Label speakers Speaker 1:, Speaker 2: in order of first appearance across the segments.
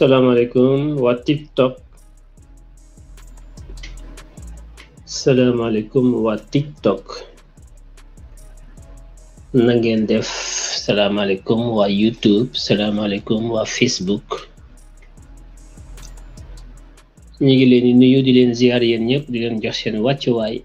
Speaker 1: Assalamualaikum wa TikTok. Assalamualaikum wa TikTok. Nagen def. Assalamualaikum wa YouTube. Assalamualaikum wa Facebook. Ñi ngi leen nuyu di leen ziar yeen ñepp di leen jox seen waccu way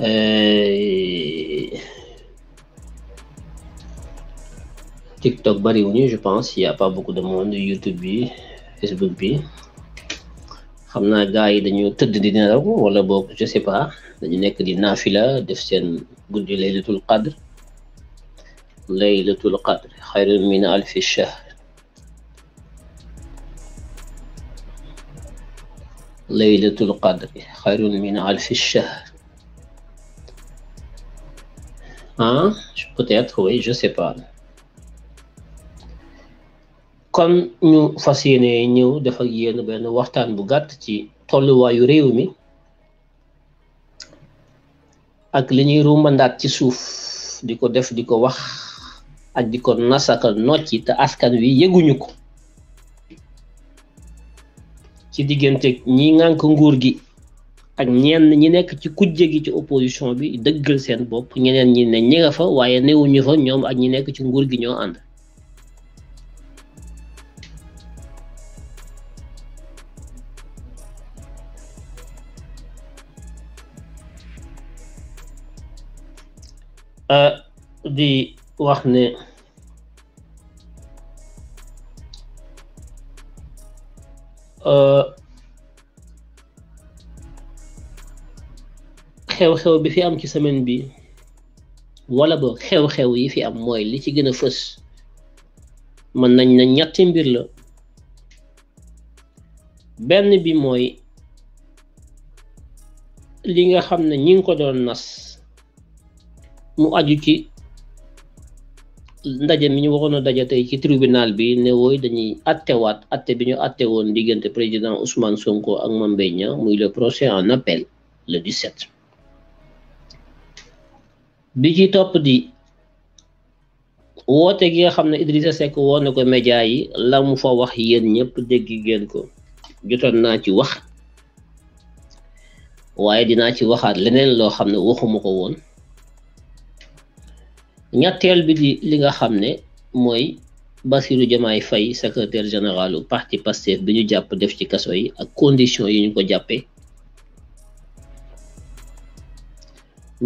Speaker 1: Euh, TikTok bariwul ñu je pense Il y a pas beaucoup de monde YouTube bi Facebook bi Xamna gaay dañu teud di nelaw wala bok je sais pas dañu nek di nafila def sen guddi laylatul qadr laylatul qadr xayrun min alfi shahr laylatul qadr xayrun min alfi shahr Hein Peut-être, oui, je sais pas. comme ñu fas nous ñëw def ak yéen benn waxtaan qui gàtt ci tolluwaayu réew mi ak li qui souffre, ci di def di ko di ko nasaka no te askan wi yëguñu Qui dit diggante ñi ngànk ak ñenn ñi nekk ci kujje gi ci opposition bi dëggal seen bopp ñeneen ñi ne ñi fa waaye newuñu fa ñoom ak ñi nekk ci nguur gi ñoo ànd euh, di wax ne euh, xew-xew bi fi am ci semaine bi wala boog xew-xew yi fi am mooy li ci gën a fës mën nañ na ñetti mbir la benn bi mooy li nga xam ne ñi ngi ko doon nas mu aju ci ndaje mi ñu waxoon a daje tey ci tribunal bi ne wooy dañuy attewaat atte bi ñu atte woon diggante président Ousmane Sonko ak Mame Mbaye Niang muy le procès en appel le bi ci topp di woote gi nga xam ne Idrissa Seck woo na ko média yi la mu fa wax yéen ñëpp dégg ngeen ko jotoon naa ci wax waaye dinaa ci waxaat leneen loo xam ne waxuma ko woon ñetteel bi di li nga xam ne mooy Bassirou Diomaye fay secretaire général parti Pastef bi ñu jàpp def ci kaso yi ak condition yi ñu ko jàppee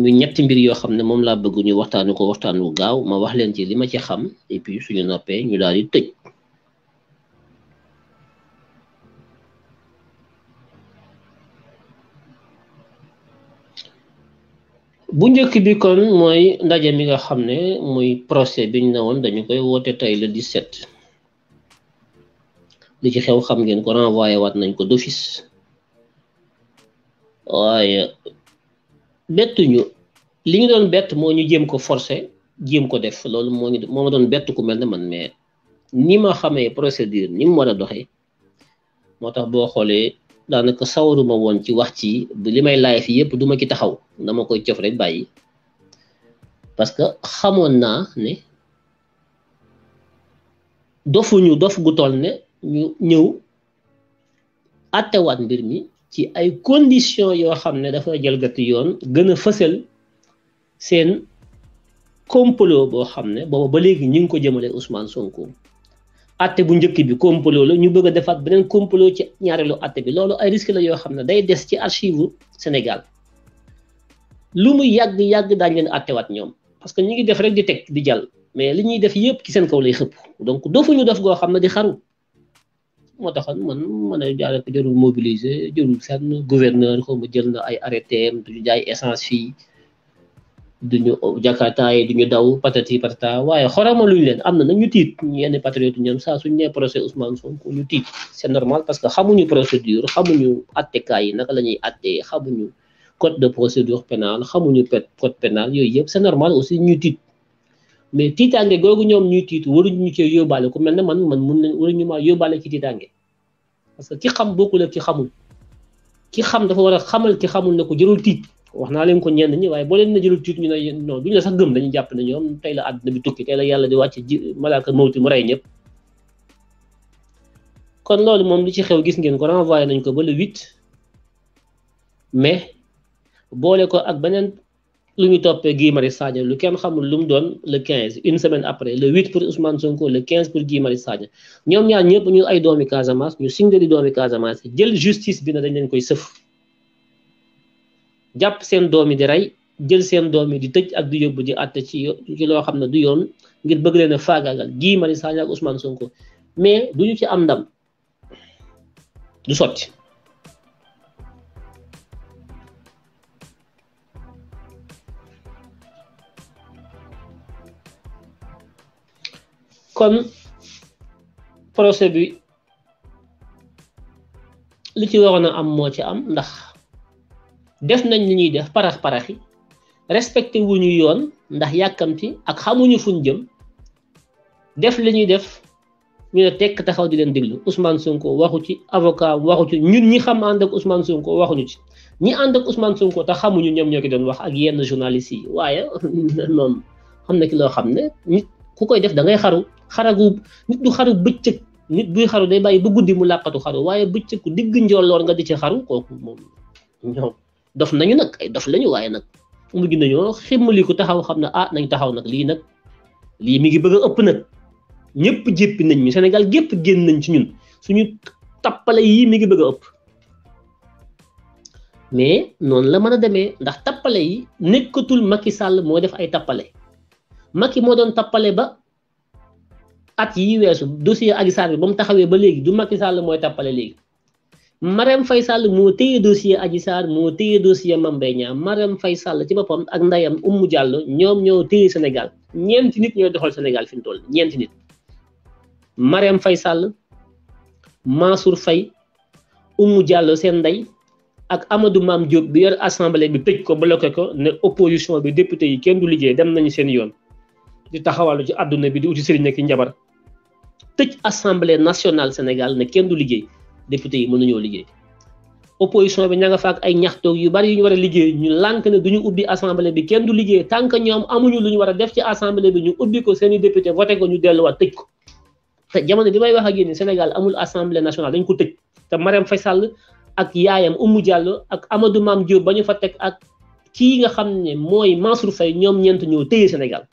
Speaker 1: mu ñetti mbir yoo xam ne moom laa bëgg ñu waxtaanu ko waxtaan wu gaaw ma wax leen ci li ma ci xam et puis suñu noppee ñu daal di tëj bu njëkk bi kon mooy ndaje mi nga xam ne muy procès bi ñu ne woon dañu koy woote tey le 17 li ci xew xam ngeen ko renvoyé waat nañ ko d'office waaye bettuñu li ñu doon bett moo ñu jéem ko forcer jéem ko def loolu moo ñu moo ma doon bett ku mel ne man mais ni ma xamee procédure ni mu war a doxee moo tax boo xoolee daanaka sawaruma woon ci wax ci li may laay fii yëpp duma ci taxaw dama koy cof rek bàyyi parce que xamoon naa ne dofuñu dof gu toll ne ñu ñëw àttewaat mbir mi ci ay conditions yoo xam ne dafa jalgati yoon gën a fësal seen complot boo xam ne booba ba léegi ñu ngi ko jëmale Ousmane Sonko atte bu njëkk bi complot la ñu bëgg a defaat beneen complot ci ñaareelu atte bi loolu ay risque la yoo xam ne day des ci archive Sénégal lu mu yàgg yàgg daañu leen attewaat ñoom parce que ñu ngi def rek di teg di jàll mais li ñuy def yëpp ci seen kaw lay xëpp donc dofuñu def goo xam ne di xaru. moo taxoon man man a jaare ko jarul mobiliser jarul fenn gouverneur xaw jël na ay arrêté am duñu jaay essence fii duñu jakarta yi duñu daw patati patata waaye xorama luñu leen am na ñu tiit yenn patriote ñoom saa suñ nee procès Ousmane Sonko ñu tiit c'est normal parce que xamuñu procédure xamuñu attekaay yi naka la ñuy attee xamuñu code de procédure pénale xamuñu code pénal yooyu yëpp c'est normal aussi ñu tiit mais tiitaange googu ñoom ñuy tiit waruñu ñu cee yóbbaale ku mel ne man man mun nañ waruñu maa yóbbaale ci tiitaange parce que ki xam bokkul ak ki xamul ki xam dafa war a xamal ki xamul ne ko jërul tiit wax naa leen ko ñeen ñi waaye boole leen na jërul tiit ñu ne non duñu la jàpp ne ñoom tey la àdduna bi tukki tey la yàlla di wàcc ji malaaka mawti mu rey ñëpp kon loolu moom li ci xew gis ngeen ko renvoyé nañ ko ba le huit mais boole ko ak beneen lu ñu toppee Guy Marius Sagna lu kenn xamul lu mu doon le quinze une semaine après le 8 pour Ousmane Sonko le 15 pour Guy Marius Sagna ñoom ñaar ñëpp ñu ay doomi Casamance ñu signé di doomi Casamance jël justice bi na dañ leen koy sëf jàpp seen doomi di rey jël seen doom yi di tëj ak di yóbbu di àtte ci ci loo xam ne du yoon ngir bëgg leen a faagaagal Guy Marius Sagna ak Ousmane Sonko mais du ñu ci am ndam du sotti. kon procès bi li ci waroon a am moo ci am ndax def nañ li ñuy def parax yi respecté wuñu yoon ndax yàkkamti ak xamuñu fuñ jëm def li ñuy def ñu ne tekk taxaw di leen déglu Ousmane Sonko waxu ci avocat waxu ci ñun ñi xam ànd ak Ousmane Sonko waxuñu ci ñi ànd ak Ousmane Sonko te xamuñu ñoom ñoo ko doon wax ak yenn journalistes yi waaye noonu xam ki loo xam ku koy def da ngay xaru xaragu nit du xaru bëccëg nit buy xaru day bàyyi ba guddi mu làqatu xaru waaye bëccëg ku digg njooloor nga di ci xaru kooku moom ñoom dof nañu nag ay dof lañu waaye nag mujj nañoo ximmali ko taxaw xam ne ah nañ taxaw nag lii nag lii mi ngi bëgg a ëpp nag ñëpp jéppi nañ ñu senegal gépp génn nañ ci ñun suñu tappale yii mi ngi bëgg a ëpp mais noonu la mën a demee ndax tappale yi nekkatul Macky sàll moo def ay tappale Macky moo doon tappale ba at yi weesu dossier Adji Sarr bi ba mu taxawee ba léegi du Macky sàll mooy tappale léegi Marème fay sàll moo téye dossier Adji Sarr moo téye dossier Mame Mbaye Niang Marème Faye Sall ci boppam ak ndeyam Oumou Diallo ñoom ñoo téye Sénégal ñeenti nit ñooy doxal Sénégal fi mu toll ñeenti nit Marème Faye Sall Mansour fay Oumou jàll seen ndey ak Amadou Mame Diop bi yor assemblée bi tëj ko bloqué ko ne opposition bi député yi kenn du liggéey dem nañu seen yoon. di taxawalu ci àdduna bi di uti sëriñ nekk njabar tëj assemblée nationale Sénégal ne kenn du liggéey député yi mënuñoo liggéey opposition bi ña nga fa ak ay ñaxtoog yu bari yu ñu war a liggéey ñu lànk ne du ñu ubbi assemblée bi kenn du liggéey tant que ñoom amuñu lu ñu war a def ci assemblée bi ñu ubbi ko seeni député voté ko ñu delluwaat tëj ko te jamono bi may wax ak yéen Sénégal amul assemblée nationale dañ ko tëj te Marème Faye Sall ak yaayam Oumou Diallo ak Amadou Mame Diop ba ñu fa teg ak kii nga xam ne mooy Mansour Faye ñoom ñeent ñoo téye Sénégal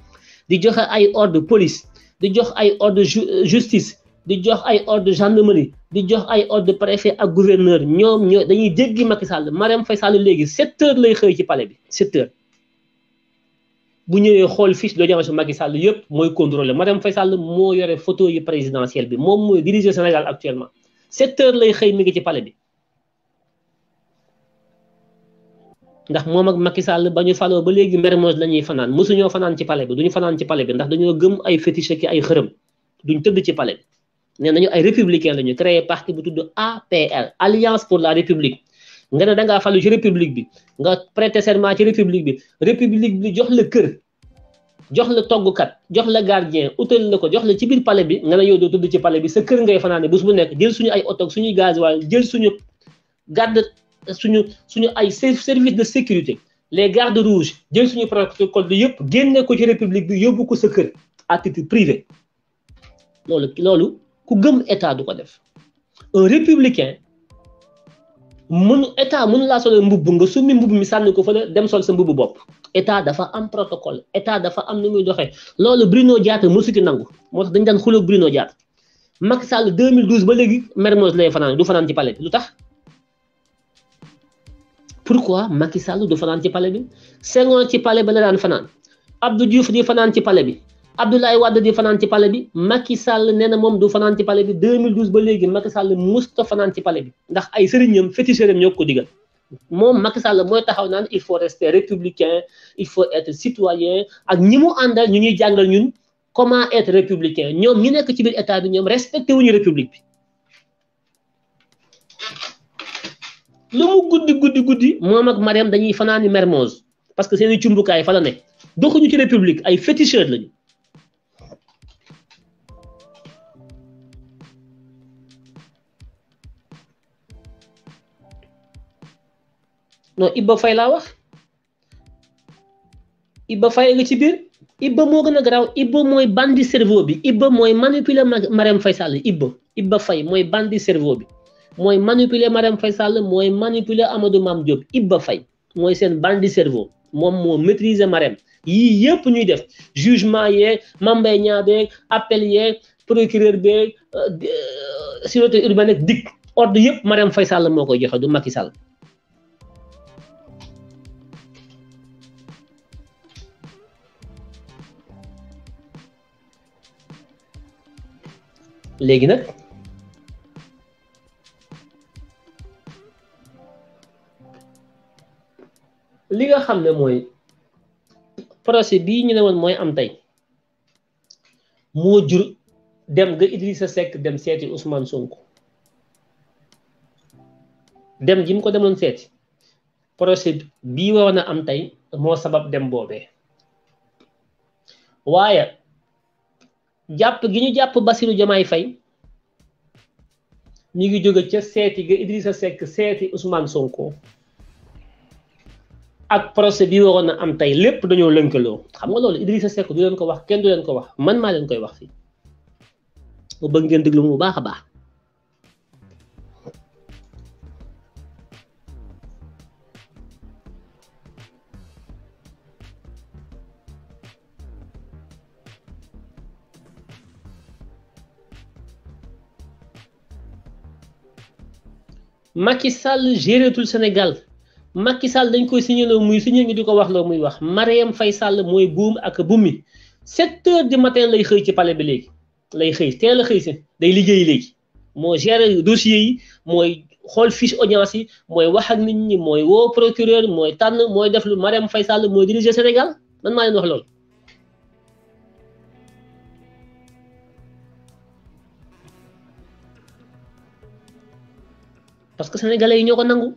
Speaker 1: di joxe ay ordre police di jox ay ordre euh, justice di jox ay ordre gendarmerie di jox ay ordre préfet ak gouverneur ñoom ñoo dañuy jéggi Macky Sall Mariam Faye Sall léegi sept heures lay xëy ci palais bi 7 heures bu ñëwee xool fiche de domination Macky Sall yëpp mooy contrôler Mariam Faye Sall moo yore photo yi présidentielle bi moom mooy diriger Sénégal actuellement 7 heures lay xëy mi ngi ci palais bi. ndax moom ak Macky Sall ba ñu faloo ba léegi Mermoz la ñuy fanaan mosuñoo fanaan ci pale bi duñu fanaan ci palais bi ndax dañoo gëm ay fétiche ki ay xërëm duñ tëdd ci palais bi nañu ay républicain la ñu créé parti bu tudd APR alliance pour la république nga ne da ngaa falu ci république bi nga prêter serment ci république bi république bi jox la kër jox la toggkat jox la gardien utal la ko jox la ci biir palais bi nga ne yow doo tëdd ci pale bi sa kër ngay fanaane bés bu nekk jël suñu ay oto suñuy gasoil jël suñu garde suñu suñu ay service de sécurité les gardes rouges jël suñu protocole bi yëpp génne ko ci république bi yóbbu ko sa kër à titre privé loolu loolu ku gëm état du ko def un républicain mënu état mënu laa sol mbubb nga summi mbubb mi sànni ko fële dem sol sa mbubb bopp état dafa am protocole état dafa am ni muy doxee loolu Bruno Diatta mosu ci nangu moo tax dañu daan Bruno Diatta Macky Sall 2012 ba léegi Mermoz lay fanaan du fanaan ci palais lu tax pourquoi Macky Sall du fanan ci palais bi Senghor ci palais ba la daan fanaan Abdou Diouf di fanan ci palais bi Abdoulaye Wade di fanan ci palais bi Macky Sall nee mom moom du fanaan ci palais bi 2012 ba legui Macky Sall musta fanaan ci palais bi ndax ay sëriñam féticheuram ñoko digal mom Macky Sall moy taxaw nan il faut rester républicain il faut être citoyen ak ñi mu àndal ñu ñuy jàngal ñun comment être républicain ñom ñi nek ci biir état bi ñom respecté wuñu république bi lu mu guddi guddi guddi moom ak Mariam dañuy fanaani Mermoz parce que seeni cumbukaay fa la ne doxuñu ci république ay féticheur lañu non Ibba Faye laa wax Ibba Faye nga ci biir Ibba moo gën a garaaw Ibba mooy bandi cerveau bi Ibba mooy manipuler Mariam Faye Sall Ibba Ibba fay mooy bandi cerveau bi mooy manipuler Marème Faye Sall mooy manipuler Amadou mam Diop Ibba Faye mooy seen bandi servo moom moo maîtriser Marème yii yëpp ñuy def jugement yeeg mambay ñaabeeg appel yeeg procureur beeg euh, sûreté urbaine ak dikk ordre yëpp Marème fay Sall moo koy joxe du Macky Sall léegi nag li nga xam ne mooy procès bii ñu ne mooy am tey moo jur dem ga Idrissa Seck dem seeti Ousmane Sonko dem ji mu ko demoon seeti procès bii waroon a am tey moo sabab dem boobee waaye jàpp gi ñu jàpp Bassirou Diomaye fay ñu ngi jóge ca seeti ga Idrissa Seck seeti Ousmane Sonko. ak procès bi waroon a am tey lépp dañoo lënkaloo xam nga loolu Idrissa Seck du leen ko wax kenn du leen ko wax man maa leen koy wax fii mu bëgg ngeen déglu mu baax a baax. Macky Sall géreetul Sénégal. Macky Sall dañ koy signaloo muy signé ñu di ko wax loo muy wax Marième fay sàll mooy buum ak bummi 7 heures du matin lay xëy ci pale bi léegi lay xëy teel a xëy si day liggéey léegi moo gérer dossiers yi mooy xool fiche audience yi mooy wax ak nit ñi mooy woo procureur mooy tànn mooy def lu Marième Faye Sall mooy diriger Sénégal man maa leen wax loolu. parce que sénégalais yi ñoo ko nangu.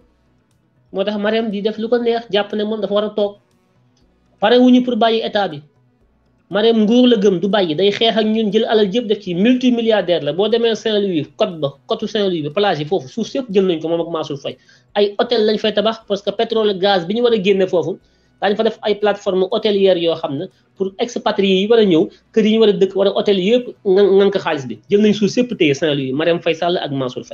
Speaker 1: moo tax Marème di def lu ko neex jàpp ne moom dafa war a toog pare ñu pour bàyyi état bi Marème nguur la gëm du bàyyi day xeex ak ñun jël alal yëpp def ci multimilliardaire la boo demee Saint-Louis côte ba côte Saint-Louis ba plage yi foofu suuf yëpp jël nañ ko moom ak Mansour Faye ay hôtel lañ fay tabax parce que pétrole gaz bi ñu war a génne foofu daañu fa def ay plateforme hôtelière yoo xam ne pour expatriés yi war a ñëw kër yi ñu war a dëkk war a yëpp ngan bi jël nañ suuf yëpp téye Saint-Louis Marème Faye Sall ak Mansour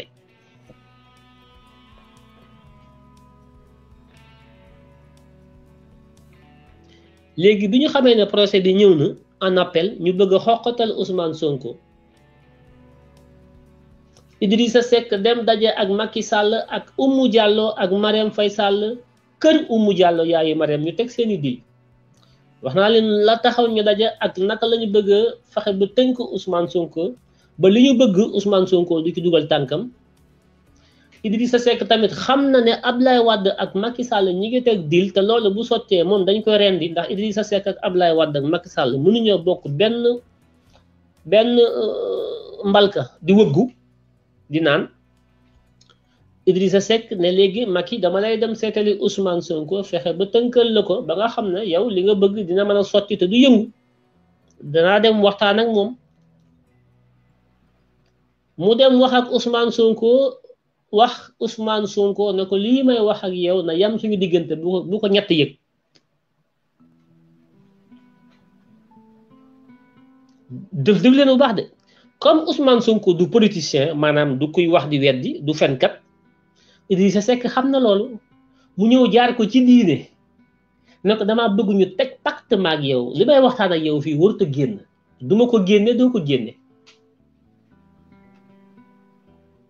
Speaker 1: léegi bi ñu xamee ne procès bi ñëw na en appel ñu bëgg a xoqatal Ousmane Sonko sa Seck dem daje ak makki sàll ak Oumou jàlloo ak Marème Faye Sall kër Oumou Diallo yaayu Marème ñu teg seen i dil wax naa leen la taxaw ñu daje ak naka la bëgg a fexe ba tënk Ousmane Sonko ba li ñu bëgg Ousmane Sonko du ci dugal tànkam Idrissa Seck tamit xamna ne Ablaye Wade ak Macky Sall ñi ngi teg deal te loolu bu sottee mom dañ koy rendi ndax Idrissa Seck ak Ablaye Wade ak Macky Sall mënuñoo bokk ben ben euh, mbalka di wëggu di naan Idrissa Seck ne legi Macky dama lay dem sétali Ousmane Sonko fexé ba tënkal lako ba nga xamna yow li nga bëgg dina mëna te du yëngu dana dem waxtaan ak mom mu dem wax ak Ousmane Sonko wax Ousmane Sonko ne ko lii may wax ak yow na yam suñu diggante bu ko bu ko ñett yëg def def leen bu baax de comme Ousmane Sonko du politicien maanaam du kuy wax di weddi du fenkat Idrissa sekk xam na loolu mu ñëw jaar ko ci diine ne ko damaa bëgg teg pacte ma ak yow li may waxtaan ak yow fii warut a génn du ma ko génne doo ko génne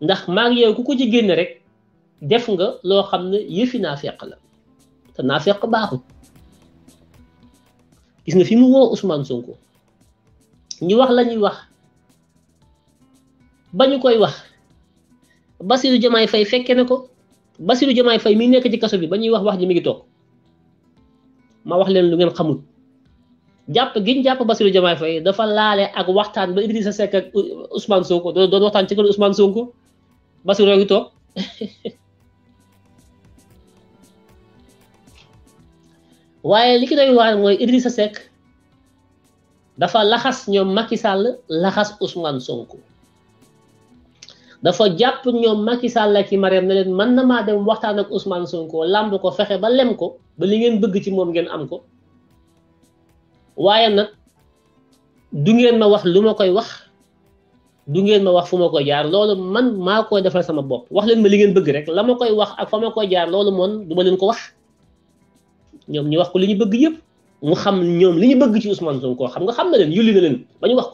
Speaker 1: ndax maa ngi yooyu ku ko ci génne rek def nga loo xam ne yëfi naa feq la te naa feq baaxul gis nga fi mu woo Ousmane Sonko ñu wax la ñuy wax ba ñu koy wax Bassirou Diomaye Faye fekke na ko Bassirou Diomaye Faye mi nekk ci kaso bi ba ñuy wax wax ji mi ngi toog ma wax leen lu ngeen xamul jàpp giñ jàpp Bassirou Diomaye Faye dafa laale ak waxtaan ba Idrissa Seck ak Ousmane Sonko doon waxtaan ci kër Ousmane Sonko Bassirou ngi toog waaye li ki day waar mooy Idrissa Seck dafa laxas ñoom Macky Sall laxas Ousmane Sonko dafa jàpp ñoom Macky Sall ak i Marème ne leen mën na maa dem waxtaan ak Ousmane Sonko làmb ko fexe ba lem ko ba li ngeen bëgg ci moom ngeen am ko waaye nag du ngeen ma wax lu ma koy wax. du ngeen ma wax fu ma ko jaar loolu man maa koy defal sama bopp wax leen ma li ngeen bëgg rek la ma koy wax ak fa ma koy jaar loolu moom du leen ko wax ñoom ñu wax ko li ñu bëgg yëpp mu xam ñoom li ñu bëgg ci Ousmane Sonko xam xam na leen yulli leen ba ñu wax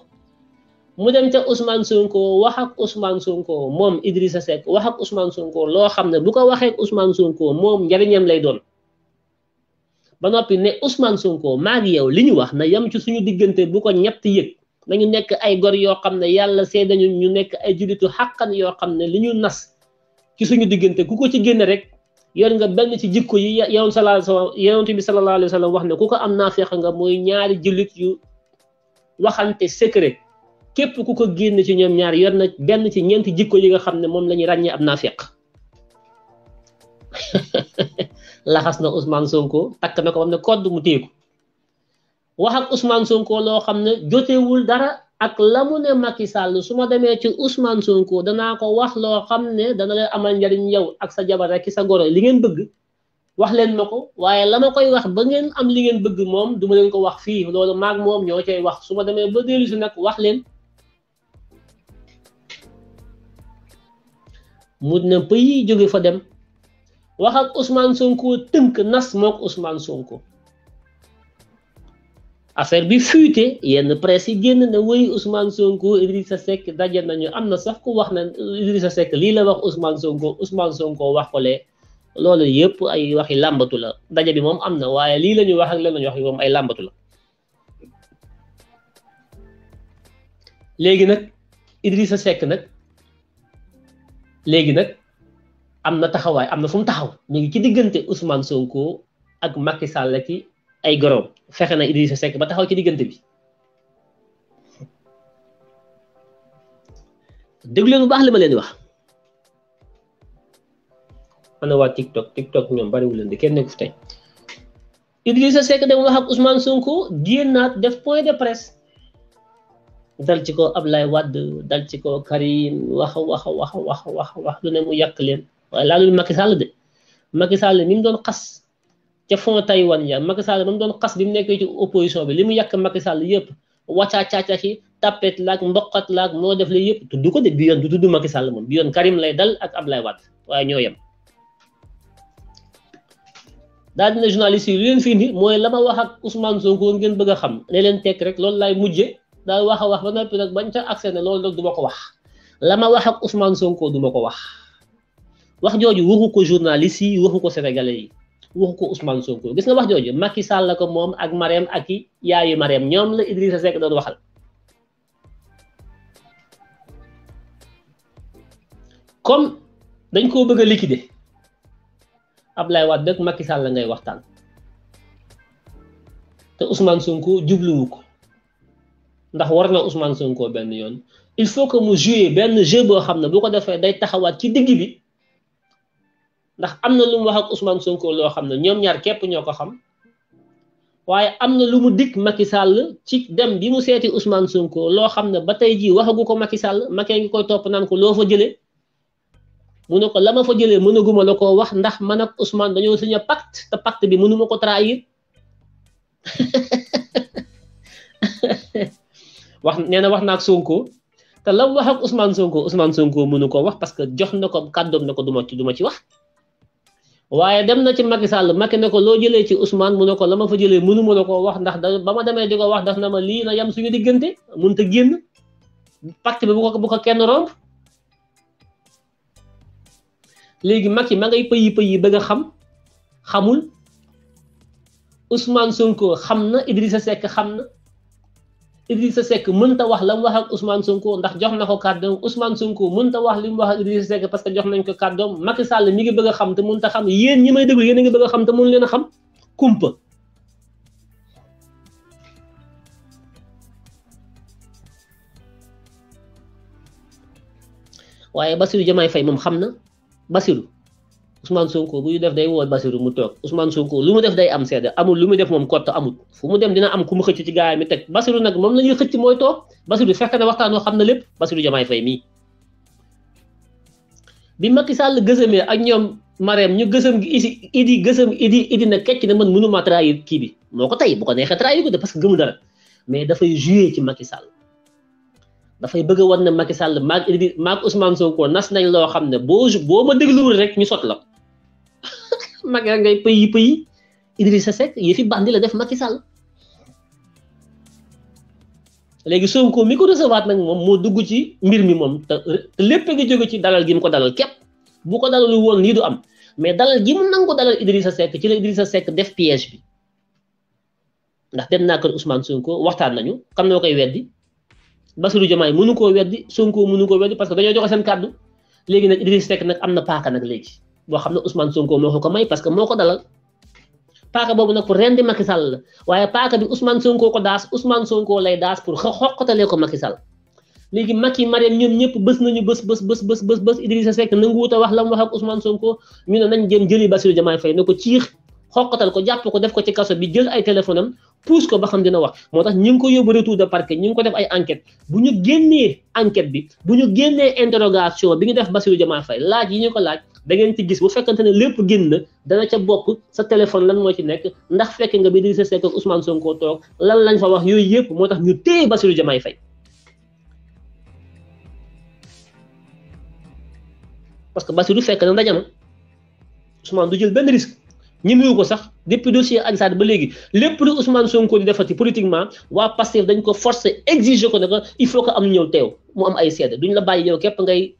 Speaker 1: mu dem ca Ousmane Sonko wax ak Ousmane Sonko moom Idrissa Seck wax ak Ousmane Sonko loo xam ne bu ko waxee ak Ousmane Sonko moom njariñam lay doon ba noppi ne Ousmane Sonko maa ngi yow li ñu wax na yem ci suñu diggante bu ko ñett yëg. nañu nekk ay gor yoo xam ne yàlla seede nañu ñu nekk ay jullitu xàqan yoo xam ne li ñu nas ki suñu diggante ku ko ci génne rek yor nga benn ci jikko yi yow salaa yonent bi sallallahu alayhi wa wax ne ku ko am naa feex nga mooy ñaari jullit yu waxante secret képp ku ko génn ci ñoom ñaar yor na benn ci ñeenti jikko yi nga xam ne moom la ñuy ràññee am naa feeq laxas na Ousmane Sonko takk na ko bam ne kodd mu téye wax ak Ousmane Sonko loo xam ne jotewul dara ak la mu ne Macky sàll su ma demee ci Ousmane Sonko danaa ko wax loo xam ne dana leen amal njariñ yow ak sa jabar ak sa goro li ngeen bëgg wax leen ma ko waaye la ma koy wax ba ngeen am li ngeen bëgg moom duma leen ko wax fii loolu maak moom ñoo cay wax su ma demee ba dellu si nag wax leen mu ne pëyi jóge fa dem wax ak Ousmane Sonko tënk nas mook Ousmane Sonko affaire bi fuité yenn presse yi génn na woy Ousmane Sonko Idrissa Seck daje nañu am na sax ku wax na Idrissa Seck lii la wax Ousmane Sonko Ousmane Sonko wax ko lee loolu yëpp ay waxi làmbatu la daje bi moom am na waaye lii la ñu wax ak la ñu wax moom ay làmbatu la léegi nag Idrissa Seck nag léegi nag am na taxawaay am na fum taxaw mu ngi ci diggante Ousmane Sonko ak Macky Sall ay gorom fexe na Idrissa Seck ba taxaw ci diggante bi déglu leen bu baax li ma leen di wax ana waa TikTok TikTok ñoom bariwul leen di kenn nekku fi tey Idrissa Seck dem wax ak Ousmane Sonko génnaat def point de presse dal ci ko Ablaye Wade dal ci ko Karim wax wax wax wax wax wax lu ne mu yàq leen waaye laalul Macky de Macky Sall doon xas ca fond Taïwan ya Macky Sall ba doon xas bi mu nekkee ci opposition bi li mu yàq Macky Sall yëpp wàccaa càccax yi tapet laag mboqat laag moo def la yëpp du ko de bi yoon du tudd Macky Sall moom bi yoon Karim lay dal ak Ablaye Wade waaye ñoo yem daal dina journaliste yi lu leen fi mooy la ma wax ak Ousmane Sonko ngeen bëgg a xam ne leen tekk rek loolu laay mujje daal wax a wax ba noppi nag bañ ca accès ne loolu nag du ma ko wax la ma wax ak Ousmane Sonko du ma ko wax wax jooju waxu ko journaliste yi waxu ko sénégalais yi wax ko Ousmane Sonko gis nga wax jooju Macky Sall la ko moom ak Marème ak i yaayu Marème ñoom la Idrissa Seck doon waxal comme dañ koo bëgg a liquider Ablaye Wade dëkk Macky la ngay waxtaan te Ousmane Sonko jubluwu ko ndax war na Ousmane Sonko benn yoon il faut que mu jouer benn jeu boo xam ne boo ko defee day taxawaat ci digg bi. ndax amna wahak lu mu wax ak Ousmane Sonko lo xamne ñom ñaar képp ñoko xam waye amna lu mu dik Macky Sall ci dem bi mu séti Ousmane Sonko lo xamne ba tay ji waxagu ko Macky Sall Macky ngi koy top nan ko lo fa jëlé mu ne ko lama fa jëlé mëna guma lako wax ndax man ak Ousmane dañu suñu pacte te pacte bi mënu mako trahir wax neena wax nak Sonko te la wax ak Ousmane Sonko Ousmane Sonko mënu ko wax parce que jox nako kaddom nako duma ci duma ci wax waaye dem na ci Macky sàll Macky ne ko loo jëlee ci Ousmane mu ne ko la ma fa jëlee mënuma ma la koo wax ndax ba ma demee di ko wax daf na ma lii na yem suñu diggante mënut a génn pacte bi bu ko bu ko kenn romb léegi Macky ma ngay pëyi pëyi bëgg a xam xamul sun ko xam na Idrissa sekk xam na. Idrissa Seck mënta wax la mu wax ak Ousmane Sonko ndax jox na ko kàddoom Ousmane Sonko mënta wax li mu wax ak parce que jox nañ ko kàddoom Macky Sall mi ngi bëgg a xam te mënta xam may déglu yéen a ngi a xam te a xam kumpa. waaye Bassirou Diomaye Faye moom xam na Bassirou Ousmane Sonko buy def day woo Basirou mu toog Ousmane Sonko lu mu def day am seede amul lu mu def moom kott amul fu mu dem dina am ku mu xëcc ci gaay mi teg Basirou nag moom la xëcc mooy toog Basirou fekk na waxtaanoo xam na lépp Basirou Diomaye Faye mii. bi Macky sàll gësamee ak ñoom Marème ñu gësam gi isi idi gësam idi na kecc ne man mënuma trahir kii bi moo ko tey bu ko neexee trahir ko parce que gëmu dara mais dafay joué ci Macky Sall. dafay bëgg a wan ne Macky Sall maag Idi maag Ousmane nas nañ loo xam ne boo boo ma dégluwul rek ñu sot la. mag ngay pëy yi pëy Idrissa Seck yëfi bandi la def Macky legi léegi Sonko mi ko recevoir nag moom moo dugg ci mbir mi moom te lépp nga jóge ci dalal gi mu ko dalal képp bu ko dalalu woon nii du am mais dalal gi mu nangu ko dalal Idrissa sek ci la Idrissa def piège bi ndax dem Usman kër Ousmane Sonko waxtaan nañu xam noo koy weddi Bassirou Diomaye mënu koo weddi Sonko mënu koo weddi parce que dañoo joxe seen kàddu léegi nag Idrissa Seck nag am na paaka nag boo xam ne Ousmane Sonko moo ko ko may parce que moo ko dalal paaka boobu nag pour rendi Macky Sall la waaye paaka bi Ousmane Sonko ko daas Ousmane Sonko lay daas pour xoqatalee ko Macky Sall léegi Macky Mariam ñoom ñëpp bës nañu bës bës bës bës bës bës Idrissa Seck nanguwut a wax la mu wax ak Ousmane Sonko ñu ne nañ jëm jëli Bassirou Diomaye Faye ne ko ciix xoqatal ko jàpp ko def ko ci kaso bi jël ay téléphone am puus ko ba xam dina wax moo tax ñu ngi ko yóbbu retour de parquet ñu ngi ko def ay enquête bu ñu génnee enquête bi bu ñu génnee interrogation bi ñu def Bassirou Diomaye Faye laaj yi ñu ko laaj da ngeen ci gis bu fekkante ne lépp génn na dana ca bokk sa téléphone lan moo ci nekk ndax fekk nga bi Idrissa Seck ak Ousmane Sonko toog lan lañ fa wax yooyu yëpp moo tax ñu téye Bassirou jamaay fay parce que Bassirou fekk na ndajama Ousmane du jël benn risque nuyu ko sax depuis dossier Adji Sarr ba léegi lépp lu Ousmane Sonko di defati politiquement waa Pastef dañ ko forcer exiger ko ne ko il faut que am ñëw teew mu am ay seede duñ la bàyyi yow képp ngay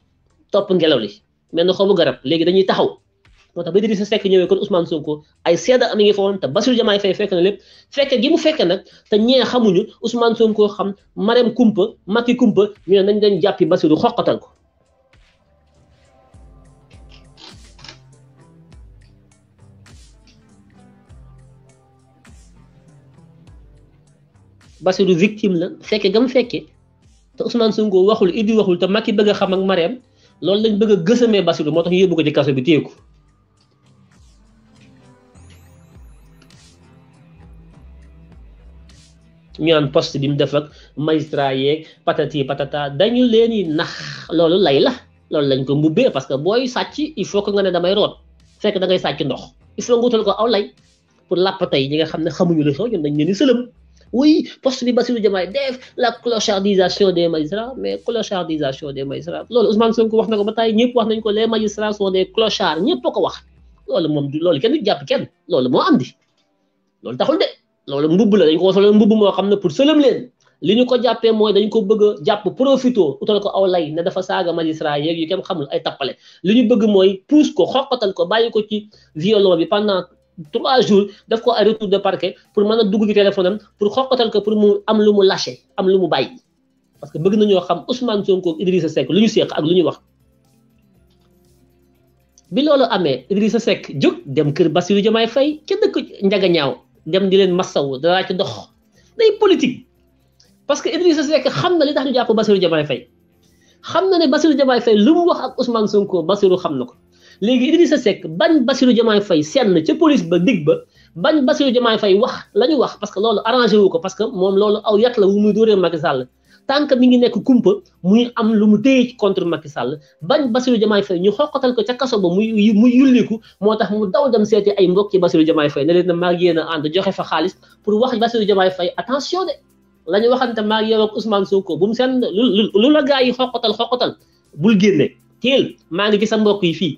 Speaker 1: topp ngelaw li mel na garab léegi dañuy taxaw motax tax ba Idrissa Seck ñëwee kon Ousmane Sonko ay seeda am ngi fa te Bassirou jamaay fay fekk na lépp fekk gi mu fekk nak te ñe xamuñu Ousmane Sonko xam marem Kumpa maki Kumpa ñu ne nañ dañ jàppi Bassirou xoqatal ko Bassirou victime la fekk gam fekke te Ousmane Sonko waxul Idi waxul te maki bëgg xam ak marem loolu lañ bëgg a gësamee Bassirou moo tax ñu yóbbu ko ci kaso bi téye ko ñu naan bi mu def ak magistrat yeeg patati patata dañu leen di nax loolu lay la loolu lañ ko mbubbee parce que booy sàcc il faut que nga ne damay root fekk da ngay sàcc ndox il faut nga wutal ko aw lay pour làpp tey ñi nga xam ne xamuñu la soo ñun dañ leen di sëlëm Oui, parce que Bassirou Diomaye def la clochardisation des magistrats mais clochardisation des magistrats loolu Ousmane Sonko wax na ko ba tey ñëpp wax nañ ko les magistrats sont des clochards ñëpp a ko wax loolu moom du loolu kenn du jàpp kenn loolu moo am di loolu taxul de loolu mbubb la dañ ko solo mbubb moo xam ne pour sëlëm leen li ñu ko jàppee mooy dañ ko bëgg a jàpp profito utal ko aw lay ne dafa saaga magistrat yeeg yu kenn xamul ay tappale li ñu bëgg mooy pousse ko xoqatal ko bàyyi ko ci violon bi pendant trois jours def ko ay retour de parquet pour mën a dugg ci téléphone am pour xoqatal ko pour mu am lu mu lâché am lu mu bàyyi parce que bëgg nañoo xam Ousmane Sonko ak Idrissa lu ñu seq ak lu ñu wax. loolu amee Idrissa Seck jóg dem kër Bassirou Diomaye Faye ca dëkk Ndiaga ñaaw dem di leen massawu dara ci dox day parce que Idrissa Seck xam na li tax ñu jàpp Bassirou Diomaye Faye xam na ne Bassirou Diomaye Faye lu mu wax ak Ousmane Sonko Bassirou xam na ko. léegi Idrissa Seck bañ Bassirou Diomaye Faye senn ca police ba dig ba bañ Bassirou Diomaye fay wax la ñu wax parce que loolu arrangé wu ko parce que moom loolu aw yat la wu muy dóoree Macky Sall tant que mi ngi nekk kumpa muy am lu mu téye ci contre Macky Sall bañ Bassirou Diomaye Faye ñu xoqatal ko ca kaso ba muy mu yulliku moo tax mu daw dem seeti ay mbokki Bassirou Diomaye Faye ne leen na maag yéen a ànd joxe fa xaalis pour wax Bassirou Diomaye Faye attention de la ñu waxante maag yow ak Ousmane Sonko bu mu seen lu la gaa yi xoqatal xoqatal bul génne teel maa ngi ci sa mbokk yi fii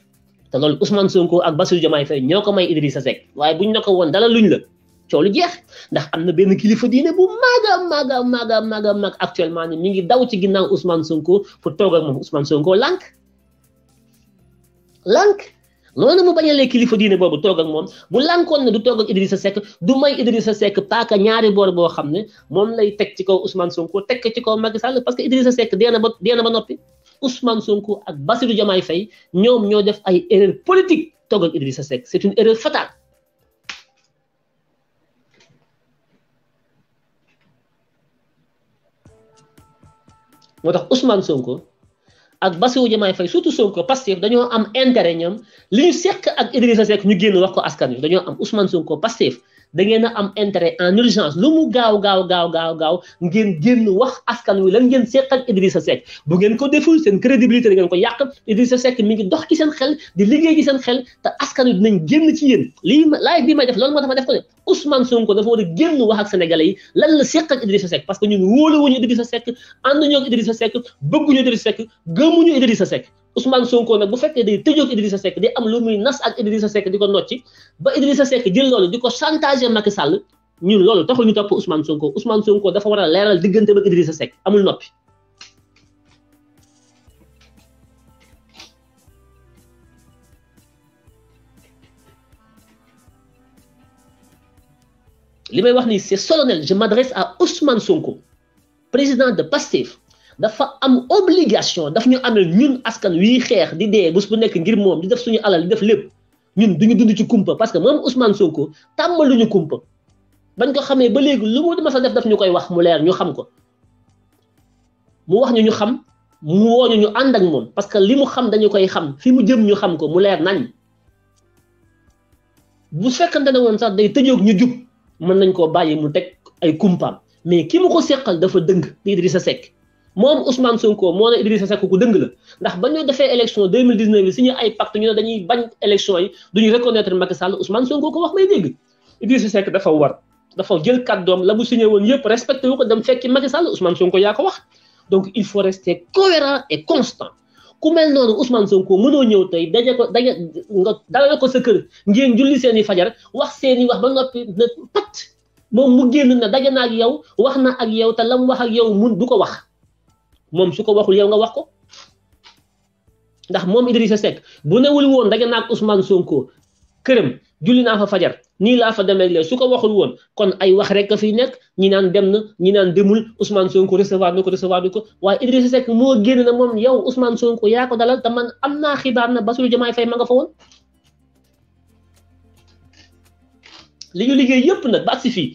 Speaker 1: te Usman Ousmane Sonko ak Bassirou Diomaye Faye ñoko may Idrissa Seck waye buñ nako won dala luñ la coow lu jeex ndax amna ben kilifa diine bu maga maga maga maga mag actuellement ni mi ngi daw ci Usman Ousmane Sonko fu toog ak mom Ousmane Sonko lank lànk noonu mu bañalee kilifa diine bobu toog ak mom bu lànkoon ne du toog ak Idrissa Seck du may Idrissa Seck paaka ñaari bor bo xamne mom lay tek ci ko Ousmane Sonko tek ci ko Macky Sall parce que Idrissa Seck deena ba deena ba noppi Ousmane Sonko ak basiru Diomaye fay ñoom ñoo def ay erreur politique toog ak Idrissa Seck moo tax Ousmane Sonko ak Bassirou Diomaye Faye surtout Sonko Pastef dañoo am intérêt ñoom li ñu seq ak Idrissa Seck ñu génn wax ko askan wi dañoo am Ousmane Sonko Pastef da ngeen a am intérêt en urgence lu mu gaaw gaaw gaaw gaaw gaaw ngeen génn wax askan wi lan ngeen seq ak Idrissa Seck bu ngeen ko deful seen crédibilité da ngeen ko yàq Idrissa Seck mi ngi dox ci seen xel di liggéey ci seen xel te askan wi dinañ génn ci li lii laaj bi may def loolu moo ma def ko ne Ousmane Sonko dafa war a génn wax ak sénégalais yi lan la seq ak Idrissa parce que ñun wóoluwuñu Idrissa Seck ànduñu ak Idrissa Seck bëgguñu Idrissa ñu gëmuñu Idrissa Seck Ousmane Sonko nag bu fekkee day tëjoog Idrissa Seck di am lu muy nas ak Idrissa Seck di ko nocci ba Idrissa Seck jël loolu di ko chantage ak sàll ñun loolu taxul ñu topp Ousmane Sonko Ousmane Sonko dafa war a leeral diggante ba Idrissa Seck amul noppi. li wax nii c'est solennel je m'adresse à Sonko président de PASTEF. dafa am obligation daf ñu amel ñun askan wi xeex di dee bés bu nekk ngir moom di def suñu alal di def lépp ñun duñu dund ci kumpa parce que moom Ousmane Sonko tàmmaluñu kumpa bañ ko xamee ba léegi lu mu mas a def daf ñu koy wax mu leer ñu xam ko mu wax ñu ñu xam mu woñu ñu ànd ak moom parce que li mu xam dañu koy xam fi mu jëm ñu xam ko mu leer nañ bu fekkante ne woon sax day tëjoog ñu jub mën nañ koo bàyyi mu teg ay kumpaam mais ki mu ko seqal dafa dëng di Idrissa Seck moom Ousmane Sonko moo ne Idrissa Seck ku dëng la ndax ba ñu defee élection 2019 yi suñu ay pacte ñu ne dañuy bañ élection yi duñu reconnaître Macky Sall Ousmane Sonko ko wax may dégg Idrissa Seck dafa war dafa jël kàddoom la mu signé woon yëpp respecté wu ko dem fekki Macky Sall Ousmane Sonko yaa ko wax donc il faut rester cohérent et constant ku mel noonu Ousmane Sonko mënoo ñëw tey daje ko daje nga dalal ko sa kër ngeen julli seen i fajar wax seen ba noppi ne moom mu génn ne daje na yow wax na ak yow te la mu wax ak yow mun du ko wax moom su ko waxul yow nga wax ko ndax moom Idrissa Seck bu newul woon daje naa ak Sonko këram julli naa fa fajar nii laa fa demee léegi su ko waxul woon kon ay wax rek a fiy nekk ñi naan dem na ñi naan demul Ousmane Sonko recevoir na ko recevoir na ko waaye Idrissa moo génn na moom yow Ousmane Sonko yaa ko dalal te man am naa xibaar na Bassirou Diomaye Faye ma nga fa woon. li ñu liggéey yëpp na ba agsi fii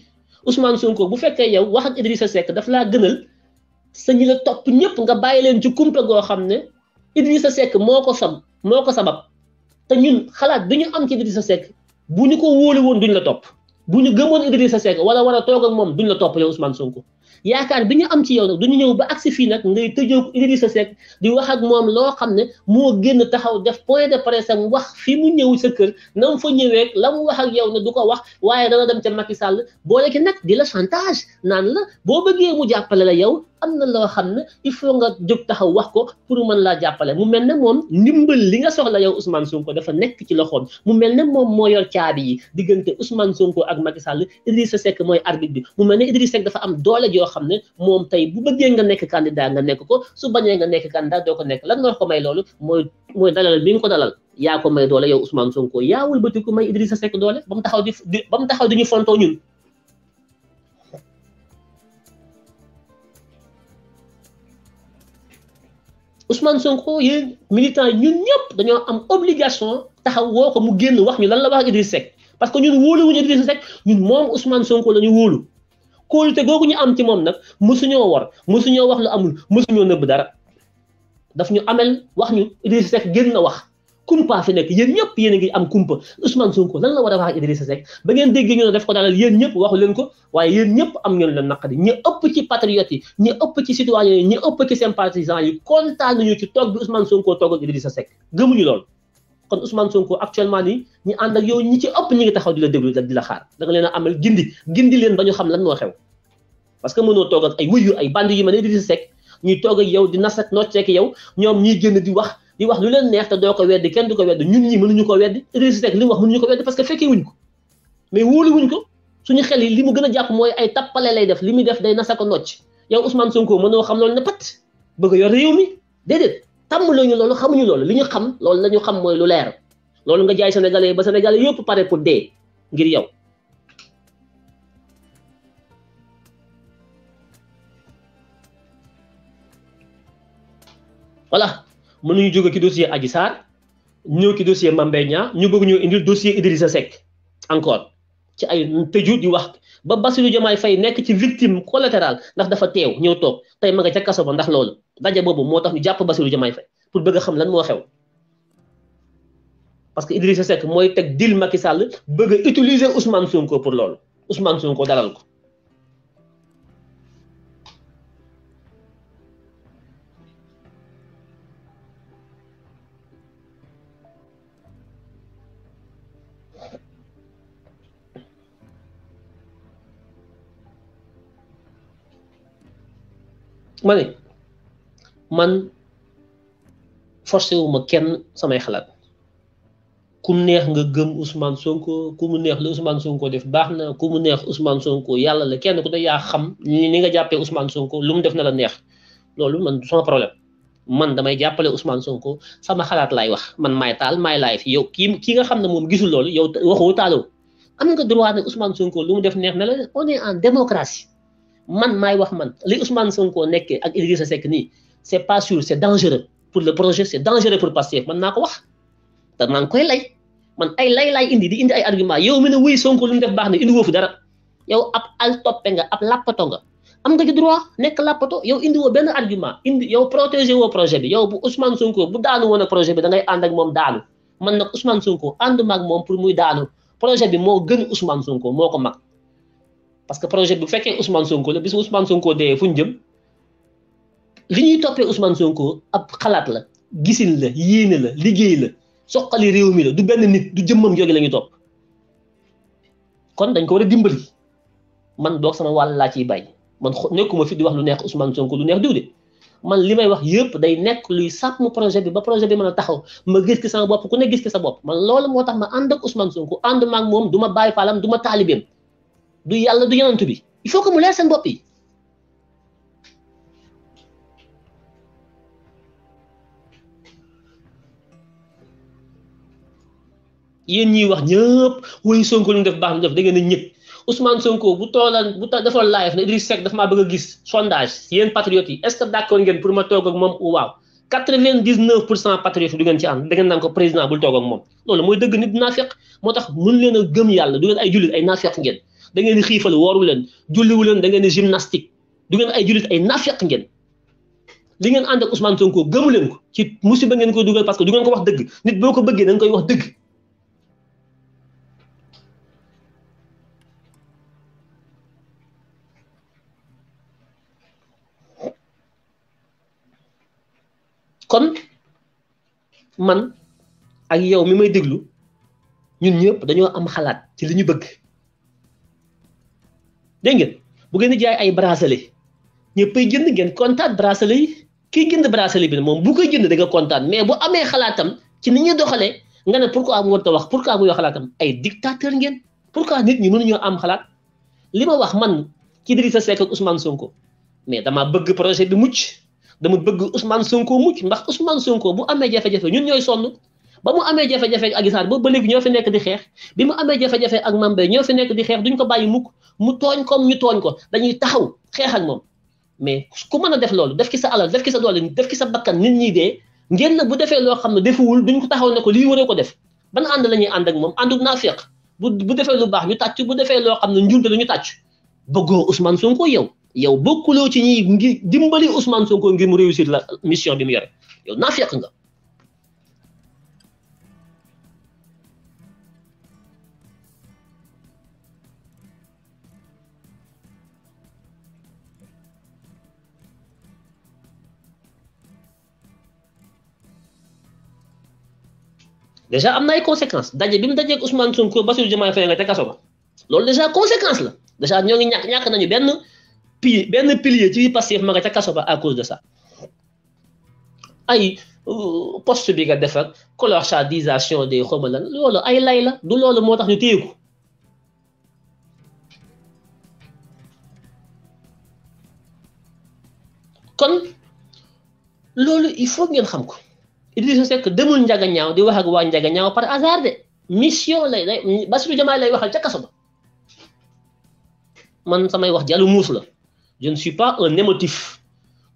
Speaker 1: Ousmane Sonko bu fekkee yow wax ak Idrissa Seck daf laa gënal. sa ñi la top ñëpp nga bàyyi leen ci kumpa goo xam ne Idrissa sekk moo ko sab moo ko sabab te ñun xalaat bi ñu am ci Idrissa sekk bu ñu ko wóolu woon duñ la topp bu ñu gëmoon Idrissa sekk wala war a toog ak moom duñ la topp yow Ousmane Sonko yaakaar bi ñu am ci yow nag du ñëw ba agsi fii nag ngay tëjoo ko Idrissa Seck di wax ak moom loo xam ne moo génn taxaw def point de presse am wax fi mu ñëw sa kër na mu fa ñëwee la mu wax ak yow ne du ko wax waaye dana dem ca Macky Sall boole nag di la naan la boo bëggee mu jàppale la yow am na loo xam ne il faut nga jóg taxaw wax ko pour mën laa jàppale mu mel ne moom ndimbal li nga soxla yow Ousmane Sonko dafa nekk ci loxoom mu mel ne moom moo yor caabi yi diggante Ousmane Sonko ak Macky Sall Idrissa Seck mooy arbitre bi mu mel ne Idrissa Seck dafa am doole joo xam ne moom tey bu bëggee nga nekk candidat nga nekk ko su bañee nga nekk candidat doo ko nekk lan nga ko may loolu mooy mooy dalal bi ko dalal yaa ko may doole yow Ousmane Sonko yaa wëlbati ko may Idrissa Seck doole ba mu taxaw di ba mu ñu fontoo ñun. Ousmane Sonko yéen militant ñun ñëpp dañoo am obligation taxaw woo ko mu génn wax ñu lan la wax Idrissa Seck parce que ñun wóoluwuñu Idrissa Seck ñun moom Ousmane Sonko la ñu wóolu. koolu te googu ñu am ci moom nag mësuñoo war mësuñoo wax lu amul mësuñoo nëbb dara daf ñu amel wax ñu Idrissa Seck gën na wax kumpa fi nekk yéen ñëpp yéen a ngi am kumpa Ousmane Sonko lan la war a wax a Idrissa Seck ba ngeen dégg ñu ne def ko daanal yéen ñëpp waxu leen ko waaye yéen ñëpp am ngeen leen naqari ñëpp ëpp ci patriotes yi ñi ëpp ci citoyens yi ñi ëpp ci sympathisants yi kontaan nañu ci toog bi Ousmane Sonko toog ak Idrissa Seck gëmuñu loolu kon Ousmane Sonko actuellement nii ñi ànd ak yow ñi ci ëpp ñi ngi taxaw di la déglu di la xaar da leen a amal gindi gindi leen ba ñu xam lan moo xew parce que mënoo toog ay wuyu ay bandi yu ma ne di di sekk ñuy ñoom ñuy génn di wax di wax lu leen neex te doo ko weddi kenn ñun ñi mënuñu ko weddi Idrissa Seck li mu wax mënuñu ko wuñ ko mais wóolu wuñ ko suñu xel yi li mu gën a jàpp mooy ay tappale lay def li muy def day nasa ko nocc yow Ousmane Sonko mënoo xam loolu ne pat bëgg yor réew mi déedéet tam lañu lolu xamuñu lolu liñu xam lolu lañu xam moy lu leer lolu nga jaay sénégalais ba sénégalais yépp paré pour dé ngir yow voilà mënuñu jogé ki dossier Adji Sarr ñëw ki dossier Mame Mbaye ñu bëgg ñu indi dossier Idrissa Seck encore ci ay tëju di wax ba Bassirou jamaay fay nekk ci victime collatérale ndax dafa teew ñëw toog tey ma nga ca kaso ba ndax loolu daje boobu moo tax ñu jàpp Bassirou Diomaye fay pour bëgg xam lan moo xew parce que Idrissa Seck mooy teg deal Macky Sall bëgg a utiliser Ousmane Sonko pour loolu Ousmane Sonko dalal ko. ma ne man forcé wu ma kenn samay xalaat ku neex nga gëm Ousmane Sonko ku mu neex la Ousmane Sonko def baax na ku mu neex Ousmane Sonko yàlla la kenn ku ne yaa xam ni nga jàppee Ousmane Sonko lu mu def na la neex loolu man sama problème man damay jàppale Ousmane Sonko sama xalaat laay wax man maay taal maay laay fi yow kii ki nga xam ne moom gisul loolu yow waxoo taaloo am nga droit ne Ousmane Sonko lu mu def neex na la on est en démocratie. man maay wax man li Ousmane Sonko nekkee ak Idrissa Seck nii c'est pas sûr c'est dangereux pour le projet c'est dangereux pour Pastef man naa ko wax te maa ngi koy lay man ay lay laay indi di indi ay argument yow mi ne wuy Sonko lu mu def baax na indi woo fi dara yow ab al toppe nga ab lappato nga am nga ci droit nekk lappato yow indi woo benn argument indi yow protégé woo projet bi yow bu Ousmane Sonko bu daanu woon ak projet bi da ngay ànd ak moom daanu man nag Ousmane Sonko ànduma ak moom pour muy daanu projet bi moo gën Ousmane Sonko moo ko mag. parce que projet bu fekkee Ousmane Sonko la bis Ousmane Sonko dee fu jëm li ñuy toppee Ousmane Sonko ab xalaat la gisin la yéene la liggéey la soqali réew mi la du benn nit du jëmmam jooju la ñuy topp kon dañ ko war a dimbali man boog sama wàll laa ciy bàyyi man nekkuma fi di wax lu neex Ousmane Sonko lu neex diw de man li may wax yépp day nekk luy mu projet bi ba projet bi mën a taxaw ma gis ki sama bopp ku ne gis ki sa bopp man loolu moo tax ma ànd ak Ousmane Sonko ànd maag moom du ma bàyyi faalam du ma taalibeem du yàlla du yonent bi il faut que mu leer seen bopp yi yéen ñiy wax ñëpp woy Sonko lu mu baax lu def da ngeen a ñëpp Ousmane Sonko bu toolaan bu defoon live ne Idriss Seck dafa maa bëgg a gis sondage yéen patriotes yi est-ce que d'accord ngeen pour ma toog ak moom waaw quatre-vingt-dix-neuf pour cent patriotes yi du ngeen ci ànd da ngeen naan ko président bul toog moom loolu mooy dëgg nit naafeq moo tax mën leen a gëm yàlla du ngeen ay jullit ay naafeq ngeen da ngeen xiifal wooru leen wu leen da ngeen gymnastique du ngeen ay julit ay nafiq ngeen li ngeen and ak Ousmane Sonko gëmu leen ko ci musiba ngeen ko duggal parce que du ngeen ko wax dëgg nit boko ko da nga koy wax dëgg kon man ak yow mi may déglu ñun ñëpp dañoo am xalaat ci li bëgg dégg ngeen bu ngeen di jaay ay bracelet ñëppay jënd ngeen contact bracelet yi kii jënd bracelet bi moom bu ko jënd da nga contact mais bu amee xalaatam ci ni ñuy doxalee nga ne pourquoi mu warut wax pourquoi muy wax xalaatam ay dictateur ngeen pourquoi nit ñi mënuñoo am xalaat li ma wax man ci Idrissa Seck ak Ousmane Sonko mais dama bëgg projet bi mucc dama bëgg Ousmane Sonko mucc ndax Ousmane Sonko bu amee jafe-jafe ñun ñooy sonn ba mu amee jafe-jafe ak Adji bo ba léegi ñoo fi nekk di xeex bi mu amee jafe-jafe ak Mame ñoo fi nekk di xeex duñ ko bàyyi mukk mu tooñ comme ñu tooñ ko dañuy taxaw xeex moom mais ku mën a def loolu def ki sa alal def ki sa doole def ki sa bakkan nit ñi de ngeen na bu defee loo xam ne defuwul duñ ko taxaw ne ko lii waree ko def ban ànd la ñuy ànd ak moom àndul naa feeq bu bu defee lu baax ñu tàcc bu defee loo xam ne njuumte la ñu tàcc bëggoo Ousmane Sonko yow yow bokkuloo ci ñi ngir dimbali Ousmane Sonko ngir mu réussir la mission bi mu yore yow naa nga. déjà am ay conséquences dajé bi dajé ak Ousmane Sonko Bassirou Diomaye Faye nga te kaso ba loolu déjà conséquence la déjà ñoo ngi ñak ñàkk nañu benn pilier benn pilier ci passif ma nga ca kasso ba à cause de ça ay euh, poste bi nga def ak clochardisation des xawma lan loolu ay lay la du loolu motax tax ñu téye kon loolu il faut ngeen xam ko. Idrissa Seck demul njaga ñaaw di wax ak wa njaga ñaaw par hasard de mission lay lay Bassirou Diomaye lay waxal ci kasso ba man samay wax jàllu muus la je ne suis pas un émotif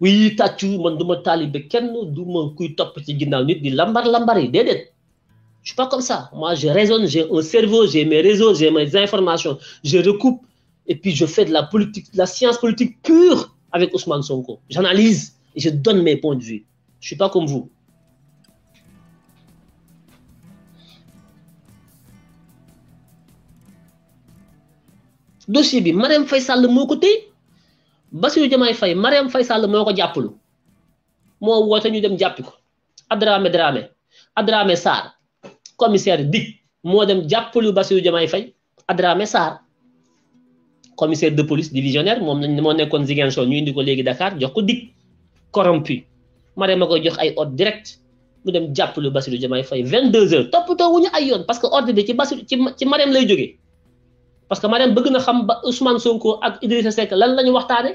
Speaker 1: oui tàccu man du talibé taalibe kenn du ma kuy top ci ginnaaw nit di lambar lambar yi déedéet je suis pas comme ça moi je raisonne j'ai un cerveau j'ai mes réseaux j'ai mes informations je recoupe et puis je fais de la politique de la science politique pure avec Ousmane Sonko j'analyse et je donne mes points de vue je suis pas comme vous dossier bi Marème fay Sall moo ko téye Bassirou Diomaye Faye Marème fay Sall moo ko jàppalu moo woote ñu dem jàppi ko Adramé Dramé Adramé Sarr commissaire DIC moo dem jàppalu Bassirou Diomaye Faye Adramé Sarr commissaire de police divisionnaire moom lañ moo nekkoon Ziguinchor ñu indi ko léegi Dakar jox ko DIC corrompu Marème a koy jox ay ordre direct mu dem jàppalu Bassirou Diomaye Faye 22 heures toppatoo wuñu ay yoon parce que ordre bi ci Bassirou ci Marème lay jógee. parce que Mariam bëgg na xam ba Ousmane Sonko ak Idrissa Seck lan la ñu waxtaane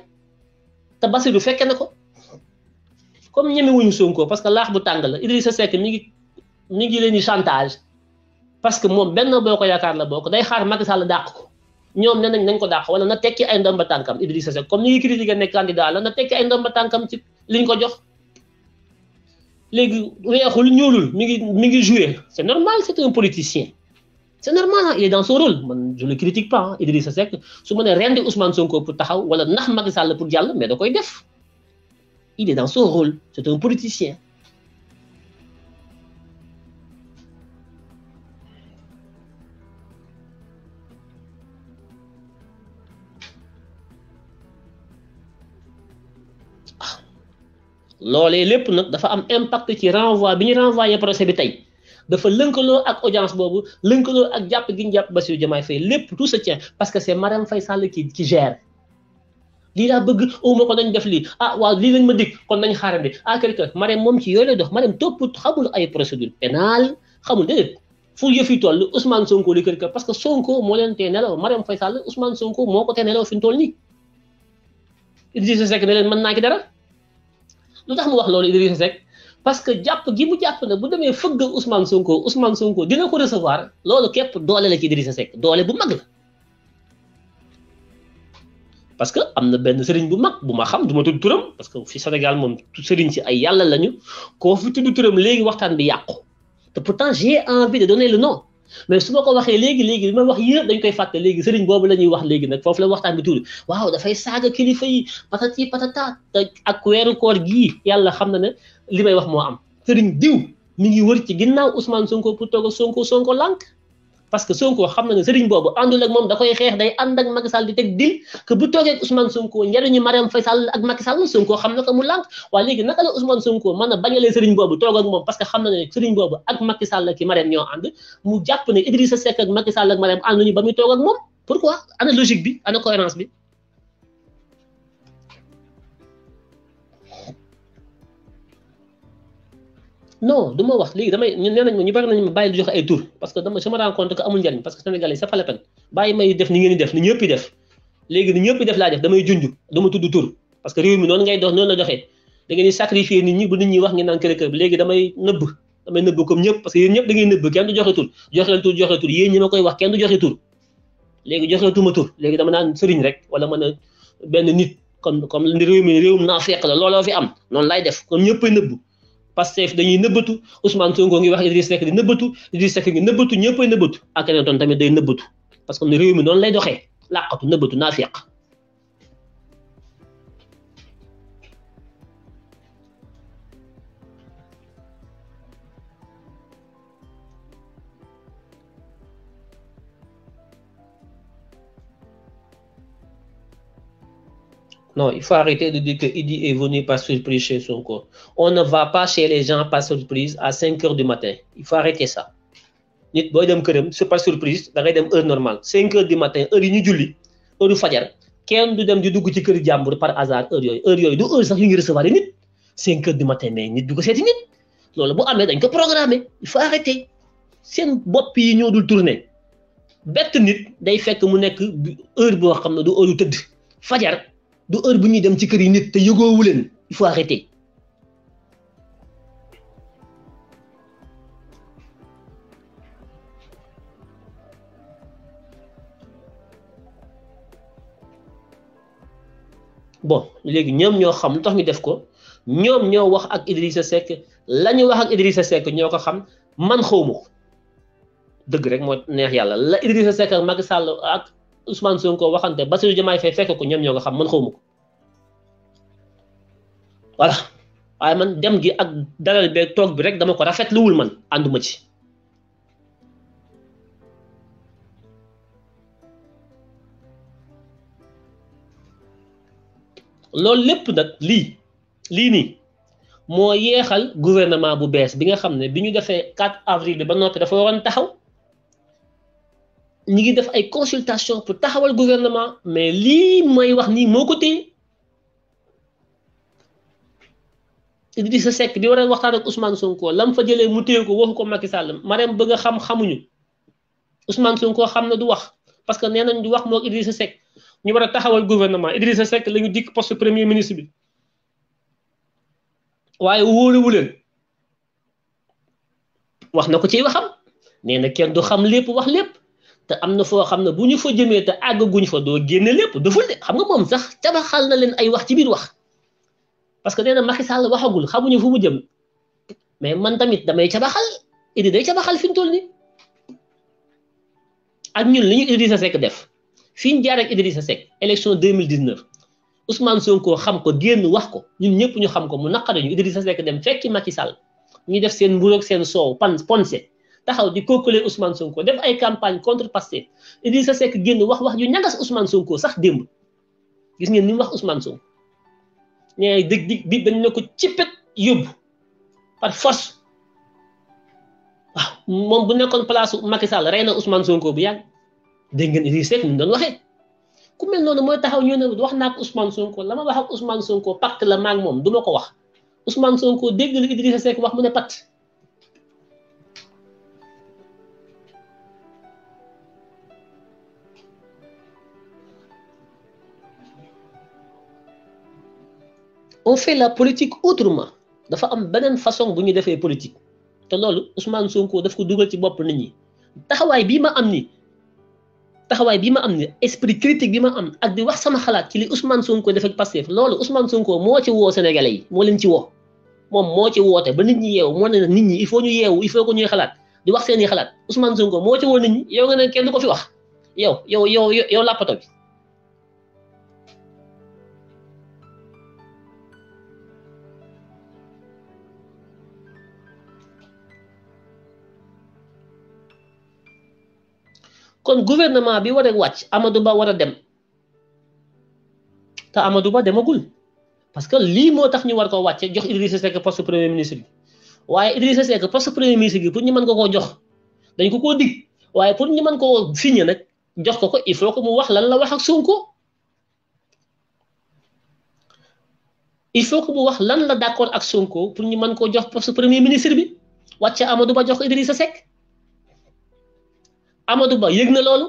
Speaker 1: te Basirou fekke na ko comme ñemewuñu Sonko parce que laax bu tàng la Idrissa Seck mi ngi mi ngi leen di chantage parce que moom benn boo ko yaakaar la bokk day xaar Macky Sall dàq ko ñoom ne nañ nañ ko dàq wala na tekki ay ndomba tànkam Idrissa Seck comme ni ngi critiqué ne candidat la na tekki ay ndomba tànkam ci liñ ko jox léegi weexul ñuulul mi ngi mu ngi joué c'est normal c'est politicien c'est normal il est dans son rôle Je ne le critique pas il Idrissa Seck on a rien de Ousmane Sonko pour taxaw ou de Macky Sall pour jàll mais da def il est dans son rôle c'est un politicien. Lolé, lépp nak dafa am impact ci renvoi bi ñu procès bi dafa lënkaloo ak audience boobu lënkaloo ak jàpp gi ñu jàpp Bassirou Diomaye Faye lépp tout se parce que c'est Marème Faye Sall qui qui gère lii laa bëgg awma ko nañ def lii ah waaw lii lañ ma dig kon nañ xaarandi ah quelqu'un Marème moom ci yooyu lay dox Marème topp xamul ay procédure pénale xamul déedéet fu yëf yi toll Ousmane Sonko li kër parce que Sonko moo leen tee nelaw Marème Faye Sall Ousmane Sonko moo ko tee nelaw fi mu toll nii Idrissa Seck ne leen mën naa ki dara lu tax mu wax loolu Idrissa parce que jàpp gi mu jàpp ne bu demee fëgg Ousmane Sonko Ousmane Sonko dina ko recevoir loolu képp doole la ci Idrissa Seck doole bu mag que am na benn sëriñ bu mag bu ma xam du ma tudd que fi Sénégal moom sëriñ si ay yàlla lañu koo fi tudd turam léegi waxtaan bi yàqu te pourtant j'ai envie de donner le nom mais su ma ko waxee léegi léegi ma wax yëpp dañ koy fàtte léegi sëriñ boobu la ñuy wax léegi nag foofu la waxtaan bi tuuri waaw dafay saaga kilifa yi patati patata ak weeru koor gii yàlla xam na ne li may wax moo am sëriñ diw mi ngi wër ci ginnaaw Ousmane Sonko pour toog a Sonko Sonko lànk parce que Sonko xam na ne sëriñ boobu àndul ak moom da koy xeex day ànd ak Macky Sall di teg dil que bu toogee Ousmane Sonko njëriñu Mariam Faye Sall ak Macky xam na ko mu lànk waaye léegi naka la Ousmane Sonko mën a bañalee boobu toog moom parce que xam na ne sëriñ boobu ak Macky Sall ki Mariam ñoo ànd mu jàpp ne Idrissa Seck ak Macky Sall ak Mariam ànd ba muy toog ak moom pourquoi logique bi ana cohérence bi non du ma wax léegi damay ñun nee nañ ma ñu bari nañ ma bàyyi di joxe ay tur parce que dama je me rends compte que amul njariñ parce que sénégalais ça fait la may def ni ngeen def ni ñëpp def léegi ni ñëpp def laa def damay junj dama tudd tur parce que réew mi noonu ngay dox noonu la doxee da ngeen di sacrifier nit ñi bu nit ñi wax ngeen naan kër kër léegi damay nëbb damay nëbb comme ñëpp parce que yéen ñëpp da ngeen nëbb kenn du joxe tur joxe leen tur joxe tur yéen ñi ma koy wax kenn du joxe tur léegi joxe tuma tur léegi dama naan sëriñ rek wala mën a nit comme comme réew mi réewum naa fekk la looloo fi am noonu lay def comme ñëpp nëbb Pastef dañuy nëbbatu Ousmane Sonko ngi wax Idriss Seck di nëbbatu Idriss Seck ngi nëbbatu ñëppay nëbbatu ak keneen toon tamit day nëbbatu parce que réew mi noonu lay doxee làqatu nëbbatu naafiq Non, il faut arrêter de dire que Idi est venu par surprise chez son corps. On ne va pas chez les gens par surprise à 5 heures du matin. Il faut arrêter ça. nit dem c'est pas surprise da dem normale 5 heures du matin heure ñu julli heure fajar kenn du dem di dugg ci par hasard heure heure du heure sax ngi 5 heures du matin mais nit du ko séti nit loolu bu dañ ko il faut arrêter sen une yi ñoo dul tourner nit day mu nekk heure du heure fajar du heure bu dem ci kër yi nit te il faut arrêter bon léegi ñoom ñoo xam lu tax ñu def ko ñoom ñoo wax ak Idrissa Seck la wax ak Idrissa Seck ñoo ko xam man xawma ko rek neex la Idrissa ak Sall ak Ousmane Sonko waxante Bassirou Diomaye Faye fekk ko ñoom ñoo ko xam man xawma ko voilà waaye man dem gi ak dalal beeg toog bi rek dama ko rafetluwul man ànduma ci loolu lépp nag lii lii nii moo yeexal gouvernement bu bees bi nga xam ne bi ñu defee 4 avril bi ba noppi dafa taxaw ñi ngi def ay consultation pour taxawal gouvernement mais lii may wax nii moo ko téye Idrissa Seck bi war a waxtaan ak Ousmane Sonko lam fa jëlee mu téye ko waxu ko Macky Sall Marème bëgg a xam xamuñu Ousmane Sonko xam na du wax parce que nee nañ du wax moog Idrissa Seck ñu war a taxawal gouvernement Idrissa Seck la ñu dikk poste premier ministre bi waaye wóolewu leen wax na ko ciy waxam nee na kenn du xam lépp wax lépp. te am na foo xam ne bu ñu fa jëmee te àggaguñ fa doo génne lépp deful de xam nga moom sax tabaxal na leen ay wax ci biir wax parce que nee na Macky waxagul xamuñu fu mu jëm mais man tamit damay cabaxal Idi day cabaxal fi mu toll nii a ñun li ñu Idrissa Seck def fi ñu jaar ak Idrissa Seck élection 2019 Ousmane Sonko xam ko génn wax ko ñun ñëpp ñu xam ko mu naqare ñu Idrissa Seck dem fekki Macky Sall ñu def seen mburoog seen soow pan ponse taxaw di kookule Ousmane Sonko def ay campagne contre Pastef Idrissa Seck génn wax wax yu ñagas Ousmane Sonko sax démb gis ngeen ni wax Ousmane Sonko nee dig dig bi dañ nako ko cippet par force waaw moom bu nekkon place Macky Sall reyna Ousmane Sonko bu yag deg ngeen Idrissa Seck ni mu doon waxe ku mel noonu moy taxaw ñu ne wax na ak Ousmane Sonko lama wax Ousmane Sonko pact la mom du wax Ousmane Sonko deg Idrissa Seck wax mu ne pact on fait la politique autrement dafa am benen façon bu ñu defee politique te loolu Ousmane Sonko daf ko dugal ci bopp nit ñi taxawaay bii ma am ni taxawaay bii ma am ni esprit critique bi ma am ak di wax sama xalaat ci li Ousmane Sonko def ak Pastef loolu Ousmane Sonko moo ci woo Sénégalais yi moo leen ci woo moom moo ci woote ba nit ñi yeewu moo ne nit ñi il faut ñu yeewu il faut que ñuy xalaat di wax seeni xalaat Ousmane Sonko moo ci woo nit ñi yow nga ne kenn du ko fi wax yow yow yow yow làppato bi kon gouvernement bi war a wàcc Amadou Ba war a dem te Amadou Ba demagul parce que lii moo tax ñu war ko wàcce jox Idrissa Seck poste premier ministre bi waaye Idrissa Seck poste premier ministre bi pour ñu mën ko koo dañ ko koo dig waaye pour ñu mën koo signé nag jox ko ko il faut que wax lan la wax ak Sonko il faut que mu wax lan la d'accord ak Sonko pour ñu mën koo jox poste premier ministre bi wàcce Amadou Ba jox ko Idrissa Seck Amadou Ba yëg na loolu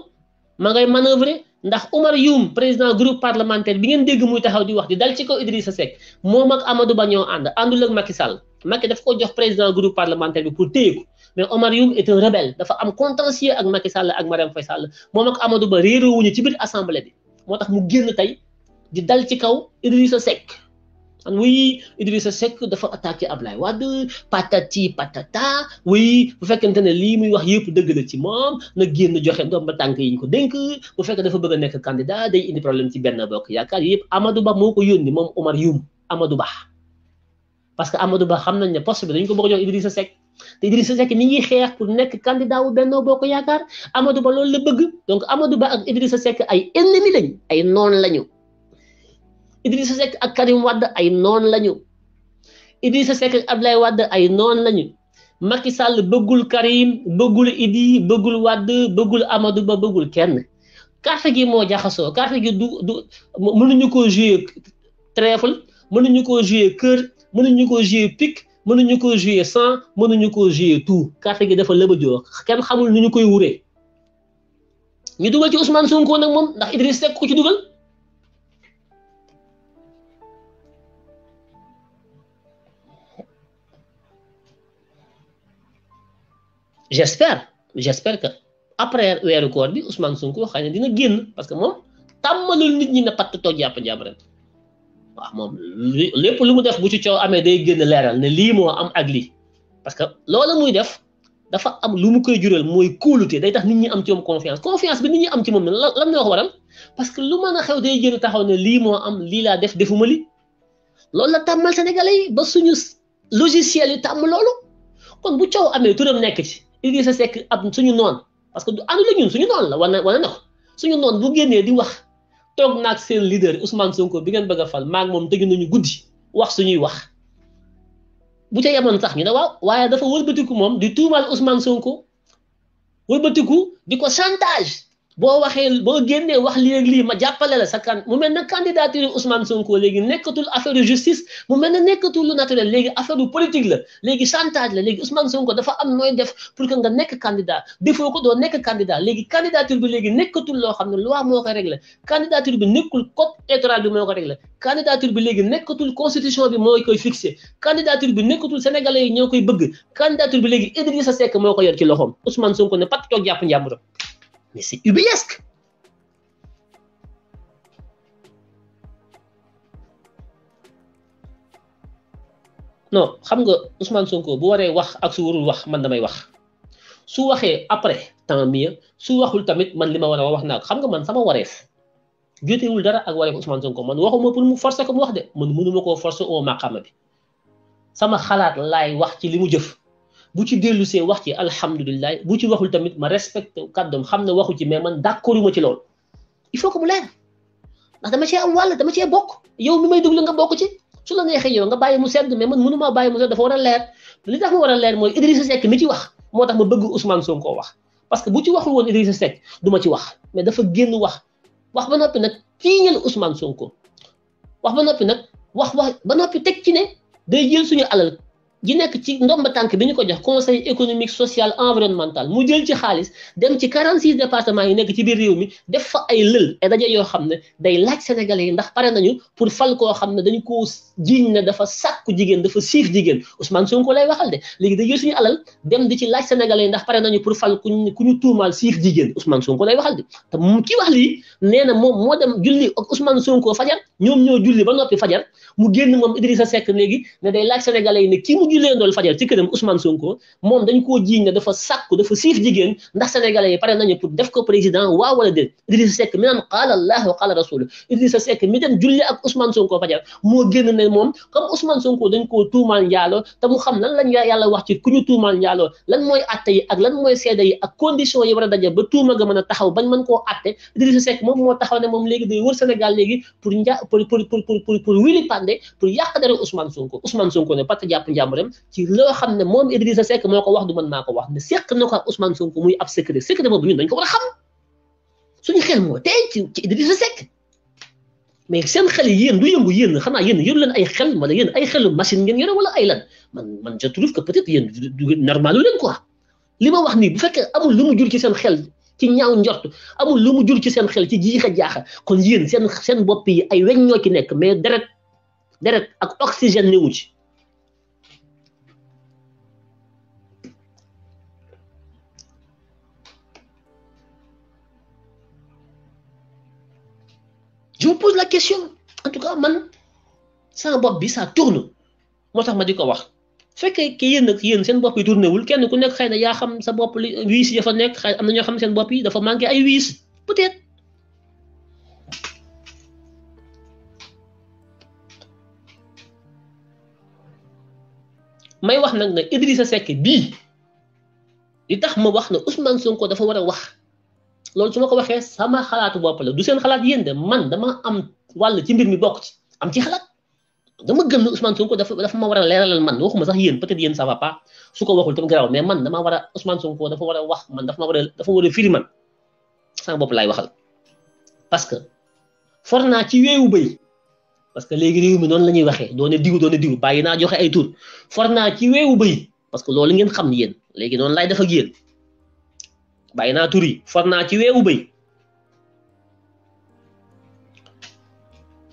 Speaker 1: ma ngay manoeuvrer ndax Oumar Youm président groupe parlementaire bi ngeen dégg muy taxaw di wax di dal ci kaw Idrissa Seck moom ak Amadou Ba ñoo ànd àndul ak Macky Sall Macky ko jox président groupe parlementaire bi pour téye ko mais Oumar Youm est un rebelle dafa am contentieux ak Macky Sall ak Marième Faye Sall moom ak Amadou Ba réeroo wuñu ci biir assemblée bi moo tax mu génn tey di dal ci kaw Idrissa Seck. Oui, Idrissa Seck dafa attaquer Ablaye Wade patati patata oui bu fekkente ne lii muy wax yëpp dëgg la ci moom na génn joxe ndoom ba tànk yi ñu ko dénk bu fekk dafa bëgg amaduba nekk candidat day indi problème ci benn bokk Amadou Ba Omar Youm Amadou Ba parce que Amadou Ba xam nañ ne poste bi dañ ko bëgg a jox Idrissa Seck te Idrissa Seck ni ngi xeex pour nek candidat wu Benno Bokk Yaakaar Amadou Ba loolu la bëgg donc Amadou Ba Idrissa Seck ay ennemi lañ ay non lañu Idrissa Seck ak Karim wadd ay noon lañu Idrissa Seck ak Abdoulaye Wade ay noon lañu Macky Sall bëggul Karim bëggul Idi bëggul Wade bëggul Amadou Ba bëggul kenn carte gi moo jaxasoo carte gi du du mënuñu ko jouer trèfle mënuñu ko jouer cœur mënuñu ko jouer pique mënuñu ko jouer sans mënuñu ko jouer tout carte gi dafa lëbëjoo kenn xamul nu ñu koy wuree ñu dugal ci Ousmane Sonko nag moom ndax Idriss Seck ku ci dugal. J'espère, j'espère que après weeru koor bi Ousmane Sonko xayna dina génn parce que mom tamalul nit ñi ne to japp jàpp rek wax mom lepp lu mu def bu ci ciow amé day génn leeral né li mo am ak li parce que loola muy def dafa am lu mu koy jural moy kóolute day tax nit ñi am ci mom confiance confiance bi nit ñi am ci mom lan la wax waram parce que lu mëna xew day taxaw né li mo am lila la def defuma li loolu la tamal Sénégalais ba suñu logiciel yi tam loolu kon bu ciow amé turam nekk ci. Idrissa Seck ab suñu noon parce que du àndu la ñun suñu noon la wana wana na suñu noon bu génnee di wax toog naag seen leader Ousmane Sonko bi ngeen bëgg a fal maag moom tëju nañu guddi wax suñuy wax bu ca yemoon sax ñu ne waaw waaye dafa wëlbatiku moom di tuumaal Ousmane Sonko wëlbatiku di ko chantage boo waxee boo génnee wax lii ak lii ma jàppale la sa kan mu mel ne candidature usman Ousmane Sonko léegi nekkatul affaire justice mu mel ne nekkatul lu naturel léegi affaire politique la léegi chantage la léegi Ousmane Sonko dafa am nooy def pour que nga nekk candidat defoo ko doo nekk candidat léegi candidature bi léegi nekkatul loo xam ne loi moo ko réglé candidature bi nekkul code électoral bi moo ko réglé candidature bi léegi nekkatul constitution bi moo koy fixé candidature bi nekkatul sénégalais yi ñëw koy bëgg candidature bi léegi Idrissa Seck moo ko yor ci loxoom Ousmane Sonko ne pat jàpp njàmburam mais c'est ubiesque. non xam nga Ousmane Sonko bu waré wax ak su warul wax man damay wax su waxé après tant mieux su waxul tamit man lima wara wax nak xam nga man sama wareef wul dara ak waré Ousmane Sonko man waxuma pour mu forcer ko wax dé, man mënu mako forcer au bi sama xalaat lay wax ci limu jëf bu ci dellusee wax ci alhamdulilah bu ci waxul tamit ma respecté kàddoom xam ne waxu ci mais man d'accorduma ci loolu il faut que mu leer ndax dama cee am wàll dama cee bokk yow mi may déglu nga bokk ci su la neexee yow nga bàyyi mu sedd mais man mënumaa bàyyi mu sedd dafa war a leer li tax mu war a leer mooy Idrissa sekk mi ci wax moo tax ma bëgg Ousmane Sonko wax parce que bu ci waxul woon Idrissa Seck du ma ci wax mais dafa génn wax wax ba noppi nag tiiñal Ousmane Sonko wax ba noppi nag wax wax ba noppi teg ci ne day jël suñu alal. ji nekk ci ndomba tànk bi ñu ko jox conseil économique social environnemental mu jël ci xaalis dem ci 46 départements yi nekk ci biir réew mi def fa ay lël ay daje yoo xam ne day laaj sénégalais yi ndax pare nañu pour fal koo xam ne dañu ko jiiñ ne dafa sàkku jigéen dafa siif jigéen Ousmane Sonko lay waxal de léegi dañuy suñu alal dem di ci laaj sénégalais yi ndax pare nañu pour fal ku ñu ku ñu tuumaal siif jigéen Ousmane Sonko lay waxal de te ki wax lii nee na moom moo dem julli ak Ousmane Sonko fajar ñoom ñoo julli ba noppi fajar mu génn moom Idrissa sekk léegi ne day laaj sénégalais yi ne kii mu jullee ndool fajar ci këram Ousmane Sonko moom dañ koo jiiñ ne dafa sàkku dafa siif jigéen ndax sénégalais yi pare nañu pour def ko président waaw wala déet Idrissa Seck mi naan qaala allah wa qaala rasul Idrissa Seck mi dem ak Ousmane Sonko fajar moo génn ne moom comme Ousmane Sonko dañ koo tuumaal njaaloo te mu xam lan lañ yàlla wax ci ku ñu tuumaal njaaloo lan mooy atte yi ak lan mooy seede yi ak condition yi war a daje ba tuuma ga mën a taxaw bañ mën koo atte Idrissa Seck moom moo taxaw ne moom léegi day wër Sénégal léegi pour nja pour pour problème ci lo xamne mom Idrissa sek moko wax du man maa wax ne sek nako ak Ousmane Sonko muy ab secret secret bobu ñun dañ ko wara xam suñu xel mo tay ci Idrissa sek mais seen xel yi yéen du yëngu yéen xana yéen yoru leen ay xel wala yéen ay xel machine ngeen yore wala ay lan man man je trouve que peut-être yéen du normal leen quoi lima wax ni bu fekke amul lu mu jur ci seen xel ci ñaaw ndort amul lu mu jur ci seen xel ci jiixa a jaaxa kon yéen seen seen bop yi ay weñ ñoo ci nekk mais deret deret ak oxygène ne wu ci je vous pose la question en tout cas man ça va bi ça tourne Moi, tax ma dit ko wax fekkee ki yéen ak yéen seen bopp yi tourné wul kenn ku nekk xëy na yaham xam sa bopp li wiis ya fa nek xëy am na ñoo xam seen bopp yi dafa manqué ay wiis peut être may wax nag ne Idrissa Seck bii li tax ma wax ne Ousmane Sonko dafa war a wax loolu su ma ko waxee sama xalaatu boppale la du seen xalaat yéen de man dama am wàll ci mbir mi bokk ci am ci xalaat dama gëm ne Ousmane Sonko dafa dafa ma war a leeralal man waxuma sax yéen peut-être yéen ça va pas su ko waxul tam garaaw mais man dama war a Ousmane Sonko dafa war a wax man dafa ma war a dafa war a firi man sama bopp laay waxal parce que for naa ci weewu béy parce que léegi réew mi la ñuy waxee doone diw doone diw bàyyi naa joxe ay tur for naa ci weewu béy parce que loolu ngeen xam yéen léegi noonu laay def ak yéen bàyyi turi tur ci wewu bay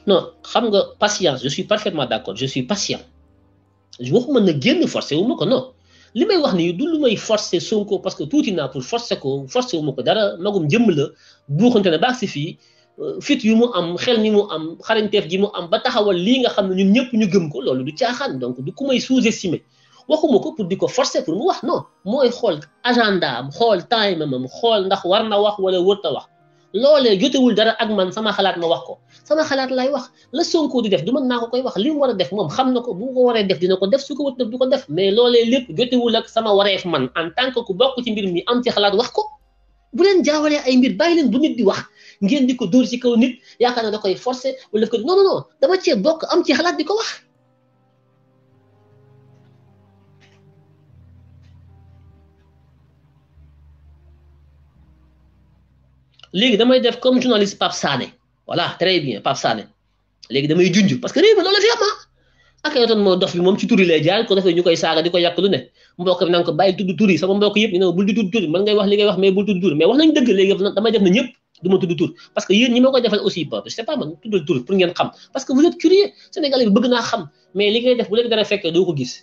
Speaker 1: non xam nga patience je suis parfaitement d'accord je suis patient Je waxuma na génn forcé wu ma non limay wax ni du lu forcer Sonko parce que tuuti n'a pour forcer ko forcer wu ma dara magum jëmm la bu xantene bax ci fi euh, fit yu mu am xel ni mu am xarañteef ji mu am ba taxawal li nga xam ñun ñëpp ñu gëm ko loolu du caaxaan donc du kumay sous-estimer waxuma ko pour di ko forcer pour mu wax non mooy xool agenda am xool time am xool ndax war na wax wala wër na wax loolee jotewul dara ak man sama xalaat ma wax ko sama xalaat lay wax la Sonko di def du mën naa ko koy wax li mu war a def moom xam na ko bu ko waree def dina ko def su ko wut def du ko def mais loolee lépp jotewul ak sama wareef man en tant que ku bokk ci mbir mi am ci xalaat wax ko bu leen jaawalee ay mbir bàyyi leen bu nit di wax ngeen di ko dóor ci kaw nit yaakaar na da koy forcer wala def ko non non non dama cee bokk am ci xalaat di ko wax légui damay def comme journaliste Pape Sané voilà très bien Pape Sané légui damay junj parce que réew lolu fi am ah. ak yow mo dof bi mom ci touri lay jaar ko defee ñu saga diko yak lu ne mbokk bi nang ko bàyyi tuddu touri sama mbokk yépp ñu bul di tudd tur man ngay wax li ngay wax mais bul tuddu touri mais wax nañ dëgg légui damay def na ñëpp duma tuddu tour parce que yeen ñi ma defal aussi ba c'est pas man tuddu tour pour ngeen xam parce que vous êtes curieux Sénégalais bi bëgg na xam mais li ngay def bu leen dara fekk do ko gis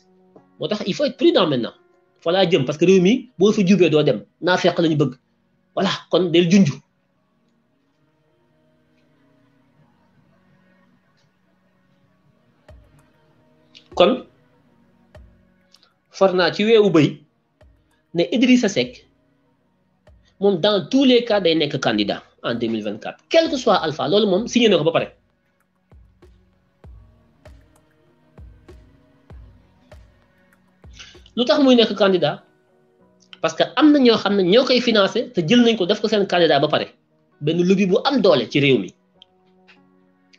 Speaker 1: motax il faut être prudent maintenant voilà jëm parce que réew mi bo fa jubé do dem naa fekk lañu bëgg voilà kon del junju kon farna ci weewu bay ne Idrissa Seck mom dans tous les cas day nek candidat en 2024 quel que soit Alpha loolu mom signé na ko ba paré lu tax muy candidat parce que amna ño xamné ño koy financer te jël nañ ko def ko sen candidat ba paré ben lobby bu am doole ci réew mi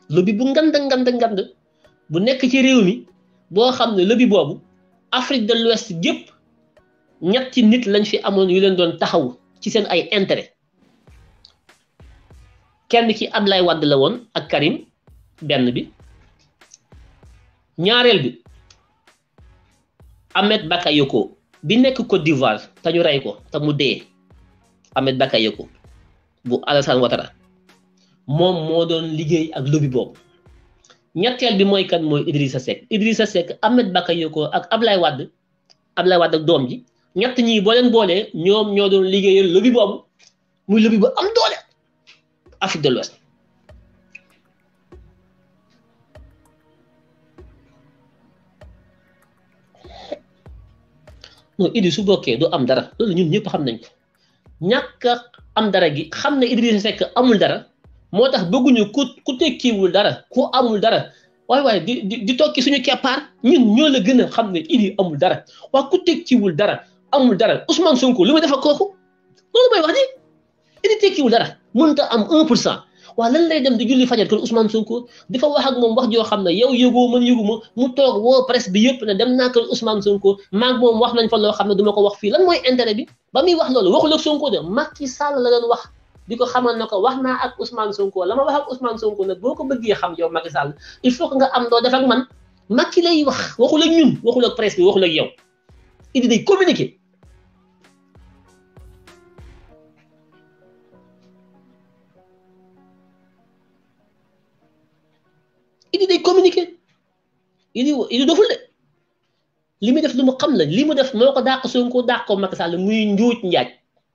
Speaker 1: lobby bu ngand ngand ngand bu nek ci réew mi boo xam ne lëbi boobu Afrique de l'Ouest gépp ñetti nit lañ fi amoon yu leen doon taxaw ci seen ay intérêt kenn ki Ablaye Wade la woon ak Karim benn bi ñaareel bi Ahmed Bakayoko bi nekk Côte d'Ivoire te ñu rey ko te mu dee Ahmed Bakayoko bu Alassane Ouattara moom moo doon liggéey ak lobby boobu ñetteel bi mooy kan mooy sa sa Seck Idrissa Seck Ahmed Bakayoko ak Ablaye Wade Ablaye Wade ak doom ji ñett ñi boo boolee ñoom ñoo doon liggéeyal lobby boobu muy lobby bu am doole Afrique de l'Ouest non Idrissa su bokkee du am dara loolu ñun ñëpp xam nañ ko ñàkk am dara gi xam ne Idrissa sekk amul dara moo tax bëgguñu ku ku tekkiwul dara ku amul dara waaye waaye di di di tokki suñu keppaar ñun ñoo la gën a xam ne Idy amul dara waaw ku tekkiwul dara amul dara Ousmane Sonko lu ma def ak kooku loolu mooy wax ji Idy tekkiwul dara mënta am 1 pour cent waaw lan lay dem di julli fajar kon Ousmane Sonko di fa wax wax joo xam ne yow yëgoo man yëguma mu toog woo presse bi yëpp ne dem naa kër Ousmane Sonko maag moom wax nañ fa loo xam ne du ma ko wax fii lan mooy intérêt bi ba muy wax loolu waxul ak Sonko de Macky Sall la doon wax. diko xamal nako waxna ak Ousmane Sonko lama wax ak Ousmane Sonko nak boko beugé xam yow Macky Sall il faut nga am do def ak man Macky lay wax waxul ak ñun waxul ak presse bi waxul ak yow Idi day communiquer Idi day communiquer Idi Idi doful de limi def lu mu xam la limu def moko ko Sonko dàq ko Macky Sall muy njuuj njaaj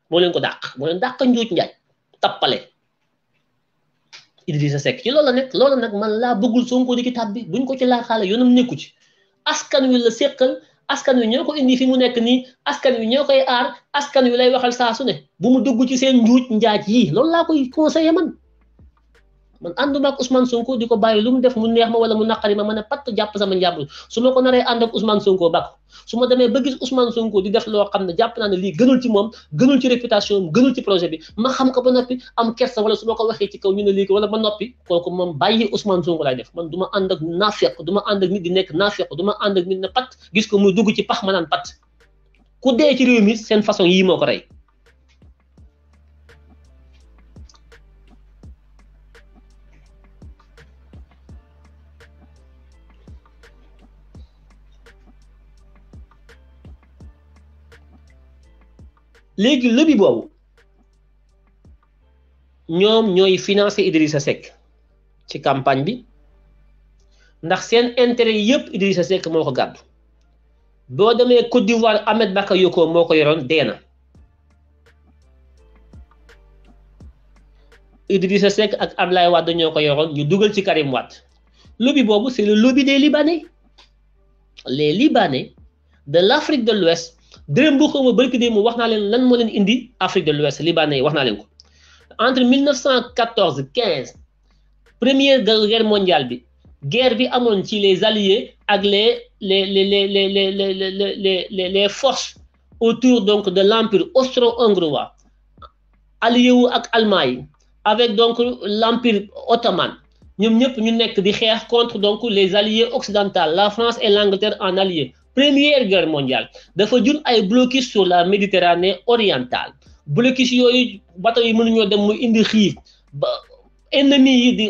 Speaker 1: mo len ko dàq mo len dàq njuuj njaaj tappale Idrissa Seck ci loolu nag loolu nag man laa bëggul Sonko di ci tàbbi buñ ko ci laaxaale yoonam nekku ci askan wi la seqal askan wi ñoo ko indi fi mu nekk nii askan wi ñoo koy aar askan wi lay waxal saa su ne bu mu dugg ci seen njuuj njaaj yi loolu laa koy conseillé man man ànduma ak Ousmane Sonko di ko bàyyi lu mu def mu neex ma wala mu naqari ma mën a patt jàpp sama njàmbur su ma ko naree ànd ak Ousmane Sonko ma demee ba gis Ousmane Sonko di def loo xam ne jàpp ne lii gënul ci moom gënul ci réputation am ci projet bi ma xam ko ba noppi am kersa wala su ma ko waxee ci kaw ñu ne lii wala ba noppi kooku moom bàyyi Ousmane Sonko laay def man du ma ànd ak naafeq du ma ànd ak nit di nekk naafeq du ma ànd ak nit ne patt gis ko muy dugg ci pax ma naan patt ku dee ci réew mi seen façon yii moo ko rey léegi lëbi boobu ñoom ñooy financé sa Seck ci campagne bi ndax seen intérêt yëpp sa Seck moo ko gàddu boo demee Côte d'Ivoire Ahmed Bakayoko moo ko yoroon dee na Idrissa Seck ak lay Wade ñoo ko yoroon ñu dugal ci Karim Wade lobby boobu c'est le lobby des Libanais les Libanais de l'Afrique de l'Ouest démb bu xaw ma barki démb wax naa lan indi Afrique de l'Ouest libanais wax naa ko entre 1914 15 première guerre mondiale bi guerre bi amoon ci les alliés ak les les les les les les les les forces autour donc de l'empire austro-hongrois alliés avec ak avec donc l'empire ottoman ñoom ñëpp ñu nekk di contre donc les alliés occidentaux la France et l'Angleterre en alliés première guerre mondiale dafa jur ay blocus sur la Méditerranée orientale blocus yooyu bateau yi mënuñoo dem mu indi xiif ba ennemi yi di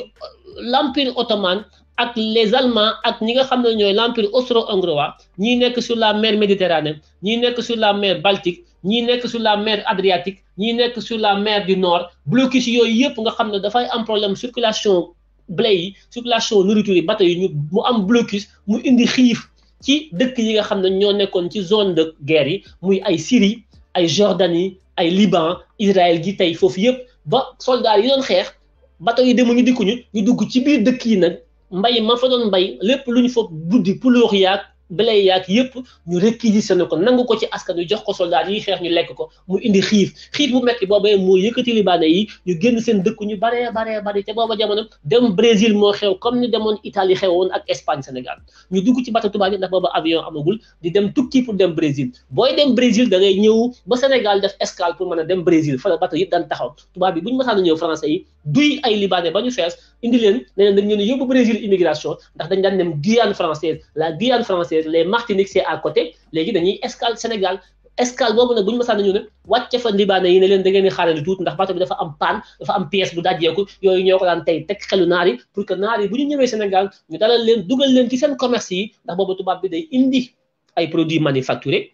Speaker 1: l'empire ottoman ak les allemands ak ñi nga xam ne ñooy l'empire austro-hongrois ñi nekk sur la mer Méditerranée ñi nekk sur la mer Baltique ñi nekk sur la mer Adriatique ñi nekk sur la mer du Nord blocus yooyu yépp nga xam ne dafay am problème circulation blé yi circulation nourriture yi bateau yi ñu mu am blocus mu indi xiif. ci dëkk yi nga xam ne ñoo nekkoon ci zone de guerre yi muy ay siri ay Jordanie ay Liban Israël gi tey foofu yëpp ba soldats yi doon xeex bateau yi demuñu dikkuñu ñu dugg ci biir dëkk yi nag mbay ma fa doon mbay lépp lu ñu foog guddi pulóox yaag blé yaag yëpp ñu réquisitionné ko nangu ko ci askan wi jox ko soldat yi xeex ñu lekk ko mu indi xiif xiif bu metti boobee moo yëkkati libaane yi ñu génn seen dëkk ñu baree baree bari te booba jamono dem Brésil moo xew comme ni demoon Italie xewoon ak Espagne Sénégal ñu dugg ci bateau tubaab yi ndax booba avion amagul di dem tukki pour dem Brésil booy dem Brésil da ñëw ba Sénégal def escale pour mën a dem Brésil fa la daan taxaw tubaab a ñëw français yi duy ay libaane ba ñu fees indi leen ne leen dañ leen yóbbu Brésil immigration Martiniquais les Martiniquais à côté légui dañuy escale Sénégal escale boobu nag bu ñu masaan a ñëw nag wàcce fa libaane yi ne leen da ngeen di xaarandi tout ndax bateau bi dafa am panne dafa am pièce bu dajéku yoyu ñoko daan tay tek xelu naar pour que naari buñu ñëwé Sénégal ñu dalal leen duggal leen ci seen commerce yi ndax bobu tubaab bi day indi ay produits manufacturés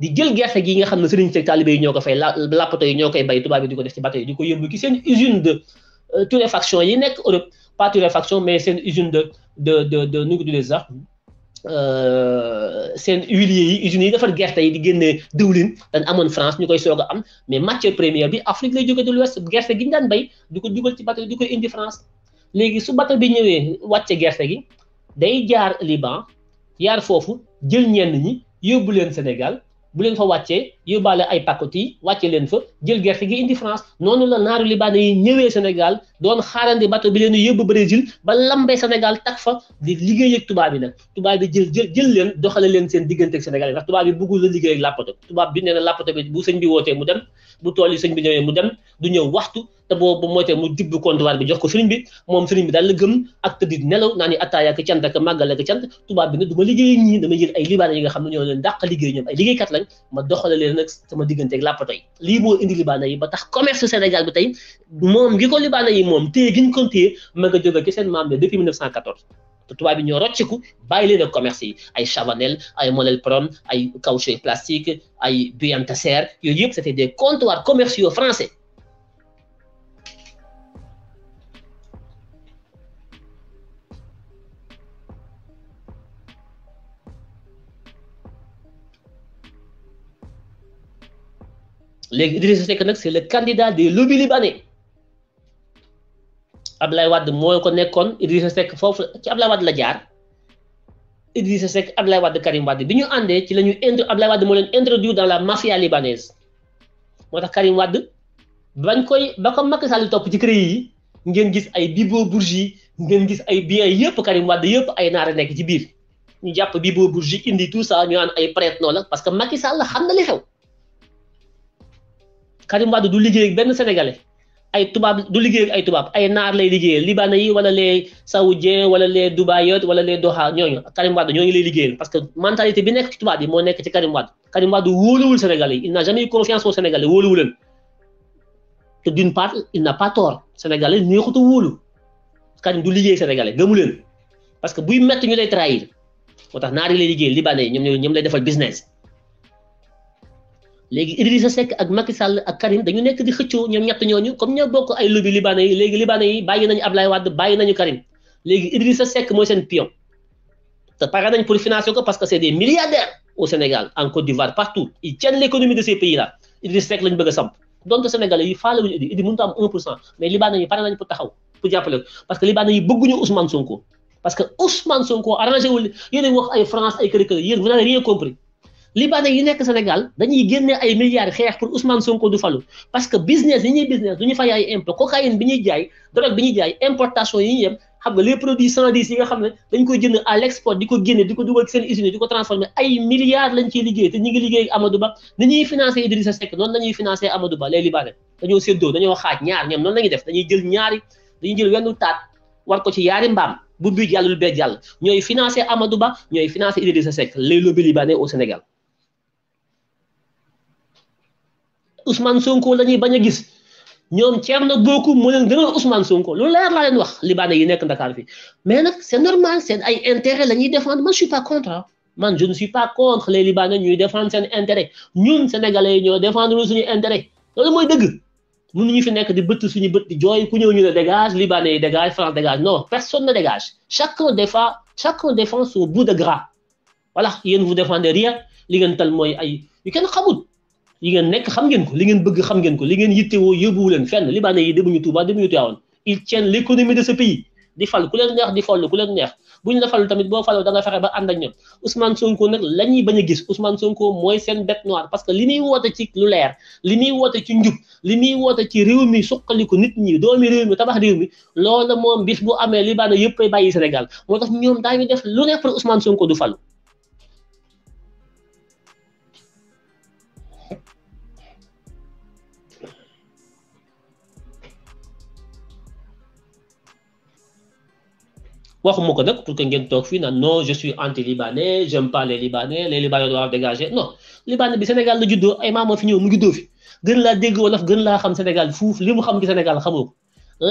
Speaker 1: di jël gerte gi nga xam ne sëriñ talibé ñoko fay lapato yi ñokay bay tubaab bi diko ko def ci bato yi di ko ci seen usine de euh, turéfaction yi nek Europe pas turéfaction mais seen usine de de de de nu ko tuddee sax Euh, seen huiliers yi usines defar gerte yi di génnee diwlin dañ amoon France ñu koy soog a am mais matière première bi Afrique lay jóge de l'Ouest gerte gi ñu daan bay di ko dugal ci bateau di ko indi France léegi su bateau bi ñëwee wàcce gerte gi day jaar Liban jaar foofu jël ñenn ñi yóbbu leen Sénégal bu leen fa wàccee yóbbaale ay pakoti wàcce leen fa jël gerte gi indi France noonu la naaru libaane yi ñëwee Sénégal doon xaarandi bato bi leen yóbbu Brésil ba lambee Sénégal tag fa di liggéey tubaab yi nag tubaab bi jël jël jël leen doxale leen seen diggante ak Sénégal yi ndax tubaab bi bëggul la liggéey ak làppato tubaab bi nee bu sëñ bi wootee mu dem bu tool yi sëñ bi ñëwee mu dem du ñëw waxtu te boobu mootee mu dibb comptoir bi jox ko sëriñ bi moom sëriñ bi daal la gëm ak tëddit nelaw naa ni attaaya ak cant ak màggal ak cant tubaab bi ne du ma nag sama digganteeg làppato yi lii yi ba tax commerce Sénégal bi tey moom ngi ko libaana yi moom téye gi ñu ko ma nga jóge ci seen maam ne depuis 1914 te tubaab bi ñoo rocciku bàyyi leen ak ay Chavanel ay Monelprom ay caoutchouc plastique ay Buantaseer yooyu yëpp c'était des comptoirs français léegi Idrissa Seck nak c'est le candidat des lobbies libanais Ablaye Wade mooy ko nekkoon Idrissa Seck fofu ci Ablaye Wade la jaar Idrissa Seck Ablaye Wade Karim Wade biñu andé ci lañu ñu int Ablaye Wade mo len introduit dans la mafia libanaise moo tax Karim Wade bañ koy bako Macky Sall top ci créé yi ngeen gis ay bibo bourgie ngeen gis ay biens yépp Karim Wade yépp ay naara nekk ci biir ñu japp bibo bourgie indi tout ça ñu an ay prête non la parce que Macky Sall xam na li xew. Karim wadu du liggéey ak benn sénégalais ay tubaab du liggéey ak ay tubaab ay naar lay liggéeyal libana yi wala les saoudien wala les dubaïot wala les doha ñooñu Karim wadu ñooñu lay liggéeyal parce que mentalité bi nekk ci tubaab yi moo nekk ci Karim wadu Karim wadu wóoluwul sénégalais yi il n'a jamais eu confiance au sénégalais wóoluwu leen te d'une part il n'a pas tort sénégalais neexut a wóolu Karim du liggéey sénégalais gëmu parce que buy metti ñu lay trahir moo tax naar yi lay liggéeyal libana yi ñoom ñoom lay defal business léegi Idrissa Seck ak Macky ak Karim dañu nekk di xëccoo ñoom ñett ñooñu comme ñoo bokk ay lobby libanais yi léegi libanais yi nañu Ablaye Wade bàyyi nañu Karim léegi Idrissa Seck mooy seen pion pare nañ pour financer ko parce que c'est des milliardaires au Sénégal en Côte d'Ivoire partout ils tiennent l'économie de ces pays là Idrissa Seck bëgg a samp donc Sénégalais yi faale wuñu Idi Idi a am 1 pour cent mais libanais pare nañ pour taxaw pour jàppale que libanais yi bëgguñu Ousmane Sonko libanais yi nekk Sénégal dañuy génne ay milliards xeex pour Ousmane Sonko du falu parce que business yi ñuy business du ñu fay ay impôt cocaïne bi ñuy jaay drogue bi ñuy importation yi ñuy yem xam nga les produits 110 yi nga xam ne dañ koy jënd à l' export di ko génne di ko dugal ci seen usine di ko transformé ay milliards lañ ciy liggéey te ñu ngi liggéey ak Amadou Ba ni ñuy financé Idrissa Seck noonu la ñuy financé Amadou Ba les libanais dañoo séddoo dañoo xaaj ñaar ñoom noonu la ñuy def dañuy jël ñaari dañuy jël wenn taat war ko ci yaari ñooy financé Amadou Ba ñooy financé Idrissa Seck Ousmane Sonko la ñuy bañ a gis ñoom Thierno Bocoum moo leen gënal Ousmane Sonko lu leer laa leen wax libaane yi nekk Dakar fi mais nag c'est normal seen ay intérêt la ñuy défendre man je suis pas contre man je ne suis pas contre les libanais ñuy défendre seen intérêt ñun sénégalais e ñoo défendre suñu intérêt loolu mooy dëgg mënuñu fi nekk di bëtt suñu bët di jooy ku ñëw ñu ne dégage libanais yi dégage France dégage non personne ne dégage chacun défend chacun bout de gras voilà yéen vous défendez rien ay yu yi ngeen nekk xam ngeen ko li ngeen bëgg xam ngeen ko li ngeen yittewoo yóbbuwu leen fenn libanais yi demuñu Touba demuñu fal ku leen neex di foll leen neex bu ñu la falul tamit boo faloo da nga fexe ba ànd ak ñoom Ousmane ñuy bañ a gis Ousmane Sonko mooy seen bête noire parce que li muy woote ci lu leer li muy woote ci njub li muy woote ci réew mi suqaliku nit ñi doomi réew mi tabax réew mi loola moom bis bu amee libanais yëpp ay bàyyi Sénégal moo tax ñoom daañu def lu ne pour Ousmane Sonko du falu waxuma ko nag pour que ngeen toog fii naan non je suis anti libanais j'aime pas les libanais les libanais doivent dégager non libanais bi Sénégal la juddoo ay maam fi ñëw mu juddoo fi gën la dégg wala gën la xam Sénégal fouf limu xam ci Sénégal xamoo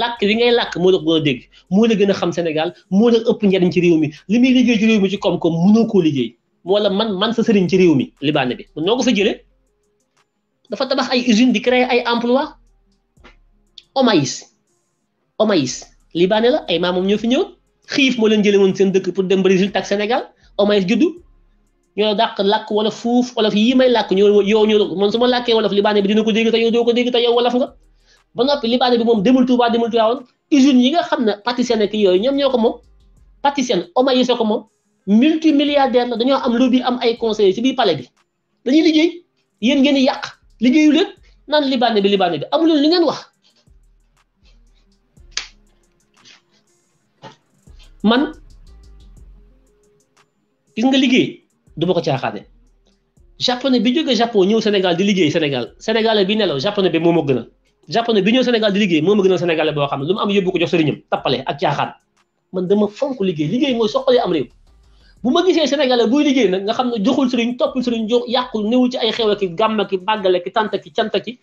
Speaker 1: lak làkk li ngay lak mo la gën dégg mo la gën xam Sénégal mo la ëpp njariñ ci réew mi limi liggéey ci réew mi ci kom kom mënoo ko liggéey wala man man sa sëriñ ci réew mi libanais bi noo ko fa jëlé dafa tabax ay usine di créer ay emploi Omaïs maïs libanais la ay maamam ñoo fi ñëw xiif moo leen jële woon seen dëkk pour dem Brésil tak Sénégal au moins juddu ñoo dàq làkk wolof fuuf wolof yii may làkk ñoo yow ñoo man su ma làkkee wolof libaane bi dina ko dégg te yow doo ko dégg te yow wolof nga ba noppi libaane bi moom demul woon usines yi nga xam ne pâtissier ki yooyu ñoom ñoo ko moom pâtissier oma yi soo ko moom multimilliardaire la dañoo am lobby am ay conseillers ci biir palais bi dañuy liggéey yéen ngeen di yàq liggéeyu leen naan libaane bi libaane bi amuleen lu ngeen wax man gis nga liggéey du ma ko caaxaane japonais bi jógee japon ñëw Sénégal di liggéey Sénégal sénégalais bi nelaw japonais bi moom a gën a japonais bi ñëw Sénégal di liggéey moom a gën a sénégalais boo xam ne lu mu am yóbbu ko jox sëriñam tappale ak caaxaan man dama fonk liggéey liggéey mooy soxalee am réew bu ma gisee sénégalais buy liggéey nag nga xam ne joxul sëriñ toppul sëriñ jox yàqul néew ci ay xew ki gàmm ki màggale ki tant ki cant ki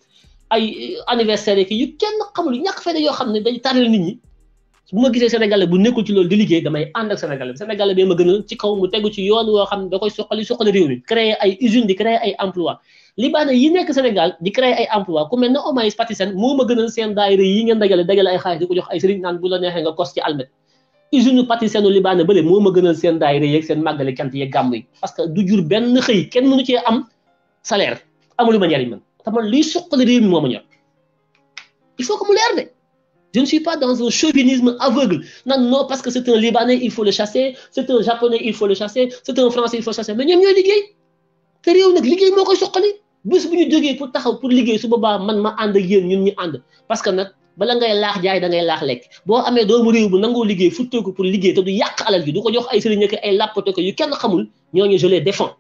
Speaker 1: ay anniversaire ki yu kenn xamul ñàkk fayda yoo xam ne day taral nit ñi bu ma gisee sénégalais bu nekkul ci loolu di liggéey damay ànd ak sénégalais bi sénégalais bi ma gënal ci kaw mu tegu ci yoon woo xam ne da koy soxali soxali réew mi créer ay usine di créer ay emploi libanais yi nekk sénégal di créer ay emploi ku mel ne Omaïs Patisen moo ma gënal seen daayira yi seen daayira yeeg seen màggale cant yeeg yi parce que du jur benn xëy kenn mënu cee am salaire amulu ma njariñ man te man réew mi moo ma ñor il faut que mu leer de Je ne suis pas dans un chauvinisme aveugle. Non, non, parce que c'est un Libanais, il faut le chasser. C'est un Japonais, il faut le chasser. C'est un Français, il faut le chasser. Mais ñoom ñooy liggéey te réew a liggéey moo koy soqali bés bu ñu jógee pour taxaw pour liggéey su boobaa man ma ànd ak yéen ñun ñu ànd parce que nag bala ngay laax jaay da ngay laax lekk boo amee doomu réew bu nangoo liggéey futteeku pour liggéey te du yàq alal gi du ko jox ay sëriñ ak ay làppate ko yu kenn xamul ñu je les défends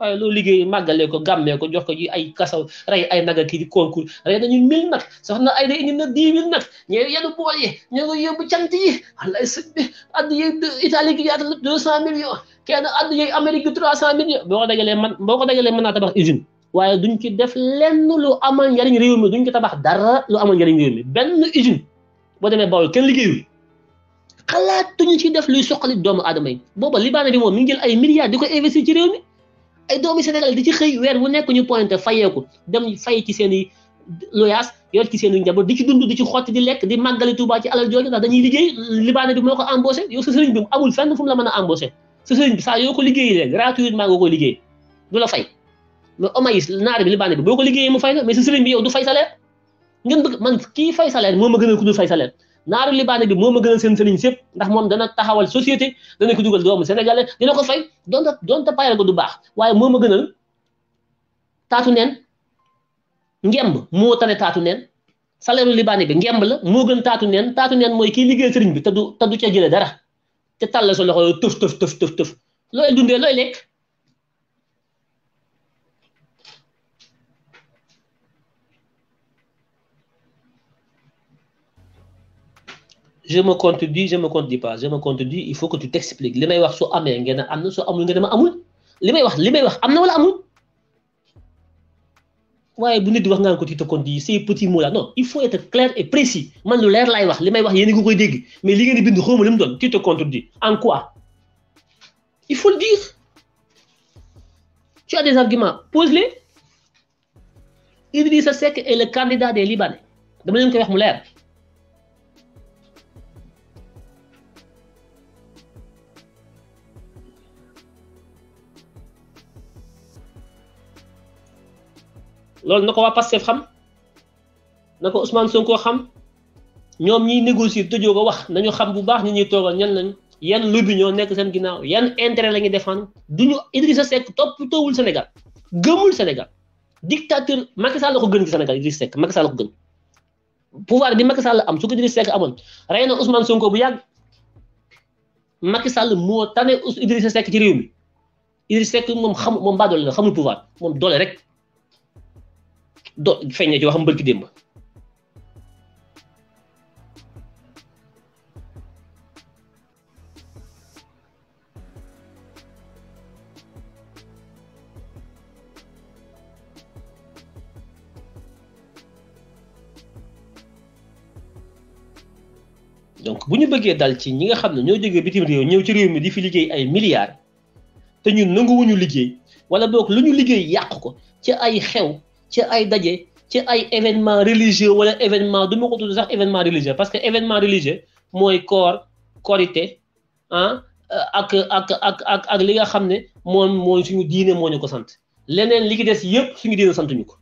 Speaker 1: waaye loolu liggéey màggalee ko gàmmee ko jox ko ji ay kasaw rey ay naga kii di concours rey nañu mille nag soxna ay da indi na dix mille nag ñee yenu bool yi ñu ngi yóbbu cant yi wallaay sëñ bi addi yi Italie deux cent millions kenn addi yi Amérique gi trois cent millions boo ko dajalee man boo ko dajalee mën naa tabax usine waaye duñ ci def lenn lu amal njariñ réew mi duñ ci tabax dara lu amal njariñ réew mi benn usine boo demee Bawol kenn liggéeyul xalaatuñu ci def luy soqali doomu aadama yi booba libaane bi moom mi ngi jël ay milliards di ci réew mi ay doomi Sénégal di ci xëy weer wu nekk ñu pointé fayeeku dem fay ci seen i loyaas yor ci seen i njaboot di ci dund di ci xotti di lekk di màggali Tuubaa ci alal jooju ndax dañuy liggéey libaane bi moo ko embauché yow bi a embauché sa sëriñ saa yoo ko liggéey leen gratuitement nga ko liggéey du la fay mais omayis naar bi libaane bi boo ko liggéeyee mu fay la mais sa bi yow du fay salaire ngeen bëgg man kii fay salaire moo ma gën a ku dul fay salaire naaru libaane bi moo ma gënal seen sëriñ sépp ndax moom dana taxawal société dana ko dugal doomu sénégalais dina ko fay donte donte payal ko du baax waaye moo ma gënal taatu neen ngemb moo tane taatu neen salaire libaane bi ngemb la moo gën taatu neen taatu neen mooy kii liggéey sëriñ bi te du cee du dara te tàll sa loxo tëf tëf tëf tëf tëf looy dundee looy lekk je me contredis je me contredis pas je me contredis il faut que tu t'expliques Les may wax su amee sont am na su amul ngeen ma amul li may wax li may wax am na wala amul waaye bu nit wax ko tu te contredis ces petits mots là non il faut être clair et précis man lu leer laay wax li may wax yéen a koy mais li ngeen di bind xawma doon tu te contredis en quoi il faut le dire tu as des arguments pose-les Idrissa Seck est le candidat des Libanais dama leen koy wax mu leer. loolu na ko waa Pastef xam na ko Ousmane Sonko xam ñoom ñiy négocier tëjoo ko wax nañu xam bu baax ñi ñuy toogal ñan lañ yan lobby ñoo nekk seen ginnaaw yan intérêt la ñuy défendre duñu Idrissa Seck toowul Sénégal gëmul Sénégal dictateur Macky Sall ko gën ci Sénégal Idrissa Seck Macky Sall ko gën pouvoir bi Macky Sall am su ko Idrissa Seck amon rey Ousmane Sonko bu yag Macky Sall mo tane Idrissa Seck ci réew mi Idrissa Seck mom xam mom mbaa la xamul pouvoir mom doole rek. do feeñ na ci waxam mbërki donc bu ñu bëggee dal ci ñi nga xam ne ñoo jógee bitim réew ñëw ci réew mi di fi liggéey ay milliards te ñun nanguwuñu liggéey wala boog lu ñu liggéey yàq ko ci ay xew ci ay daje ci ay événement religieux wala événement du ma ko sax événement religieux parce que événement religieux mooy koor korite ah euh, ak ak ak ak ak li nga xam ne moom mooy suñu diine moo ñu ko sant leneen li ki des yëpp suñu diine santuñu ko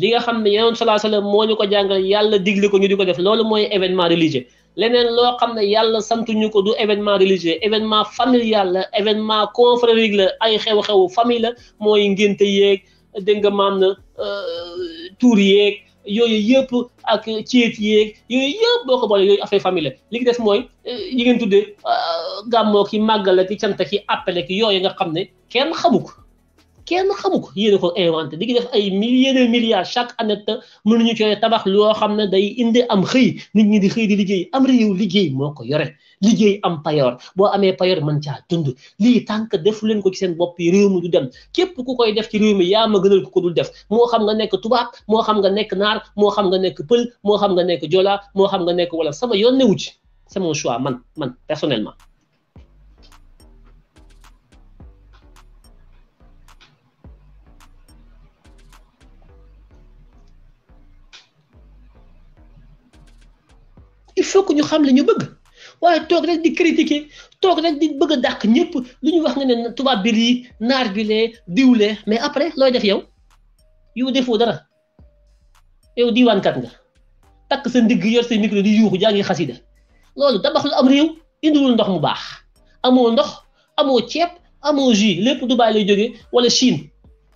Speaker 1: li nga xam ne yonent salaa sallam moo ñu ko jàngal yàlla digle ko ñu di ko def loolu mooy événement religieux leneen loo xam ne yàlla santuñu ko du événement religieux événement familial la événement confrérique la ay xew-xewu famille la mooy ngénte yeeg dégg nga maam na euh, tuur yeeg yooyu yëpp ak ceet yeeg yooyu yëpp boo ko boole yooyu affaire famille la des mooy euh, yi ngeen tuddee euh, gàmmoo ki màggala ki canta ki appelé ki yooyu nga xam ne kenn xamu ko kenn xamu ko yéen ko inventé di def ay milliers de milliards chaque année te mënuñu cooy tabax loo xam ne day indi am xëy nit ñi di xëy di liggéey am réew liggéey moo ko yore liggéey am payoor boo amee payoor mën caa dund lii tànk defu leen ko ci seen bopp yi réew mi du dem képp ku koy def ci réew mi yaa ma gënal ku ko dul def moo xam nga nekk tubaab moo xam nga nekk naar moo xam nga nekk pël moo xam nga nekk jola moo xam nga nekk wala sama yoon newu ci c'est mon man man personnellement faut ñu xam la ñu bëgg waaye toog rek di critiquer toog rek di bëgg a dàq ñëpp lu ñu wax nga ne tubaab bi lii naar bi lee diwlee mais après looy def yow yow defoo dara yow diiwaankat nga takk sa ndigg yor sa micro di yuuxu jaa ngi xasida loolu tabaxul am réew indiwul ndox mu baax amoo ndox amoo ceeb amoo jus lépp Dubaay lay jóge wala Chine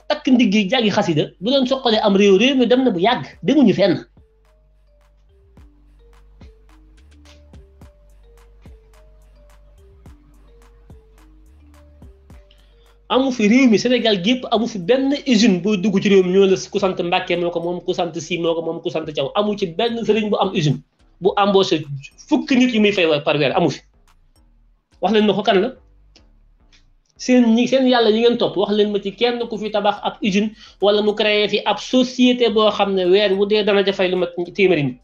Speaker 1: takk ndigg yi jaa ngi xasida bu doon soqalee am réew réew mi dem na bu yàgg demuñu fenn. amu fi réew mi Sénégal gépp amu fi benn usine boo dugg ci réew mi ñoo la ku sant Mbàkke moo ko moom ku sant Si moo ko moom ku sant Caw amu ci benn sëriñ bu am usine bu embauché fukki nit yi muy fay par weer amu fi wax leen ma ko kan la seen ñi seen yàlla ñi ngeen topp wax leen ma ci kenn ku fi tabax ab usine wala mu créé fi ab société boo xam ne weer wu dee dana jafay lu mat téeméeri nit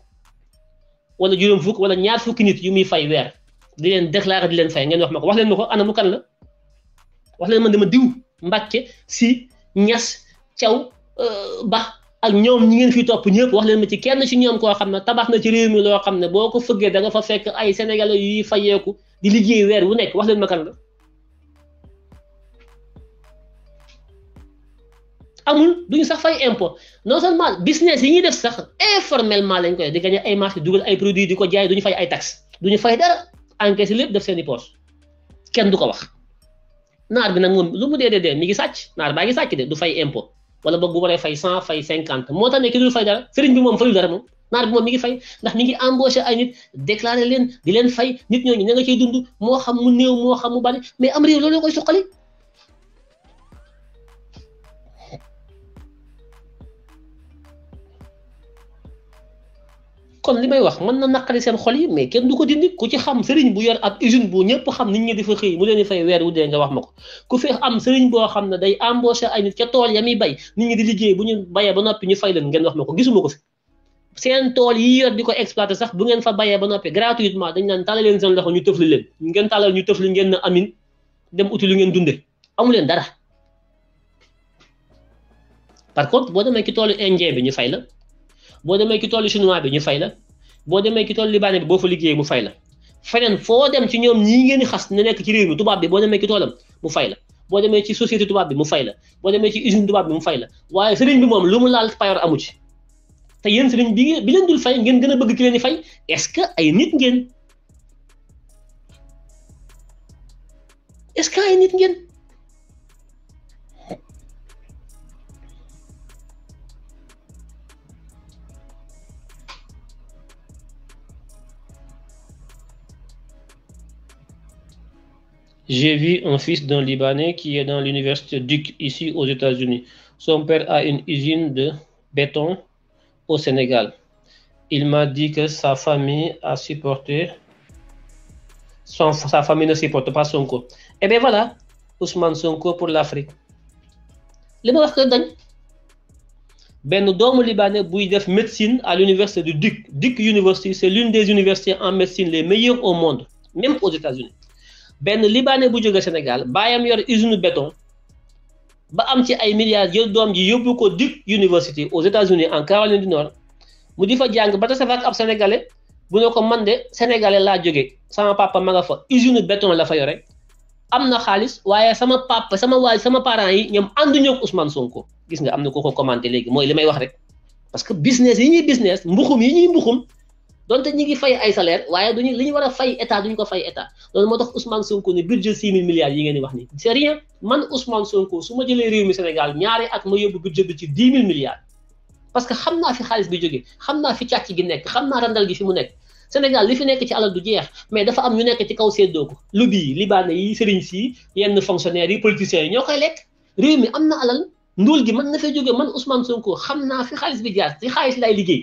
Speaker 1: wala juróom wala ñaar fukki nit yu muy fay weer di leen déclaré di leen fay ngeen wax ma ko wax leen ma ko ana mu kan la wax leen man dama diw Mbàkke si ñas caw euh, ba ak ñoom ñi ngeen fi topp ñëpp wax leen ma ci kenn ci ñoom koo xam ne tabax na ci réew mi loo xam ne boo ko fëggee danga fa fekk ay sénégalais yuy fayeeku di liggéey weer wu nekk wax leen ma kan la amul ñu sax fay impôt non seulement business yi ñuy def sax informellement lañ koy di gagné ay marché dugal ay produits di ko jaay duñu fay ay taxes duñu fay dara encaissé lépp def seeni i kenn du ko wax naar bi nag moom lu mu dee dee mi ngi sàcc naar baa ngi sàcc de du fay impôt wala boog bu fay cent fay cinquante moo tax ne ki dul fay dara sëriñ bi moom fayul dara moom naar bi moom mi ngi fay ndax mi ngi embauché ay nit déclaré leen di leen fay nit ñooñu na nga ciy dund moo xam mu néew moo xam mu bari mais am réew loolu koy suqali kon li may wax mën na naqari seen xol yi mais kenn du ko dindi ku ci xam sëriñ bu yor ab usine bu ñëpp xam nit ñi di fa xëy mu leen di fay weer wu dee nga wax ma ko ku fi am sëriñ boo xam ne day embauché ay nit ca tool ya muy bay nit ñi di liggéey bu ñu bayee ba noppi ñu fay leen ngeen wax ma ko gisuma ko fi tool yi yor di ko exploité sax bu ngeen fa bayee ba noppi gratuitement dañ leen seen loxo ñu tëfli leen ngeen tàllal ñu tëfli ngeen na amin dem uti lu ngeen dunde amu leen dara par contre boo demee ci toolu indien bi ñu fay la boo demee ci toolu chinois bi ñu fay la boo demee ci toolu libaane bi boo fa liggéey mu fay la feneen foo dem ci ñoom ñii ngeen xas ne nekk ci réew mi tubaab bi boo demee ci toolam mu fay la boo demee ci société tubaab bi mu fay la boo demee ci usine tubaab bi mu fay la waaye sëriñ bi moom lu mu laal payoor amu ci te yéen sëriñ bi bi leen dul fay ngeen gën a bëgg ki leen di fay est-ce que ay nit ngeen ce que ay nit ngeen. J'ai vu un fils d'un Libanais qui est dans l'université Duke ici aux États-Unis. Son père a une usine de béton au Sénégal. Il m'a dit que sa famille a supporté. sa famille ne supporte pas son cours. Eh bien voilà, Ousmane Sonko pour l'Afrique. Les que Nous Ben libanais de médecine à l'université du Duke Duke University c'est l'une des universités en médecine les meilleures au monde même aux États-Unis benn libanais bu jóge Sénégal baayam yor usine béton ba am ci ay milliards jël doom ji yóbbu ko Duke University aux États-Unis en Caroline du Nord mu di fa jàng ba tase ak ab sénégalais bu ne ko man de sénégalais laa jóge sama papa ma nga fa usine béton la fa yore am na xaalis waaye sama papa sama waay sama parent yi ñoom ànduñu ak Ousmane Sonko gis nga am na ko ko commenté léegi mooy li may wax rek parce que business yi ñuy business mbuxum yi ñuy donte ñi ngi fay ay salaire waaye duñu li ñu war a fay état duñu ko fay état loolu moo tax Ousmane Sonko ne budget six mille milliards yi ngeen wax ni c'est rien man Ousmane Sonko ma jëlee réew Sénégal ñaari at ma yóbbu budget bi parce que xam naa fi xaalis bi jógee xam naa fi càcc gi nekk xam naa randal gi fi mu nekk Sénégal li fi nekk ci alal du jeex mais dafa am ñu nekk ci kaw séddoo ko lu bii libaane yi sëriñ yenn fonctionnaires yi politiciens yi ñoo koy am na alal ndóol gi man na fay jógee man Ousmane Sonko xam naa fi xaalis bi jaar ci xaalis lay liggéey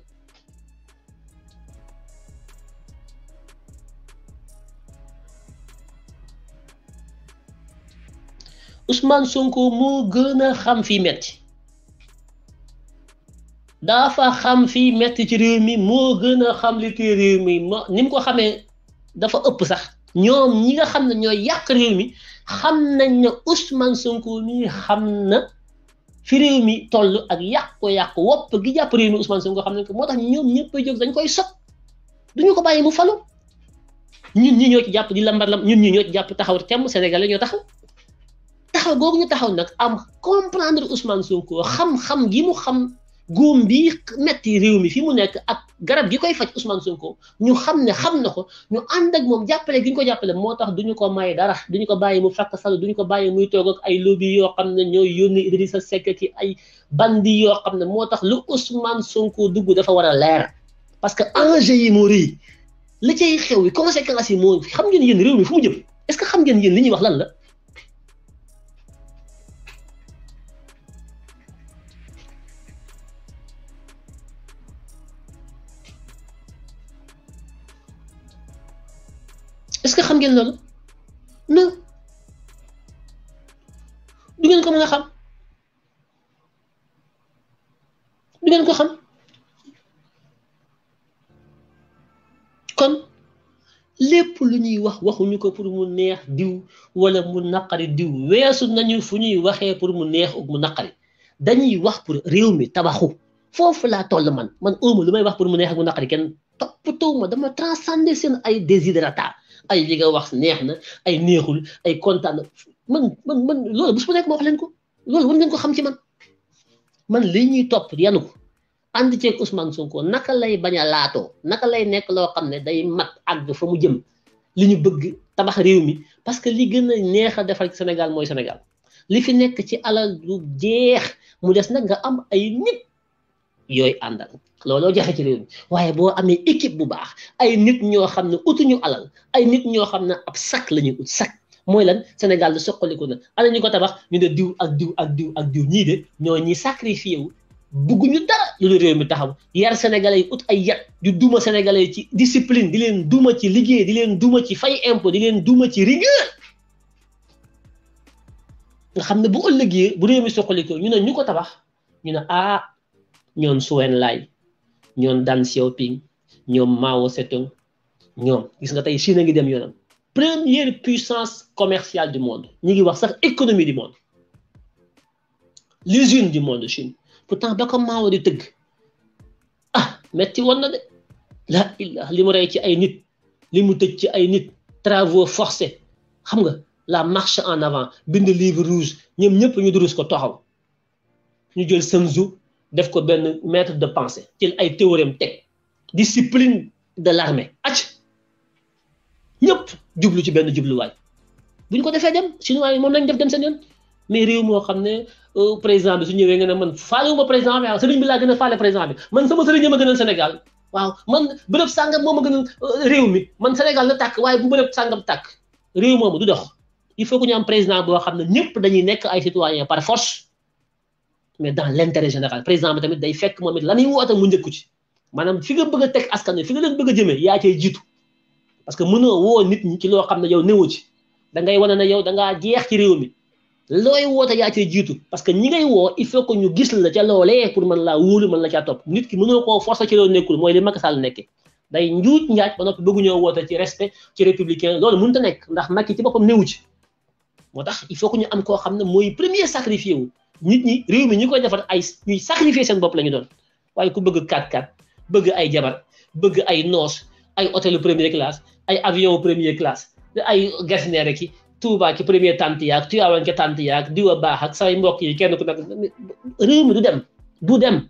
Speaker 1: Ousmane Sonko moo gën a xam fii metti dafa xam fii metti ci réew mi moo gën a xam li téye réew mi moo ni mu ko xamee dafa ëpp sax ñoom ñi nga xam ne ñooy yàq réew mi xam nañ ne Ousmane Sonko nii xam na fi réew mi toll ak yàq yàqu wopp gi jàpp réew mi Ousmane Sonko xam nañ ko moo tax ñoom ñëpp a jóg dañ koy sot duñu ko bàyyi mu falo ñun ñi ñoo ci jàpp di lambar lam ñun ñi ñoo ci jàpp taxaw temm Sénégalais ñoo taxaw. taxaw googu ñu taxaw nag am comprendre Ousmane Sonko xam-xam gi mu xam góom bii metti réew mi fi mu nekk ak garab gi koy faj Ousmane Sonko ñu xam ne xam na ko ñu ànd ak moom jàppale gi ñu ko jàppale moo tax duñu ko may dara duñu ko bàyyi mu fàkk salu duñu ko bàyyi muy toog ak ay lobby yoo xam ne ñooy yónni Idrissa Seck ki ay bandi yoo xam ne moo tax lu Ousmane Sonko dugg dafa war a leer parce que enjeu yi moo rëy li cay xam ngeen yéen réew mi fu mu est-ce xam ngeen yéen li ñuy wax lan la est-ce que xam ngeen loolu non du ngeen ko mën a xam du ko xam kon lépp lu ñuy wax waxuñu ko pour mu neex diw wala mu naqari diw weesu nañu fu ñuy waxee pour mu neex ak mu naqari dañuy wax pour réew mi tabaxu foofu laa toll man man óoma lu may wax pour mu neex mu naqari kenn toppatoo ma dama transcender seen ay desiderata ay li nga wax neex na ay neexul ay kontaan man man loolu bu su nekk wax leen ko loolu war ngeen ko xam ci man man li ñuy topp yanu ko ànd ceeg Ousmane Sonko naka lay bañ a laatoo naka lay nekk loo xam ne day mat àgg fa mu jëm li ñu bëgg tabax réew mi parce que li gën a neex a defar Sénégal mooy Sénégal li fi nekk ci alal du jeex mu des nag nga am ay nit yooyu àndal looloo jaxe ci réew mi waaye boo amee équipe bu baax ay nit ñoo xam ne utuñu alal ay nit ñoo xam ne ab sac la ñuy ut sac mooy lan Sénégal de soqaliku na ana ñu ko tabax ñu ne diw ak diw ak diw ak diw ñii ñoo ñi sacrifié wu bugguñu dara lu réew mi taxaw yar sénégalais yi ut ay yat di duuma sénégalais yi ci discipline di leen duuma ci liggéey di leen duuma ci fay impôt di leen duuma ci rigueur nga xam ne bu ëllëgee bu réew mi soqalikoo ñu ne ñu ko tabax ñu ne ah ñoom suwen laay ñoom Dan Xiaoping ñoom Mao Zedong ñoom gis nga tey Chine a ngi dem yoonam première puissance commerciale du monde ñi ngi wax sax économie du monde l'usine du monde Chine pourtant ba ko Mao di tëgg ah metti woon na de la illah li mu rey ci ay nit li mu tëj ci ay nit travaux forcés xam nga la marche en avant bind livre rouge ñoom ñëpp ñu durus ko taxaw ñu jël Sun def ko benn maître de pensée til ay théorème teg discipline de l'armée acc ñëpp jublu ci benn jubluwaay bu ñu ko defee dem chinois yi moom nañ def dem seen mais réew moo xam ne euh, président bi su ñëwee nga ne man faalewuma président bi waaw sëriñ bi laa gën a faale président bi man sama sëriñ ma gënal waaw man bërëb sàngam moo ma a euh, réew mi man Sénégal na tàkk waaye bu bërëb sàngam tàkk réew moomu du dox il faut que ñu am président boo xam ne ñëpp dañuy nekk ay citoyens par force mais dans l' intérêt général président bi tamit day fekk moom it la muy woote mu njëkku ci maanaam fi nga bëgg a teg askan wi fi nga leen bëgg a jëmee yaa cay jiitu woo nit ci loo xam ne yow néewu ci da ngay wane ne yow da ngaa jeex ci réew mi looy woote yaa cay jiitu parce que ñi ngay woo il faut que ñu gis la ca loolee pour mën laa wóolu mën la caa topp nit ki mënoo koo forcer ci loo nekkul mooy li Macky Sall nekkee day njuuj njaaj ba noppi bëgguñoo woote ci respect ci républicain loolu mënut a nekk ndax Macky ci boppam néewu ci moo tax il faut que am koo xam ne mooy premier sacrifié wu nit ñi réew mi ñi koy defal ay ñuy sacrifier seen bopp lañu doon waaye ku bëgg 4-4 bëgg ay jabar bëgg ay noos ay hôtel premier classe ay avion premier classe ay gasner ki Touba ki premier tante yaag Tiwaawan ki tante yaag diwa baax ak say mbokk yi kenn ku nekk réew mi du dem du dem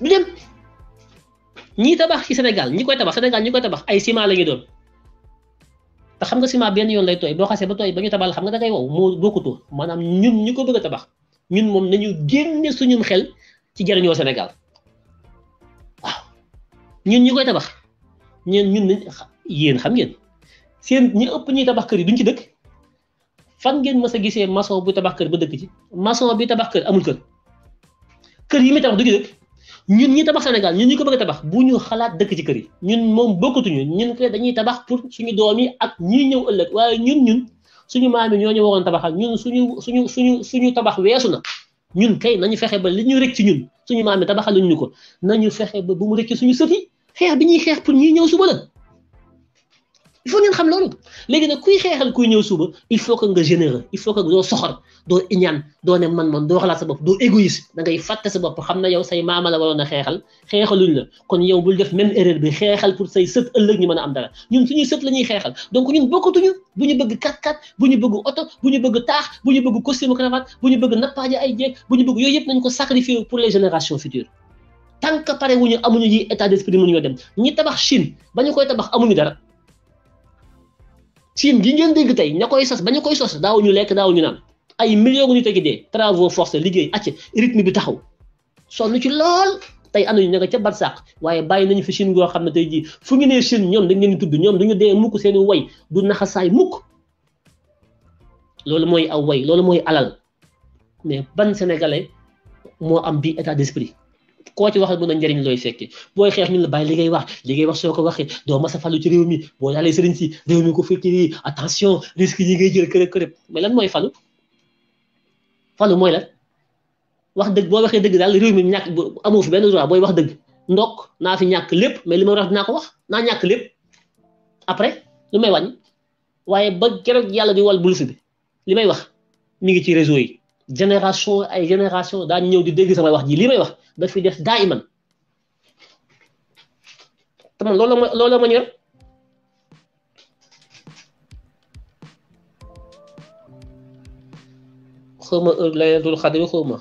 Speaker 1: bi dem ñi tabax ci Sénégal ñi koy tabax Sénégal ñi koy tabax ay sima la ñu doon ta xam nga sima benn yoon lay toy boo xasee ba toy ba ñu tabax xam nga da ngay wow moo bokkutoo maanaam ñun ñi ko bëgg a tabax ñun moom nañu génne suñum xel ci jariñoo Sénégal waaw ñun ñi koy tabax ñen ñun nañ yéen xam ngeen seen ñi ëpp ñi tabax kër yi duñ ci dëkk fan ngeen mës a gisee maçon bu tabax kër ba dëkk ci maçon bi tabax kër amul kër kër yi mi tabax du ci dëkk ñun ñi tabax Sénégal ñun ñi ko bëgg a tabax bu ñu xalaat dëkk ci kër yi ñun moom bokkatuñu ñun kay dañuy tabax pour suñu doom yi ak ñi ñëw ëllëg waaye ñun ñun suñu maam yi ñoo ñu waroon tabaxal ñun suñu suñu suñu suñu tabax weesu na ñun kay nañu fexe ba li ñu rëcc ci ñun suñu maam yi tabaxal ñu ko nañu fexe ba bu mu rëcc suñu sët yi xeex bi ñuy xeex pour ñi ñëw suba la il faut ngeen xam loolu léegi nag kuy xeexal kuy ñëw suba il faut que nga généreux il faut que doo soxor doo iñaan doo ne man man doo xalaat sa bopp doo égoïste da ngay fàtte sa bopp xam na yow say maama la waroon a xeexal xeexaluñ la kon yow bul def même erreur bi xeexal pour say sët ëllëg ñu mën a am dara ñun suñuy sët la ñuy xeexal donc ñun bokkatuñu bu ñu bëgg 4x4 bu ñu bëgg oto bu ñu bëgg taax bu ñu bëgg costume cravate bu ñu bëgg nappaaje ay jéeg bu ñu bëgg yooyu yëpp nañ ko sacrifier pour les générations futures tant que pare wuñu amuñu yi état d'esprit mënuñoo dem ñi tabax Chine ba ñu koy tabax amuñu dara Chine gi ngeen dégg tey ña koy sos ba ñu koy sos daawuñu lekk ñu naan ay millions ñu tegi dee travaux forcés liggéey acc rythme bi taxaw sonn ci lool tey am nañu ña nga ca barsàq waaye bàyyi nañu fi Chine goo xam ne tey jii fu ngi nee Chine ñoom dañ leen tudd ñoom duñu dee mukk seeni way du naxasaay mukk loolu mooy aw way loolu mooy alal mais ban sénégalais moo am bi état d'esprit koo ci waxal mën a njëriñ looy fekki booy xeex ñu la bàyyi li ngay wax li ngay wax soo ko waxee doo mas a falu ci réew mi boo la sëriñ si réew mi ko fekki attention risque yi ngay jël kërëb kërëb mais lan mooy falu mooy lan wax dëgg boo waxee dëgg daal réew mi ñàkk amoo fi benn droit booy wax dëgg ndokk naa fi ñàkk lépp mais li ma wax dinaa ko wax naa ñàkk lépp après lu may wàññi waaye ba keroog yàlla di wal bulus bi li may wax mi ngi ci réseau yi génération ay génération daan ñëw di dégg samay wax jii lii may wax da fi def daa iman te man loolu ma loolu ma ñor xawma heure layatul xadri xawma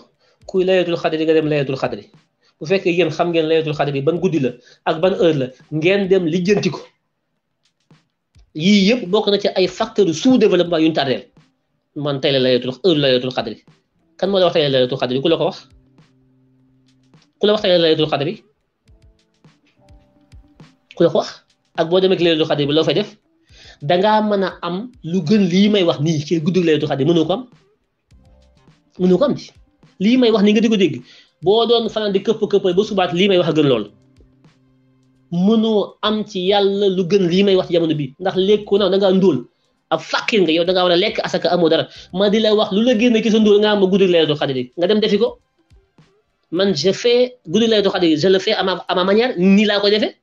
Speaker 1: kuy layatul xadri nga dem layatul xadri bu fekkee yéen xam ngeen layatul xadri ban guddi la ak ban heure la ngeen dem lijjanti ko yii yëpp bokk na ci ay facteurs suuf développement yuñ ñu tardeel man tey la layatul heure layatul xadri kan moo la waxtaanee laylatul xadri ku la ko wax ku la waxtaanee laylatul xadri ku la ko wax ak boo demee ak laylatul xadri bi loo fay def dangaa mën a am lu gën lii may wax nii ci guddi laylatul xadri mënoo ko am mënoo ko am ci may wax nii nga di ko dégg boo doon fanaan di këpp këpp ba subaat lii may wax a gën lool mënoo am ci yàlla lu gën lii may wax ci jamono bi ndax léegi ku naaw dangaa ndóol ab fakkiir nga yow da ngaa war a lekk asaka amoo dara ma di lay wax lu la génne ci sa nga am ma guddi laylatul xadri nga dem defi ko man je fais guddi laylatul xadri je le fais à ma ma manière nii laa ko defee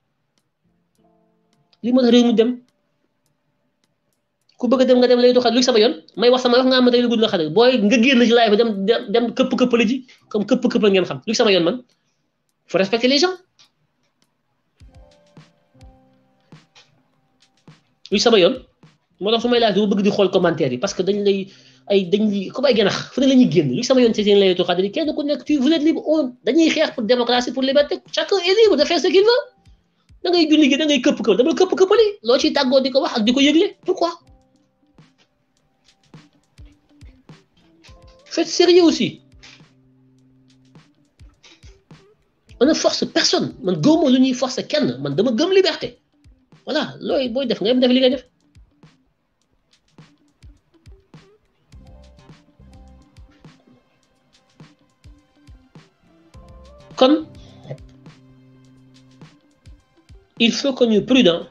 Speaker 1: li ma tax réew mi dem ku bëgg a dem nga dem laylatul xadri lu sama yoon may wax sama wax nga am ma tey booy nga génn ci laay bi dem dem këpp këppali ji comme këpp këppal ngeen xam lu sama yoon man faut respecter les gens sama yoon. moo tax su may bu bëgg di xool commentaire yi parce que dañ lay ay dañ li ko bay genax fu lañu la ñuy génn lu sama yoon ci seen layatu khadri kenn ku nekk tu vous êtes libre on dañuy xex pour démocratie pour liberté chacun est libre de faire ce qu'il veut da ngay julli gi da ngay këpp da dama këpp këppali loo ciy tàggoo di ko wax ak diko yëgle pourquoi faites sérieux aussi on ne force personne man gomo lu ñuy forcer kenn man dama gëm liberté voilà loy boy def ngay def li ngay def kon il faut que ñu prudent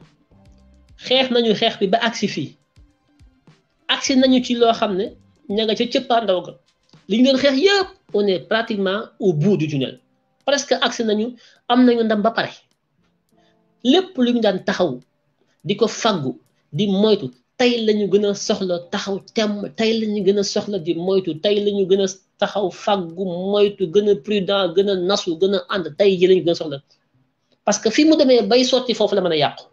Speaker 1: xeex nañu xeex bi ba aksi fi aksi nañu ci loo xam ne ña nga ca cëppaandaw ga li ñu doon xeex yëpp on est pratiquement au bout du tunnel presque aksi nañu am nañu ndam ba pare lépp lu ñu daan taxaw di ko faggu di moytu tey lañu ñu gën a soxla taxaw temm tey lañu ñu gën a soxla di moytu tey lañu ñu gën a taxaw faggu moytu gën a prudent gën a nasu gën a ànd tey ji lañu gën a soxla parce que fi mu demee bay sotti foofu la mën a yàqu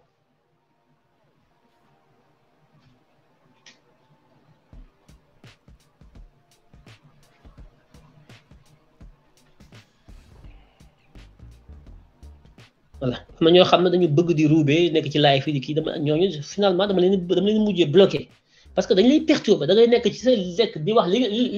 Speaker 1: voilà ma ñoo xam ne dañu bëgg di ruubee nekk ci live yi kii dama ñooñu finalement dama leen dama leen mujjee bloqué parce que dañ lay perturber da ngay nekk ci sa lekk di wax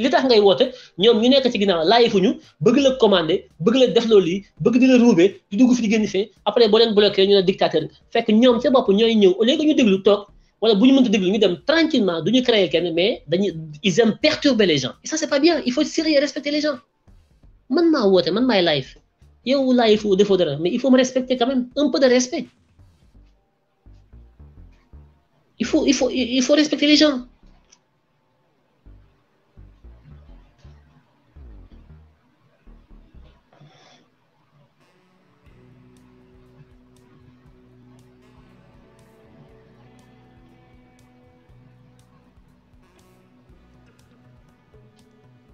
Speaker 1: li tax ngay woote ñoom ñu nekk ci ginnaaw laay fu ñu bëgg la commander bëgg la def loolu yi bëgg di la ruubee di dugg fi di génn fee après boo leen bloqué ñu ne dictateur fekk ñoom sa bopp ñooy ñëw au lieu que ñu déglu toog wala bu ñu mënta déglu ñu dem tranquillement du ñu créer kenn mais dañuy ils aiment perturber les gens et ça c'est pas bien il faut sérieux respecter les gens man maa woote man maay live yow live fu defoo dara mais il faut me respecter quand même un peu de respect il faut, il faut, il faut respecter les gens.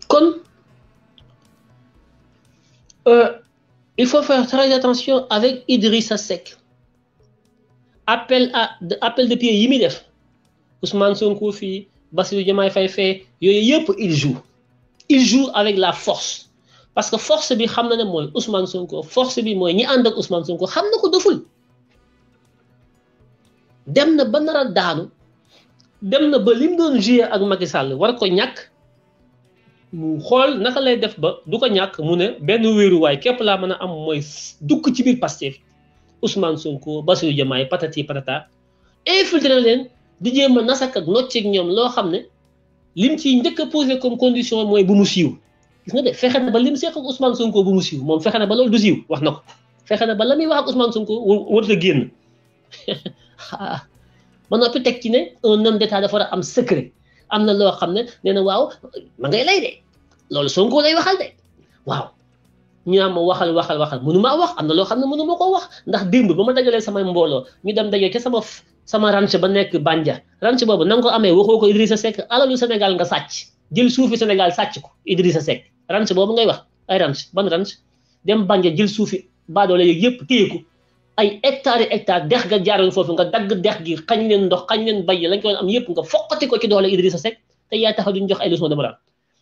Speaker 1: Comme euh, il faut faire très attention avec Idrissa sec appel à appel de pied yi muy def Ousmane Sonko fi Bassirou Diomaye Faye fee yooyu il joue il joue avec la force parce que force bi xamna ne moy Ousmane Sonko force bi moy ñi ànd ak Ousmane Sonko xamna ko doful dem na ba nar a daanu dem na ba lim doon jouer ak Macky Sall war ko ñak mu xol naka lay def ba du ko ñak mu ne benn wéeruwaay way kep la a am moy dukk ci biir Pastef Ousmane Sonko Bassirou Diomaye patati patata infiltré na leen di jéem a nasak ak nocceeg ñoom loo xam ne lim ciy njëkk a posé comme condition mooy bu mu siiw fexe na ba lim seq ak Ousmane Sonko bu mu siiw moom fexe na ba loolu du siiw wax na ko fexe na ba la muy wax ak Ousmane Sonko warut a génn ah, noppi teg ci ne un homme d'état am secret am na loo xam ne nee na waaw ma ngay lay de loolu Sonko lay waxal de waaw. ñu am waxal waxal waxal mënu maa wax am na loo xam ne mënu ma koo wax ndax démb ba ma dajalee sama mbooloo ñu dem dajee ca sama sama ranch ba nekk Banja ranch boobu na nga ko amee waxoo ko Idrissa Seck alalu Sénégal nga sàcc jël suufi Sénégal sàcc ko Idrissa Seck ranch boobu ngay wax ay ranch ban ranch dem Banja jël suufi baadoole yeeg yëpp téye ko ay hectare yi hectare dex ga jaaroon foofu nga dagg dex gi xañ leen ndox xañ leen bay lañ ko am yëpp nga foqati ko ci doole Idrissa Seck te yaa taxaw duñ jox ay leçon de morale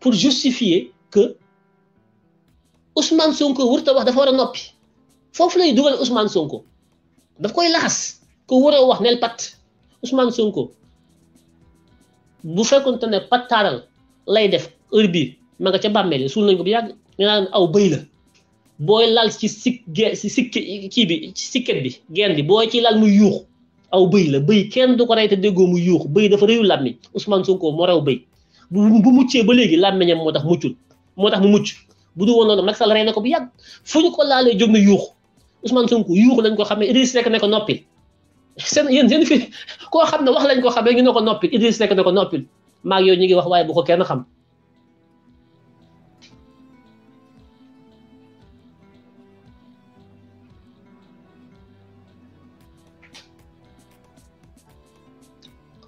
Speaker 1: pour justifier que Ousmane Sonko wër ta wax dafa wara a noppi foofu lay dugal Ousmane Sonko daf koy laxas ko wara wax nel pat Ousmane Sonko bu fekkonte ne pattaaral lay def heure bi ma nga ca bàmmeel ya, sul nañ ko bu yag ni nan aw beuy la boy lal ci sik ci sikki ki bi ci sikket bi gen bi boy ci lal mu yuux aw beuy la beuy kenn du ko rey te mu yuux beuy dafa réyu làmmiñ Ousmane Sonko mo raw beuy bu muccee ba léegi làmmiñam moo tax muccul moo tax mu mucc bu du woon noonu Macky Sall rey ko bu yàgg fu ñu ko laalee jóg na yuuxu Ousmane Sonko yuuxu lañ ko xamee Idriss Seck ne ko noppil seen yéen seen fi koo xam ne wax lañ ko xam ñu ne ko noppil Idriss Seck ko noppil maa ngi yow ñu ngi wax waaye bu ko kenn xam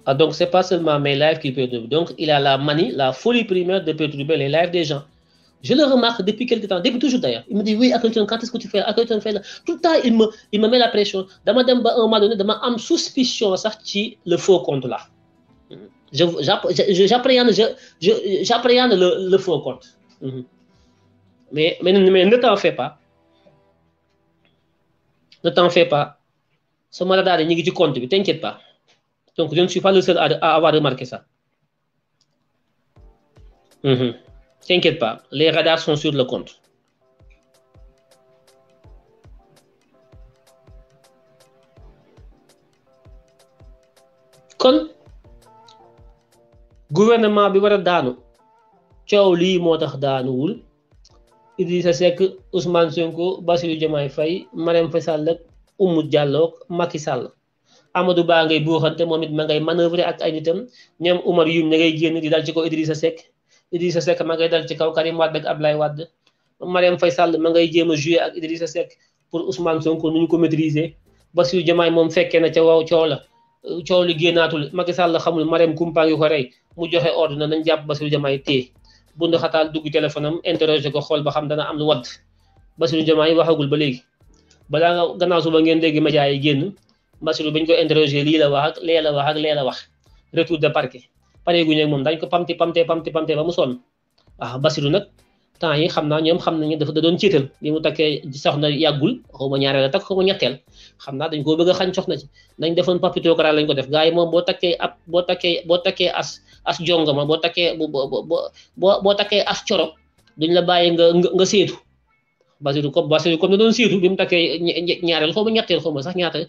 Speaker 1: Ah, donc, ce n'est pas seulement mes lives qui perturbent. Donc, il a la manie, la folie primaire de perturber les lives des gens. Je le remarque depuis quelques temps, depuis toujours d'ailleurs. Il me dit, oui, Akelton, quand est-ce que tu fais Akelton fait là. Tout le temps, il me, il me met la pression. Dans ma moment donné, dans ma suspicion, ça, le faux compte là. J'appréhende le, le, faux compte. Mm-hmm. mais, mais, ne t'en fais pas. Ne t'en fais pas. Ce malade, il n'y a du compte, t'inquiète pas. Donc, je ne suis pas le seul à, avoir remarqué ça. Mhm. T'inquiète pas, les radars sont sur le compte. Comme gouvernement bi war a daanu lii Ousmane Sonko Bassirou Diomaye Faye Oumou Amadou Ba ngay buuxante moom it ma ngay manoeuvrer ak ay nitam ñoom Umar Youm ña ngay génn di dal ci kaw Idrissa Seck Idrissa Seck ma ngay dal ci kaw Karim Wade ak Ablaye Wade Mariam Sall ngay jéem a jouer ak Idrissa Seck pour Ousmane Sonko nu ñu ko maîtriser Bassirou Diomaye moom fekkee na ca waaw coow la coow li génnaatul Macky Sall xamul Mariam Kumpa ngi ko rey mu joxe ordre na nañ jàpp Bassirou Diomaye téye bund xataal dugg téléphone am interroger ko xool ba xam dana am lu wadd Bassirou Diomaye waxagul ba léegi balaa nga gannaaw suba ngeen dégg média yi génn Bassirou bañ ko interroger lii la wax ak lee wax ak lee la wax retour de dañ ko pamti pamte pamti pamte ba mu sonn waaw Bassirou nag temps yi xam naa ñoom xam nañu dafa da doon ciital bi mu takkee soxna yàggul xaw ma ñaareel a takk xaw ma ñetteel xam naa dañ koo bëgg a xañ soxna dañ defoon papitokara lañ ko def gars yi moom boo takkee ab boo takkee boo takkee as as jongama boo takkee bo boo boo takkee as coro duñ la bàyyi nga nga seetu Bassirou comme Bassirou comme na doon seetu bi mu takkee ñaareel xaw ma ñetteel xaw ma sax ñaata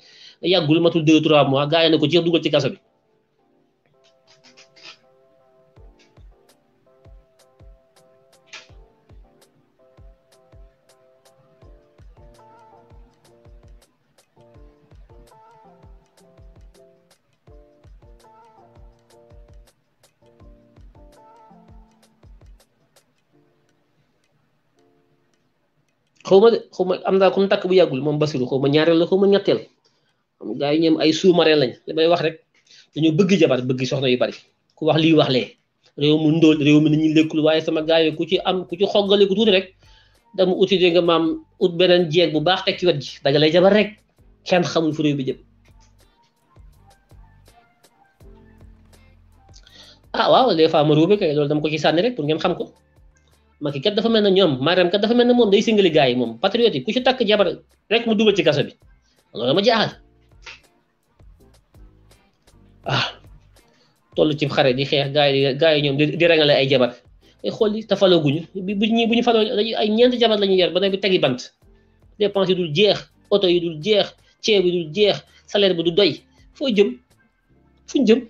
Speaker 1: yàggul matul deux trois mois gaa yi ne ko jeex dugal ci kaso bi xaw de xaw am naa ku mu takk bu yàggul moom Basiru xaw ma ñaareel la gaa yi ñoom ay suumaree lañ li may wax rek dañoo bëgg jabar bëgg soxna yu bari ku wax lii wax lee réew mu ndóol réew mi nañuy lekkul waaye sama gaa yi ku ci am ku ci xoggale ku tuuti rek dama uti nga maam ut beneen jeeg bu baax teg ci wet ji daga lay jabar rek kenn xamul fu bi jëm ah waaw des fois ma ruube kay ko ci sànni rek pour ngeen xam ko Macky kat dafa mel ne ñoom Mariam kat dafa mel ne moom day singali gaa yi moom patriote yi ku ci takk jabar rek mu dugal ci kaso bi loolu dama jaaxal ah toll ci xare di xeex gaa yi gaa yi ñoom di rangale ay jabar ay xool li te faloo guñu bu ñu bu ñu faloo ay ñeent jabar la ñuy yor ba nawet bi tegi bant dépense yi dul jeex oto yu dul jeex ceeb yi dul jeex saleer bu du doy foo jëm fuñ jëm.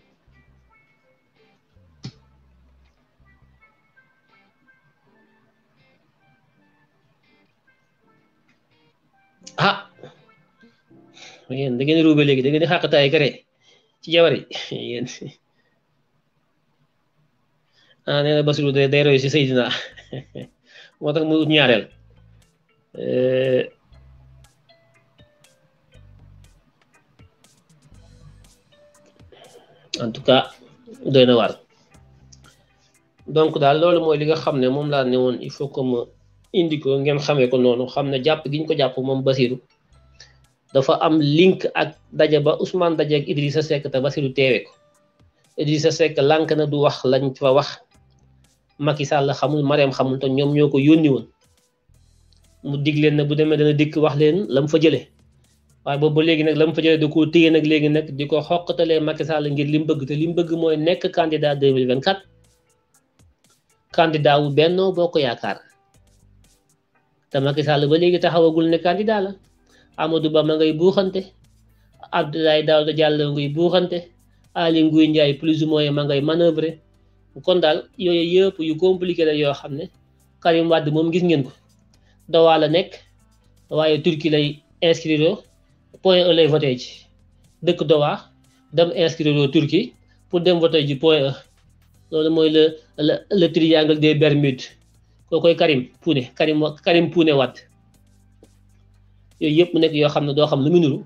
Speaker 1: ah yéen da ngeen ruube léegi da ngeen di xàqataay kare. ci jabar yi yéen ah nee na Basiru day roy si Seydina moo tax mu ut ñaareel en eh, tout cas doy na donc daal loolu mooy li nga xam ne moom laa ne woon il faut que ma indi ko ngeen xamee ko noonu xam ne jàpp gi ñu ko jàpp moom Basiru dafa am link ak daje ba Ousmane daje ak Idrissa Seck ba Bassirou teewe ko sa Seck lànk na du wax lañ fa wax Macky Sall xamul Mariam xamul te ñoom ñoo ko yónni woon mu dig leen ne bu demee dana dikk wax leen la mu fa jëlee waaye boobu léegi nag la mu fa jëlee da ko téye nag léegi nag di ko xoqatalee Macky Sall ngir li mu bëgg te li mu bëgg mooy nekk candidat 2024 candidat wu Benno Bokk Yaakaar te Macky Sall ba léegi taxawagul ne candidat la. Amadou Ba ma ngay buuxante daal Daouda Diallo ngay buuxante Aly Ngouille Ndiaye plus ou moins ma ngay manoeuvrer kon daal yooyu yëpp yu compliqué la yoo xam ne Karim Wade moom gis ngeen ko dawaa la nekk waaye Turquie lay inscrire point E lay voté ji dëkk dowaa dem inscrire Turquie pour dem voté ji point E loolu mooy le le triangle des Bermudes koo koy Karim Poune Karim Karim Poune yooyu yëpp nekk yoo xam ne doo xam lu mu nuru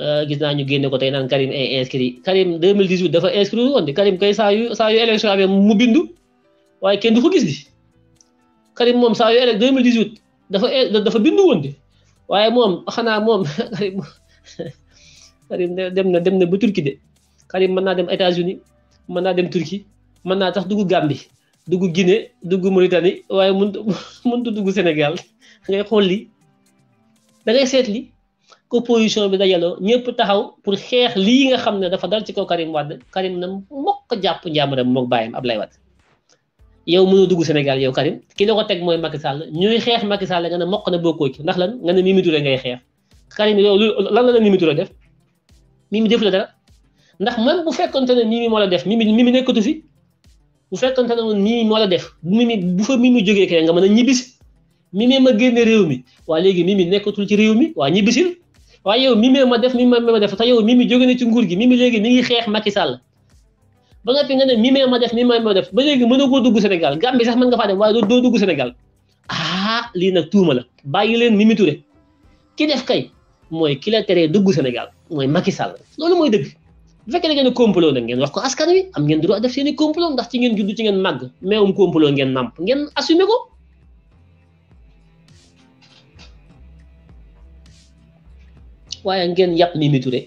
Speaker 1: euh, gis naa ñu génne ko tey naan Karim ay inscrit Karim 2018 dafa inscrit woon di Karim kay saa yu saa yu élection amee mu bindu waaye kenn du ko gis di Karim moom saa yu élec 2018 dafa e- dafa bindu woon waaye moom xanaa moom Karim Karim dem na dem na ba Turquie de Karim mën naa dem États-Unis mën naa dem Turquie mën naa tax dugg Gambie dugg Guinée dugg Mauritanie waaye mun mënut dugg Sénégal ngay xool da ngay seet li opposition bi dajaloo ñëpp taxaw pour xeex lii nga xam ne dafa dal ci kaw Karim Wade Karim na mokk jàpp njàmbaram mook ab lay Wade yow mënoo dugg Sénégal yow Karim ki la ko teg mooy Macky Sall ñuy xeex Macky Sall nga ne mokk na bokkoo ci ndax lan nga ne Mimi Touré ngay xeex Karim yow lan la la Mimi Touré def Mimi def la dara ndax man bu fekkonte ne Mimi moo la def Mimi Mimi nekkatu fi bu fekkonte ne Mimi moo la def bu Mimi bu fa Mimi jógee kay nga mën a ñibbisi mimi ma génne réew mi waa léegi mimi nekkatul ci réew mi waa ñibbisil waaye yow mimi ma def mimi ma def te yow mimi jóge na ci nguur gi mimi léegi mi ngi xeex Macky Sall ba nga fi nga ne mimi ma def mimi ma def ba léegi mënoo koo dugg Sénégal Gambie sax mën nga faa dem waaye doo dugg Sénégal ah lii nag tuuma la bàyyi leen mi Touré ki def kay mooy ki la teree dugg Sénégal mooy Macky Sall loolu mooy dëgg bu fekkee da ngeen complot nag ngeen wax ko askan wi am ngeen droit def seen i ndax ci ngeen juddu ci ngeen màgg mais um complot ngeen nam ngeen assumé ko. waaye ngeen yàpp Mimi Touré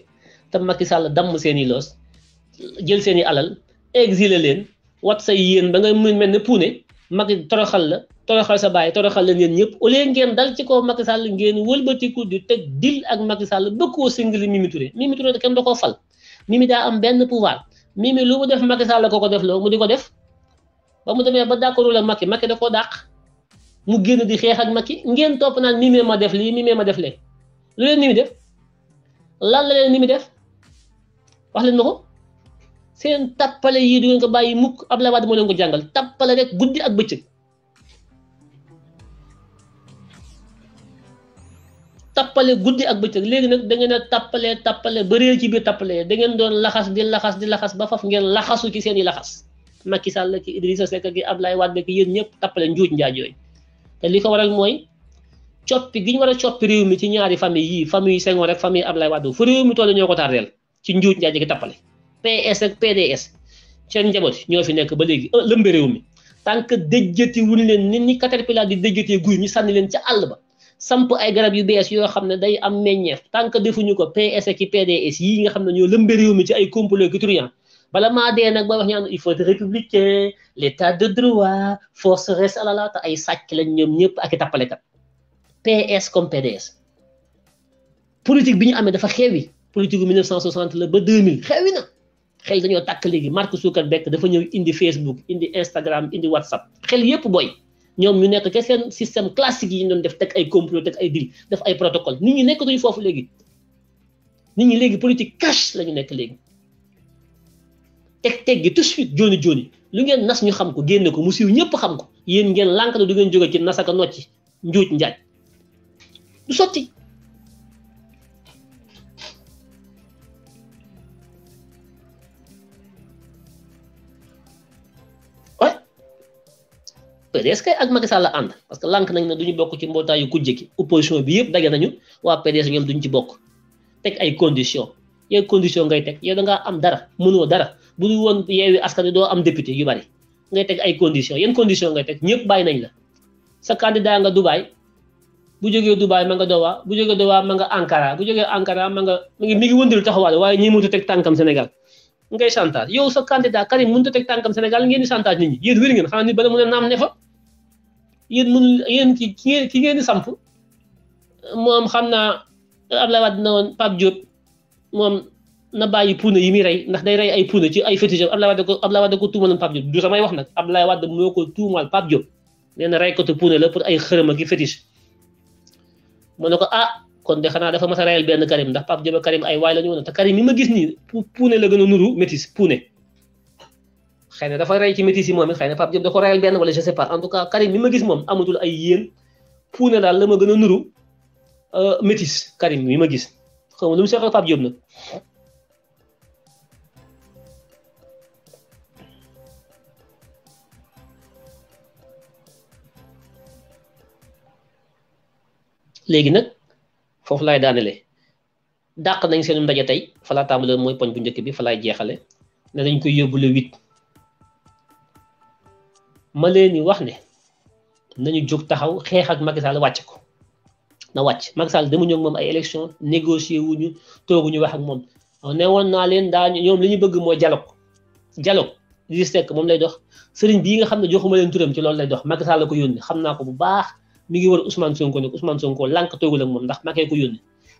Speaker 1: te Macky Sall damm seen i loos jël seen i alal exile leen wat say yéen ba nga mun mel ne puune Macky toroxal la toroxal sa baay toroxal la yéen ñëpp au lieu ngeen dal ci kaw Macky Sall ngeen wëlbatiku di ak Macky Sall bëgg koo singili Mimi Touré Mimi Touré kenn da koo fal Mimi daa am benn pouvoir Mimi lu mu def Macky Sall la ko ko def loo mu di ko def ba mu demee ba d'accord la Macky Macky da koo dàq mu génn di xeex ak Macky ngeen topp naan Mimi ma def lii Mimi ma def lee lu leen Mimi def lan la leen ni mi def wax leen ma ko seen tappale yi du ngeen ko bàyyi mukk Abdoulaye Wade mo leen ko jàngal tapale rek guddi ak bëccëg tapale guddi ak bëccëg léegi nag da ngeen a tapale tappale ba ci biir tapale da ngeen doon laxas di laxas di laxas ba faf ngeen laxasu ci seen i laxas Macky Sall ki Idrissa Seck ki Abdoulaye Wade ki yeen ñëpp tapale te li waral mooy coppi giñ wara war coppi réew mi ci ñaari yi fami yi Senghor rek fami ablay wadou fu réew mi toll ñoko tardel ci njuuj njaaj gi tappale PS ak PDS seen njaboot ñoo fi nek ba léegi ah, lëmbe réew mi tank dejjeti wul wuñ leen ni ñi caterpillar di déjjatee guuy ñu sanni leen ci all ba samp ay garab yu bes yo xamne day am meññeef tank defu ñuko PS ak PDS yi nga xamne ñoo lëmbe réew mi ci ay complot bala ma dee nak ba wax ñaan il faut républicain l'état de droit force reste à la laata ay sacc lañ ñom ñëpp ak kat PS comme PDS politique bi ñu amee dafa xewi politique bu 1960 la ba 2000 xewi na xel dañoo tàkk léegi Mark Zuckerberg dafa ñëw indi Facebook indi Instagram indi WhatsApp xel yépp boy ñoom ñu nekk ke seen système classique yi ñu doon def teg ay complot teg ay deal def ay protocole nit ñi nekkatuñu foofu léegi nit ñi léegi politique cash la ñu nekk léegi teg teg gi tout de suite jooni jooni lu ngeen nas ñu xam ko génne ko mu siiw ñëpp xam ko yéen ngeen lànk du ngeen jóge ci nasaka nocci njuuj njaaj do Soti. PDS kay ak Macky Sall la ànd parce que lank nañ na duñu bokk ci mbootaayu kujje gi opposition bi yépp daje nañu wa PDS ñom duñ ci bokk tek ay condition yooyu condition ngay tek yow ya, da nga am dara mënoo dara bu ñu won yewi ya, ya, askan do am député yu bari ngay tek ay condition yeen condition ngay tek ñepp bay nañ la sa candidat nga Dubai bu jógee Dubaay ma nga Doha bu jógee Doha ma nga Ankara bu jógee Ankara ma nga mi ngi mi ngi wëndilu taxawaale waaye ñi mënut a teg tànkam Sénégal ngay chantage yow sa candidat Karim mënut a teg tànkam Sénégal ngeen di chantage nit ñi yéen wér ngeen xanaa nit bala mu ne naam ne fa yéen ki ki ngeen di samp moom xam naa Abdoulaye Wade na woon Pape Diop moom na bàyyi puuna yi mu rey ndax day rey ay puuna ci ay fétiche Abdoulaye Wade ko Abdoulaye Wade ko tuumaloon Pape Diop du samay wax nag Abdoulaye Wade moo ko tuumal Pape Diop nee na la pour ay xërëm ak mu ne ko ah kon de xanaa dafa mas a benn Karim ndax Pape Diop ak Karim ay waay la ñu woon te Karim mi ma gis nii puune la gën a nuru métis puune xëy na dafa rey ci métis yi moom it xëy na Pape Diop ko rayal benn wala je sais pas en tout cas Karim mi ma gis moom ay yéen puune daal la ma gën a nuru euh, métis Karim mi ma gis xaw ma lu mu seqal Pape Diop nag léegi nag foofu laay daanele dàq nañ seenum ndaje tey falaa tàmbale mooy poñ bu njëkk bi fa laay jeexale ne dañ koy yóbbu le huit ma leen wax ne nañu jóg taxaw xeex ak Macky Sall wàcc ko na wàcc Macky Sall demuñu moom ay élection négocier wuñu tooguñu wax ak moom ne woon naa leen daa ñoom li ñu bëgg mooy dialogue dialogue li sekk moom lay dox sëriñ bii nga xam ne joxuma leen turam ci loolu lay dox Macky Sall la ko yónni xam naa ko bu baax mi ngi war Ousmane Sonko nekk Ousmane Sonko lànk toogul ak moom ndax Macky ko yónni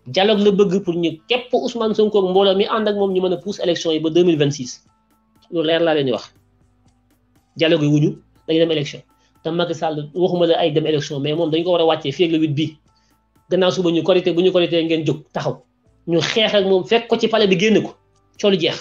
Speaker 1: dialogue la bëgg pour ñu képp Ousmane Sonko ak mbooloo mi ànd ak moom ñu mën a pousse élection yi ba deux mille vingt six loolu leer laa wax dialogue yi wuñu dañu dem élection te Macky Sall waxuma la ay dem élection mais moom dañu ko war a wàccee fii ak le huit bii suba ñu korité bu ñu korité ngeen jóg taxaw ñu xeex ak moom fekk ko ci pale bi génn ko coolu jeex.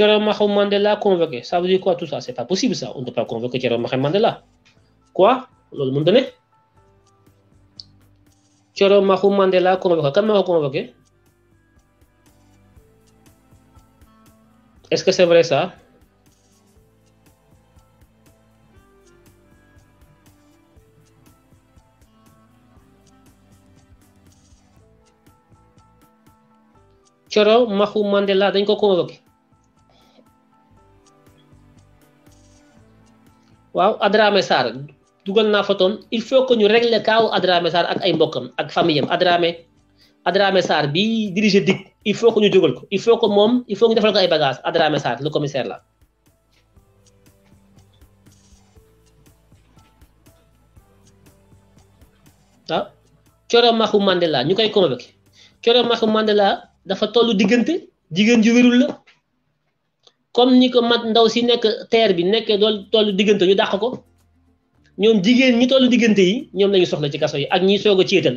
Speaker 1: Thierry Mandela convoqué. Ça veut dire quoi tout ça C'est pas possible ça. On ne peut pas convoquer Thierry Mandela. Quoi L'autre monde donné Thierry Mandela convoqué. Quand m'a convoqué Est-ce que c'est vrai ça Thierry Mahou Mandela dañ convoqué waaw Adramé Sarr dugal naa fotoom il faut que ñu régler kaaw Adramé Sarr ak ay mbokkam ak famille am Adramé Adramé Sarr bi diriger DIC il faut que ñu jógal ko il faut que moom il faut que ñu defal ko ay bagages Adramé Sarr le commissaire la ah, waaw Coro Maxu Mandela ñu koy convoqué Coro Maxu Mandela dafa tollu diggante jigéen ju wérul la comme ni ko mat ndaw si nekk terre bi nekkee dool tollu diggante ñu dàq ko ñoom jigéen ñi tollu diggante yi ñoom lañu soxla ci kaso yi ak ñi soog a céetal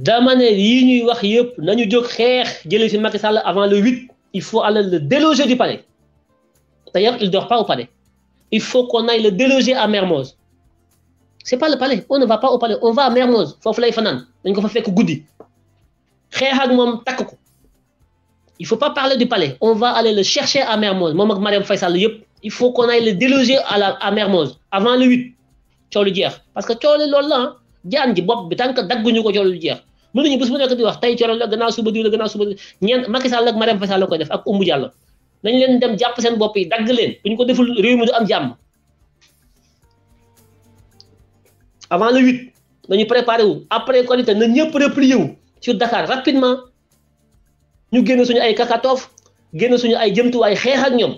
Speaker 1: ñuy wax nañu Macky avant le 8 il faut aller le déloger du palais d'ailleurs il dort pas au palais il faut qu'on aille le déloger à Mermoz c'est pas le palais on ne va pas au palais on va à Mermoz foofu lay fanaan dañ ko fa fekk guddi xeex ak moom takk il faut pas parler du palais on va aller le chercher à Mermoz ak Mariam il faut qu'on aille le déloger à la à Mermoz avant le 8 coow le parce que coow le loolu la hein. jaan ji bopp bi tant que dagguñu ko coono lu jeex mën nañu bés bu nekk di wax tey coono la gannaaw suba diw la gannaaw suba ñeent Macky Sall ak Marème Faye Sall la koy def ak Oumou Diallo nañ leen dem jàpp seen bopp yi dagg leen bu ñu ko deful réew mi du am jàmm avant le huit nañu préparé wu après Korité na ñëpp replié wu sur Dakar rapidement ñu génn suñu ay kakatoof génn suñu ay jëmtuwaay xeex ak ñoom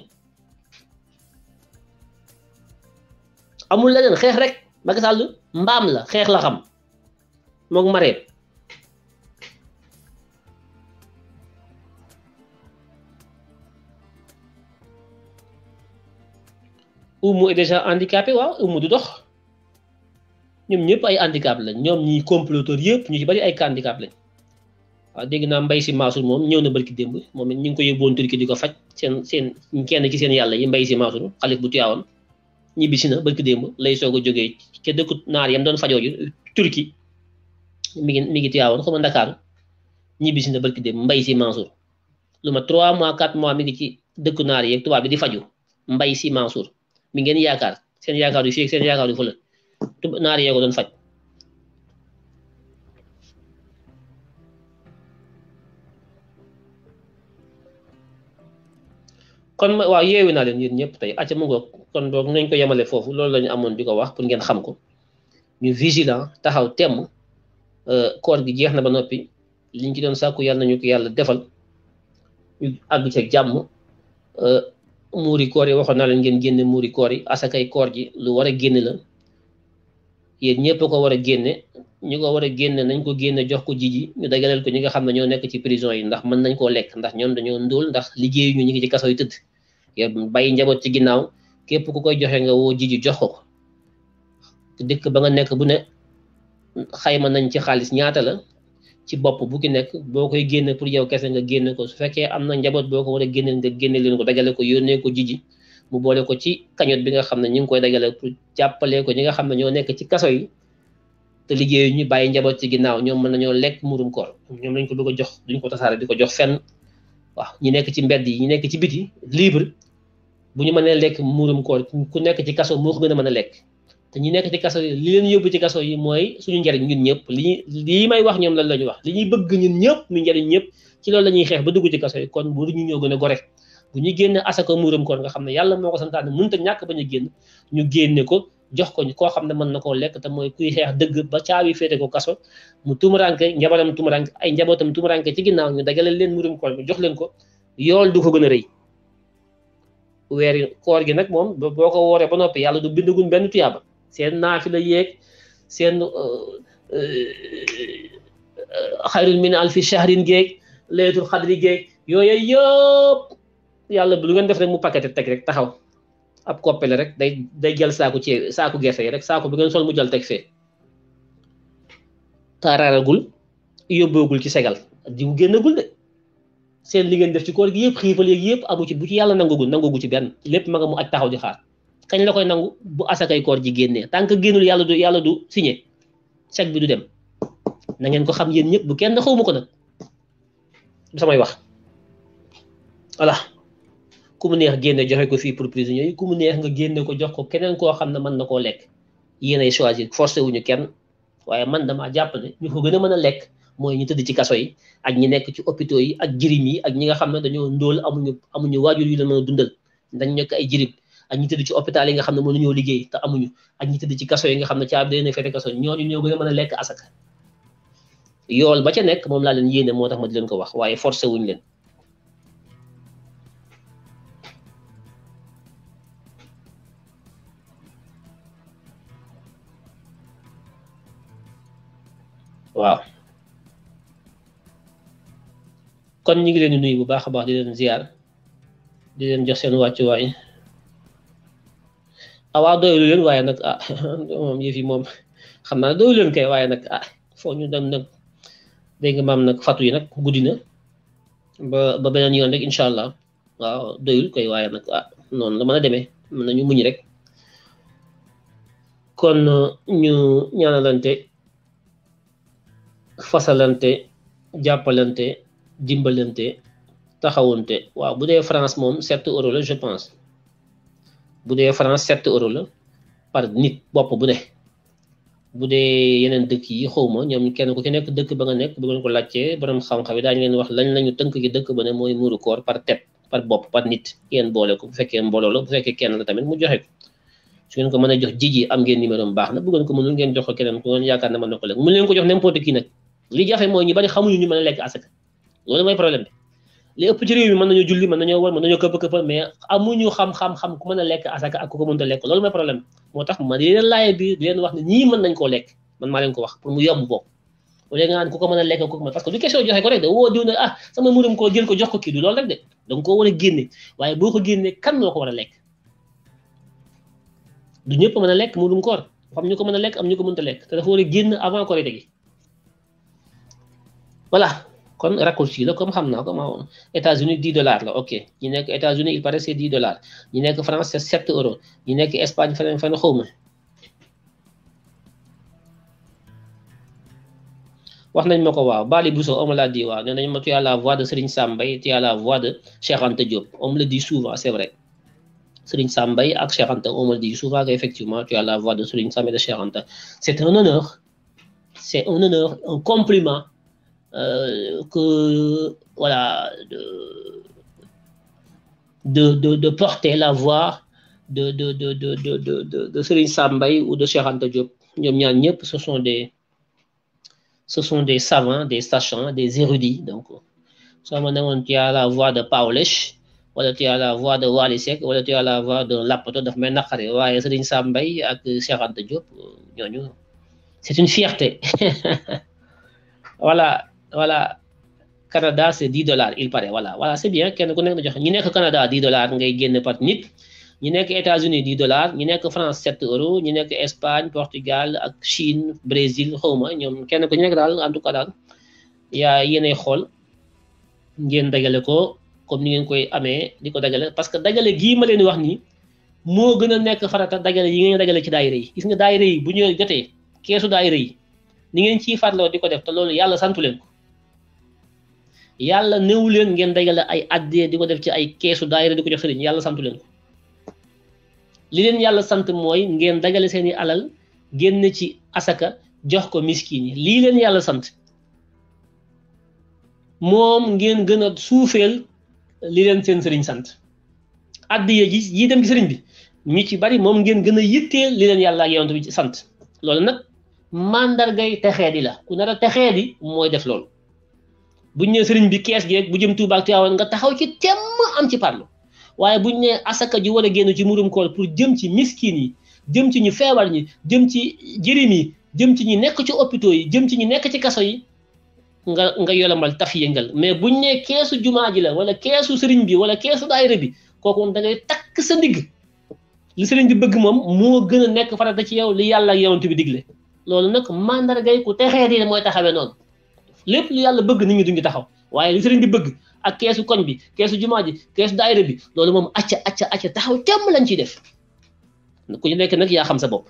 Speaker 1: amul leneen xeex rek Macky Sall mbaam la xeex la xam mook mareet umu est déjà handicapé waaw umu du dox ñoom ñëpp ay handicap lañ ñoom ñi comploteur yëpp ñu ci bari ay handicap lañ waaw dégg naa mbay si maasul moom ñëw na barki démb moom it ñu ngi ko yóbboon turki di ko faj seen seen kenn ci seen yàlla yi mbay si maasul xalif bu tuyaawoon ñibbisi na barki démb lay soog a jógee ca dëkku naar yam doon fajoo ji turki mi ngi mi ngi tuyaawoon xuma ndakaaru ñibbisi na barki démb mbay si Mansour lu ma trois mois quatre mois mi ngi ci dëkku naar yeeg tubaab bi di faju mbay si Mansour mu ngeen yaakaar seen yaakaar yu fii seen yaakaar yu fële naar yee ko doon faj kon waaw yeewi naa leen yéen ñëpp tey acca mu kon boog nañ ko yemale foofu loolu la ñu amoon di ko wax pour ngeen xam ko ñu vigilant taxaw temm euh, koor gi jeex na ba noppi liñ ci doon sàkku yàlla nañu ko yàlla defal àgg ceeg jàmm euh, muuri koor yi waxoon naa leen ngeen génne muuri koor yi asakay koor ji lu war génne la yéen ñëpp ko war a génne ñu ko a génne nañ ko génne jox ko jiji ñu dagaleel ko ñi nga xam ne ñoo nekk ci prison yi ndax mën nañ koo lekk ndax ñoom dañoo ndóol ndax liggéeyuñu ñu ngi ci kaso yi tëdd bàyyi njaboot ci ginnaaw képp ku koy joxe nga woo jiji jox ko te dëkk ba nga nekk bu ne xayma nañ ci xaalis ñaata la ci bopp bu ki nekk boo koy génne pour yow kese nga génn ko su fekkee am na njaboot boo ko war a génneel nga génne leen ko dajale ko yónnee ko jiji mu boole ko ci kañot bi nga xam ne ñu ngi koy dajale pour jàppalee ko ñi nga xam ne ñoo nekk ci kaso yi te liggéeyu ñu bàyyi njaboot ci ginnaaw ñoom mën nañoo lekk murum koor ñoom lañ ko bëgg jox duñ ko tasaare di ko jox fenn bu ñu mënee lekk muurum koon ku nekk ci kaso moo ko gën a mën a lekk te ñu nekk ci kaso yi li leen yóbbu ci kaso yi mooy suñu njariñ ñun ñëpp li ñuy lii may wax ñoom lan la ñu wax li ñuy bëgg ñun ñëpp ñu njariñ ñëpp ci loolu la ñuy xeex ba dugg ci kaso yi kon ñu ñoo gën a gore bu ñu génne asaka muurum nga xam ne yàlla moo ko santaane mënut a ñàkk ba ñu génn ñu génne ko jox ko koo xam ne mën na koo lekk te mooy kuy xeex dëgg ba caawi féete ko kaso mu tumuranke njabaram tumuranke ay njabootam tumuranke ci ginnaaw ñu dagale leen muurum koor bi jox leen ko yool du ko gën a rëy wéri koor gi nag moom boko ko ba noppi yàlla du bindugun benn tuyaaba seen la yéeg seen uh, uh, xayrun min alfi shahrin géeg laylatul xadri géeg yooyu yëpp yàlla lu ngeen def rek mu paqueté teg rek taxaw ab koppele rek day day jël saaku ci saaku gerte yi rek saaku bu ngeen sol mu jël teg fee taaraaragul yóbboogul ci segal diw génnagul de seen li ngeen def ci koor gi yëpp xiifal yeeg yëpp amu ci bu ci yàlla nangagul nangagu ci benn lépp ma nga mu aj taxaw di xaar kañ la koy nangu bu asakay koor ji génnee tant que génnul yàlla du yàlla du signé chèque bi du dem na ngeen ko xam yéen ñëpp bu kenn xawma ko nag du samay wax voilà ku mu neex génne joxe ko fii pour prisonniers yi ku mu neex nga génne ko jox ko keneen koo xam ne mën na koo lekk yéenay choisir forcé wuñu kenn waaye man dama jàpp ne ñu ko gën mën a lekk mooy ñu tëdd ci kaso yi ak ñu nekk ci hôpitaux yi ak jirim yi ak ñi nga xam ne dañoo ndóol amuñu amuñu waajur yi leen mën a dundal dañ nekk ay jirim ak ñu tëdd ci hôpital yi nga xam ne mënuñoo liggéey te amuñu ak ñi tëdd ci kaso yi nga xam ne caabi day na fete kaso ñooñu ñoo gën a mën a lekk asaka yool ba ca nekk moom laa leen yéene moo tax ma di leen ko wax waaye forcé wuñu leen waaw kon ñu ngi leen di nuyu bu baax a di leen ziar di leen jox seen wàccuwaay awaa ah, doylu leen waaye nag ah moom yëf moom xam naa doylu leen kay waaye nag ah foo ñu dem nag dégg nga maam nag yi nag guddi na ba ba yoon rek incha allah waaw doyul koy waaye nag ah, noonu la a demee nañu muñ rek kon uh, ñu ñaanalante fasalante jàppalante dimbalante taxawante waaw bu dee France moom sept euros la dee France sept euros la par nit bopp bu ne bu dee yeneen dëkk yi xawma ñoom kenn ku ci nekk dëkk ba nga nekk bu ko laajtee borom xam-xam yi daañu leen wax lañ lañu tënk ci dëkk ba ne mooy muuru koor par tête par bopp par nit yéen boole ko bu fekkee mbooloo bu fekkee kenn la tamit mu joxe ko su ngeen ko mën a jox jiji am ngeen numéro baax na bu ko mënul ngeen jox ko keneen ku ngeen yaakaar ne mën na ko lekk mu leen ñu bari lekk loolu mooy problème bi li ëpp réew mi mën nañoo julli mën nañoo war mën nañoo këpp këpp mais amuñu xam-xam-xam ku a lekk asaka ak ku ko mënta lekk loolu mooy problème moo tax ma di leen laaye wax ne ñii mën nañ koo lekk man maa ko wax pour mu yomb boobu léegi nga naan a lekk ku ko mën parce que du question joxe ko ah, koo jël ko jox ko kii du a génne waaye boo ko génne kan moo ko war ñëpp mën a lekk murum koor am ñu ko mën a lekk am ñu ko mënta lekk te dafa war a génn avant korite gi voilà kon raccourci la comme xam comme... ko États-Unis 10 dollars la ok ñu nekk États-Unis il paraît c'est 10 dollars ñu nekk France c'est 7 euros ñu nekk Espagne feneen feneen xawma Je nañ ma ko waaw Bali Bousso on me l'a dit nañ ma tu as la voix de Serigne Sambe, tu as la voix de Cheikh Diop on me le dit souvent c'est vrai Serigne Sambe ak on me le dit souvent effectivement, tu as la voix de Serigne Sambe et de Cheikh c'est un honneur c'est un honneur un compliment euh, que, voilà, de, de, de, porter la voix de, de, de, de, de de Serine Sambay ou de Cherante Diop. Ce sont des, ce sont des savants, des sachants, des érudits. Donc, soit on a la voix de Paulèche, wala tu as la voix de Wallace Seck, wala tu la voix de Lapoto, de Menakare, ouais, Serine Sambay et Cherante Diop. C'est une fierté. voilà. voilà Canada c'est 10 dollars il paraît voilà voilà c'est bien kenn ku nekk na joxe ñu nekk Canada 10 dollars ngay génn par nit ñu nekk États-Unis 10 dollars ñu nekk France 7 euros ñu nekk Espagne Portugal ak Chine Brésil xawma ñoom kenn ku nekk daal en tout cas daal yaa yéenay xool ngeen dagale ko comme ni ngeen koy amee di ko dagale parce que dagale gii ma leen wax nii moo gën a nekk farata dagale yi ngeen dagale ci daayira yi gis nga daayira yi bu ñu jotee keesu daayira yi ni ngeen ciy farloo ko def te loolu yàlla santu leen ko yàlla newu leen ngeen dajale ay addee di ko def ci ay keesu daayira di ko jox yàlla santu leen li leen yàlla sant mooy ngeen dajale seeni alal génn ci asaka jox ko miskin yi lii leen yàlla sant moom ngeen gën a suufeel li leen seen sëriñ sant addee ji yi dem ci sëriñ bi ñu ci bari moom ngeen gën a yitteel li leen yàlla ak yonent bi ci sant loolu nag màndargay texee di la ku nar a texee di mooy def loolu bu ñu nee sëriñ bi kees gi rek bu jëm Touba ak Tivaouane nga taxaw ci temm am ci parlo waaye bu buñ nee asaka ji war a génn ci murum koor pour jëm ci miskin yi jëm ci ñu feebar ñi jëm ci jërim yi jëm ci ñi nekk ci hôpitaux yi jëm ci ñi nekk ci kaso yi nga nga yolamal taf yëngal mais bu ñu nee keesu jumaa ji la wala keesu sëriñ bi wala keesu daayira bi kooku moom da ngay takk sa ndigg li sëriñ bi bëgg moom moo gën a nekk farata ci yow li yàlla ak yonent bi digle loolu nag mandargay ku texee di mooy taxawee noonu lépp lu yàlla bëgg nit ñi duñu taxaw waaye li sëriñ bi bëgg ak keesu koñ bi keesu jumaa ji keesu daayira bi loolu moom acca acca acca taxaw temm lañ ciy def ku ñu nekk nag yaa xam sa bopp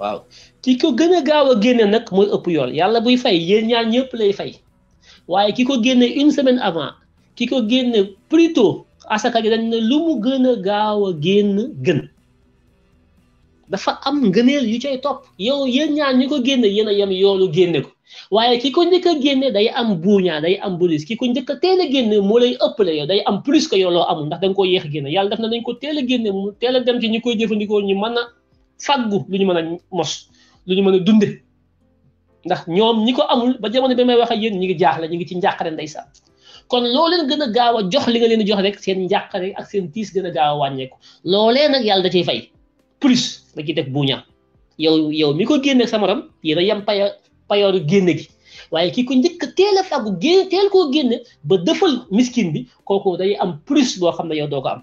Speaker 1: waaw ki ko gën a gaaw a génne nag mooy ëpp yoon yàlla buy fay yéen ñaar ñëpp lay fay waaye ki ko génne une semaine avant ki ko génne plus tôt asaka ji dañ lu mu gën a gaaw a génn gën dafa am ngëneel yu cay topp yow yéen ñaar ñi ko génne yéen a yem yoolu génne ko waaye ki ko njëkk a génne day am buuñaa day am bonus ki ko njëkk a teel a génne moo lay ëppale yow day am plus que yow loo ndax da nga yéex a génne yàlla def dañ ko teel a génne mu teela dem ci ñi koy jëfandikoo ñu mën a faggu lu ñu mën a mos lu ñu mën a dunde ndax ñoom ñi ko amul ba jamono bi may wax ak yéen ñi ngi jaaxle ñu ngi ci njàqare ndeysaan kon loo leen gën a gaaw a jox li nga leen jox rek seen njàqare ak seen tiis gën a gaaw a wàññeeku loolee nag yàlla da ciy fay plus la ci def buuña yow yow mi ko génne sa morom yéen a yem payo génne gi waaye kii ko njëkk teel a fàggu génn teel koo génne ba dëfal miskin bi kooku day am plus boo xam ne yow doo ko am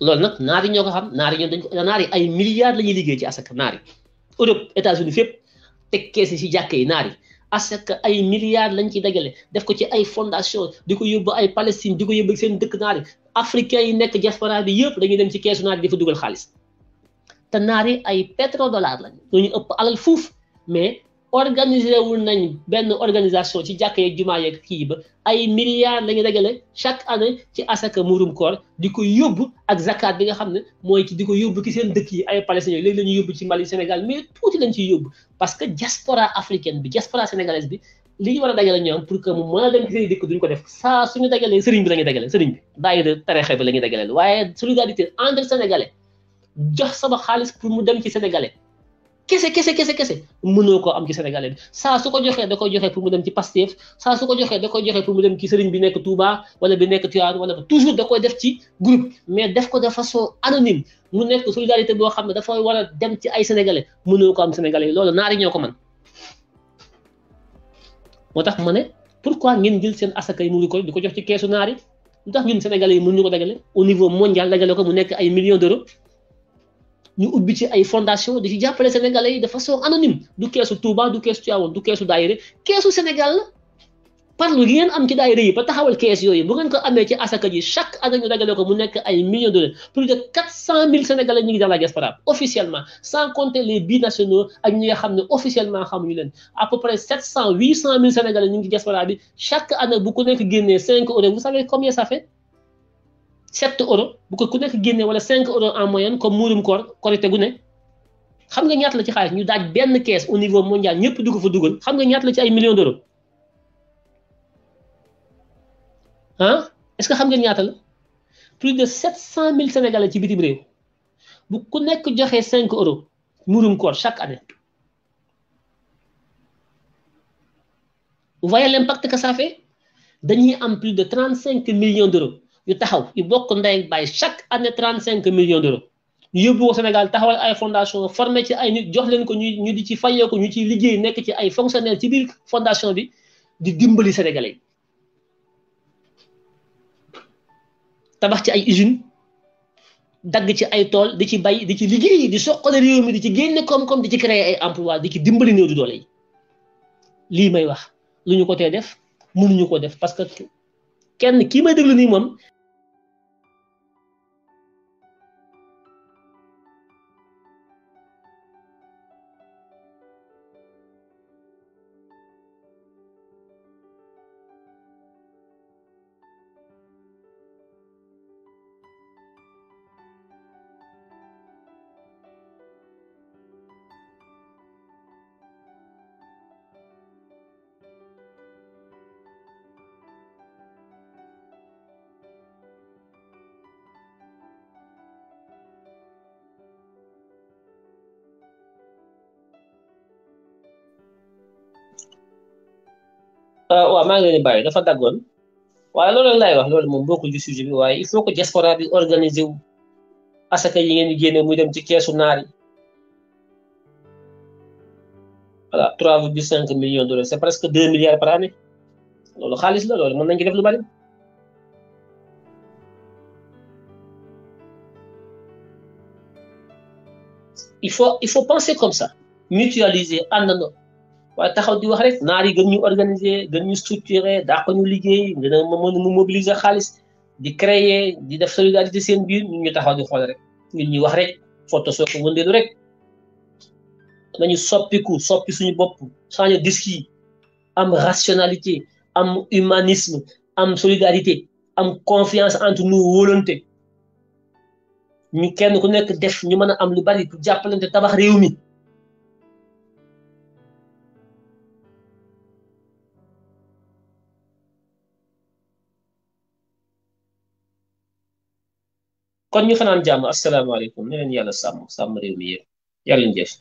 Speaker 1: loolu nag naari ñoo ko xam naari ñoo dañ naari ay milliards la ñuy liggéey ci asaka naari Europe États-Unis fépp tekkee si si jàkkee naar yi parce que ay milliards lañ ci dajale def ko ci ay fondations di ko yóbbu ay Palestine di ko yóbbu seen dëkk naar yi yi nekk diaspora bi yëpp dañu dem ci keesu naar yi di fa dugal xaalis te naar yi ay pétrodollars lañ ñooñu ëpp alal fuuf mais organisé wul nañ benn organisation ci jàkk yeeg jumaa yeeg kii ba ay milliards lañu dajale chaque année ci asaka murum koor di ko yóbbu ak zakat bi nga xam ne mooy di ko yóbbu ci seen dëkk yi ay palestiniens léegi la ñuy yóbbu ci Mali Sénégal mais tuuti lañ ciy yóbbu parce que diaspora africaine bi diaspora bi li ñu war a dajale ñoom pour que mu mën a dem ci seen dëkk duñ ko def saa suñu dajalee sëriñ bi la ñuy dajale sëriñ bi daayira tarexe bi la ñuy dajaleel waaye jox sama xaalis pour mu dem ci sénégalais kese kese kese kese mënoo koo am ci sénégalais saa su ko joxee da koy joxee pour mu dem ci Pastef saa su ko joxee da koy joxee pour mu dem ci sëriñ bi nekk Touba wala bi nekk Tivaouane wala toujours da def ci groupe mais def ko de façon anonyme mu nekk solidarité boo xam ne dafay war dem ci ay sénégalais mënoo ko am sénégalais loolu naari ñoo ko man moo tax ma ne pourquoi ngeen jël seen asaka yi mu ngi ko ko jox ci keesu naari lu tax ñun sénégalais yi mënuñu ko dajale au niveau mondial dajale ko mu nekk ay millions d'euros Nous ubbi ci ay fondation di ci jàppale sénégalais de façon anonyme du keesu touba du keesu tiawon du keesu daayire keesu sénégal la par lu ngeen am ci daayire yi ba taxawal kees yooyu bu ngeen ko amee ci asaka ji chaque année ñu dagale ko mu nekk ay millions de dollars plus de 400 000 sénégalais ñu ngi dans la diaspora officiellement sans compter les binationaux ak ñi nga xam officiellement xamuñu leen à peu près 700 800 000 sénégalais dans la diaspora chaque année bu ko nekk génnee 5 euros vous savez combien ça fait 7 euros bu ko ku 5 euros en moyenne comme muurum koor korite gu ne xam nga ñaata la ci xaalis ñu daaj caisse au niveau mondial ñëpp dugg fa xam nga ñaata la ci ay million d'euros hein? est ce que xam nga ñaata la plus de 700 000 sénégalais ci bitim réew bu ku nekk joxee 5 euros chaque année vous voyez l'impact que ça fait dañuy am plus de 35 millions d'euros. yu taxaw yu bokk ndey ak chaque année trente cinq millions d'euros ñu yóbbu ko Sénégal taxawal ay fondation formé ci ay nit jox leen ko ñu ñu di ci fayee ko ñu ciy liggéey nekk ci ay fonctionnaire ci biir fondation bi di dimbali sénégalais yi tabax ci ay usine dagg ci ay tool di ci bay di ci liggéey di soqale réew mi di ci génne koom-koom di ci créer ay emploi di ci dimbali néew du doole lii may wax lu ñu ko tee def mënuñu ko def parce que kenn kii may déglu nii moom Marlene Baye dafa daggoon waaye loolu rek é wax loolu moom bokkul ci sujet bi waaye il faut que diaspora bi organiser wu asaka yi ngeen que génne muy dem ci keesu naar yi voilà trois virgule cinq millions de dollars que presque deux milliards par année loolu xaalis la loolu mën nañu def lu bari. il faut il faut penser comme ça mutualiser àndandoo. waa taxaw di wax rek naar yi gën ñu organiser gën ñu structurer daa ñu liggéey dina mën mu mobiliser xaalis di créer di def solidarité seen biir ñun ñu taxaw di xool rek ñun ñuy wax rek photo soo ko wëndeelu rek nañu soppiku soppi suñu bopp changer disque yi am rationalité am humanisme am solidarité am confiance entre nous volonté ñu kenn ku nekk def ñu mën a am lu bari pour jàppalante tabax réew mi kon ñu fanaan jàmm asalaamaaleykum ne leen yàlla sàmm sàmm réew mi yàlla ñu jëf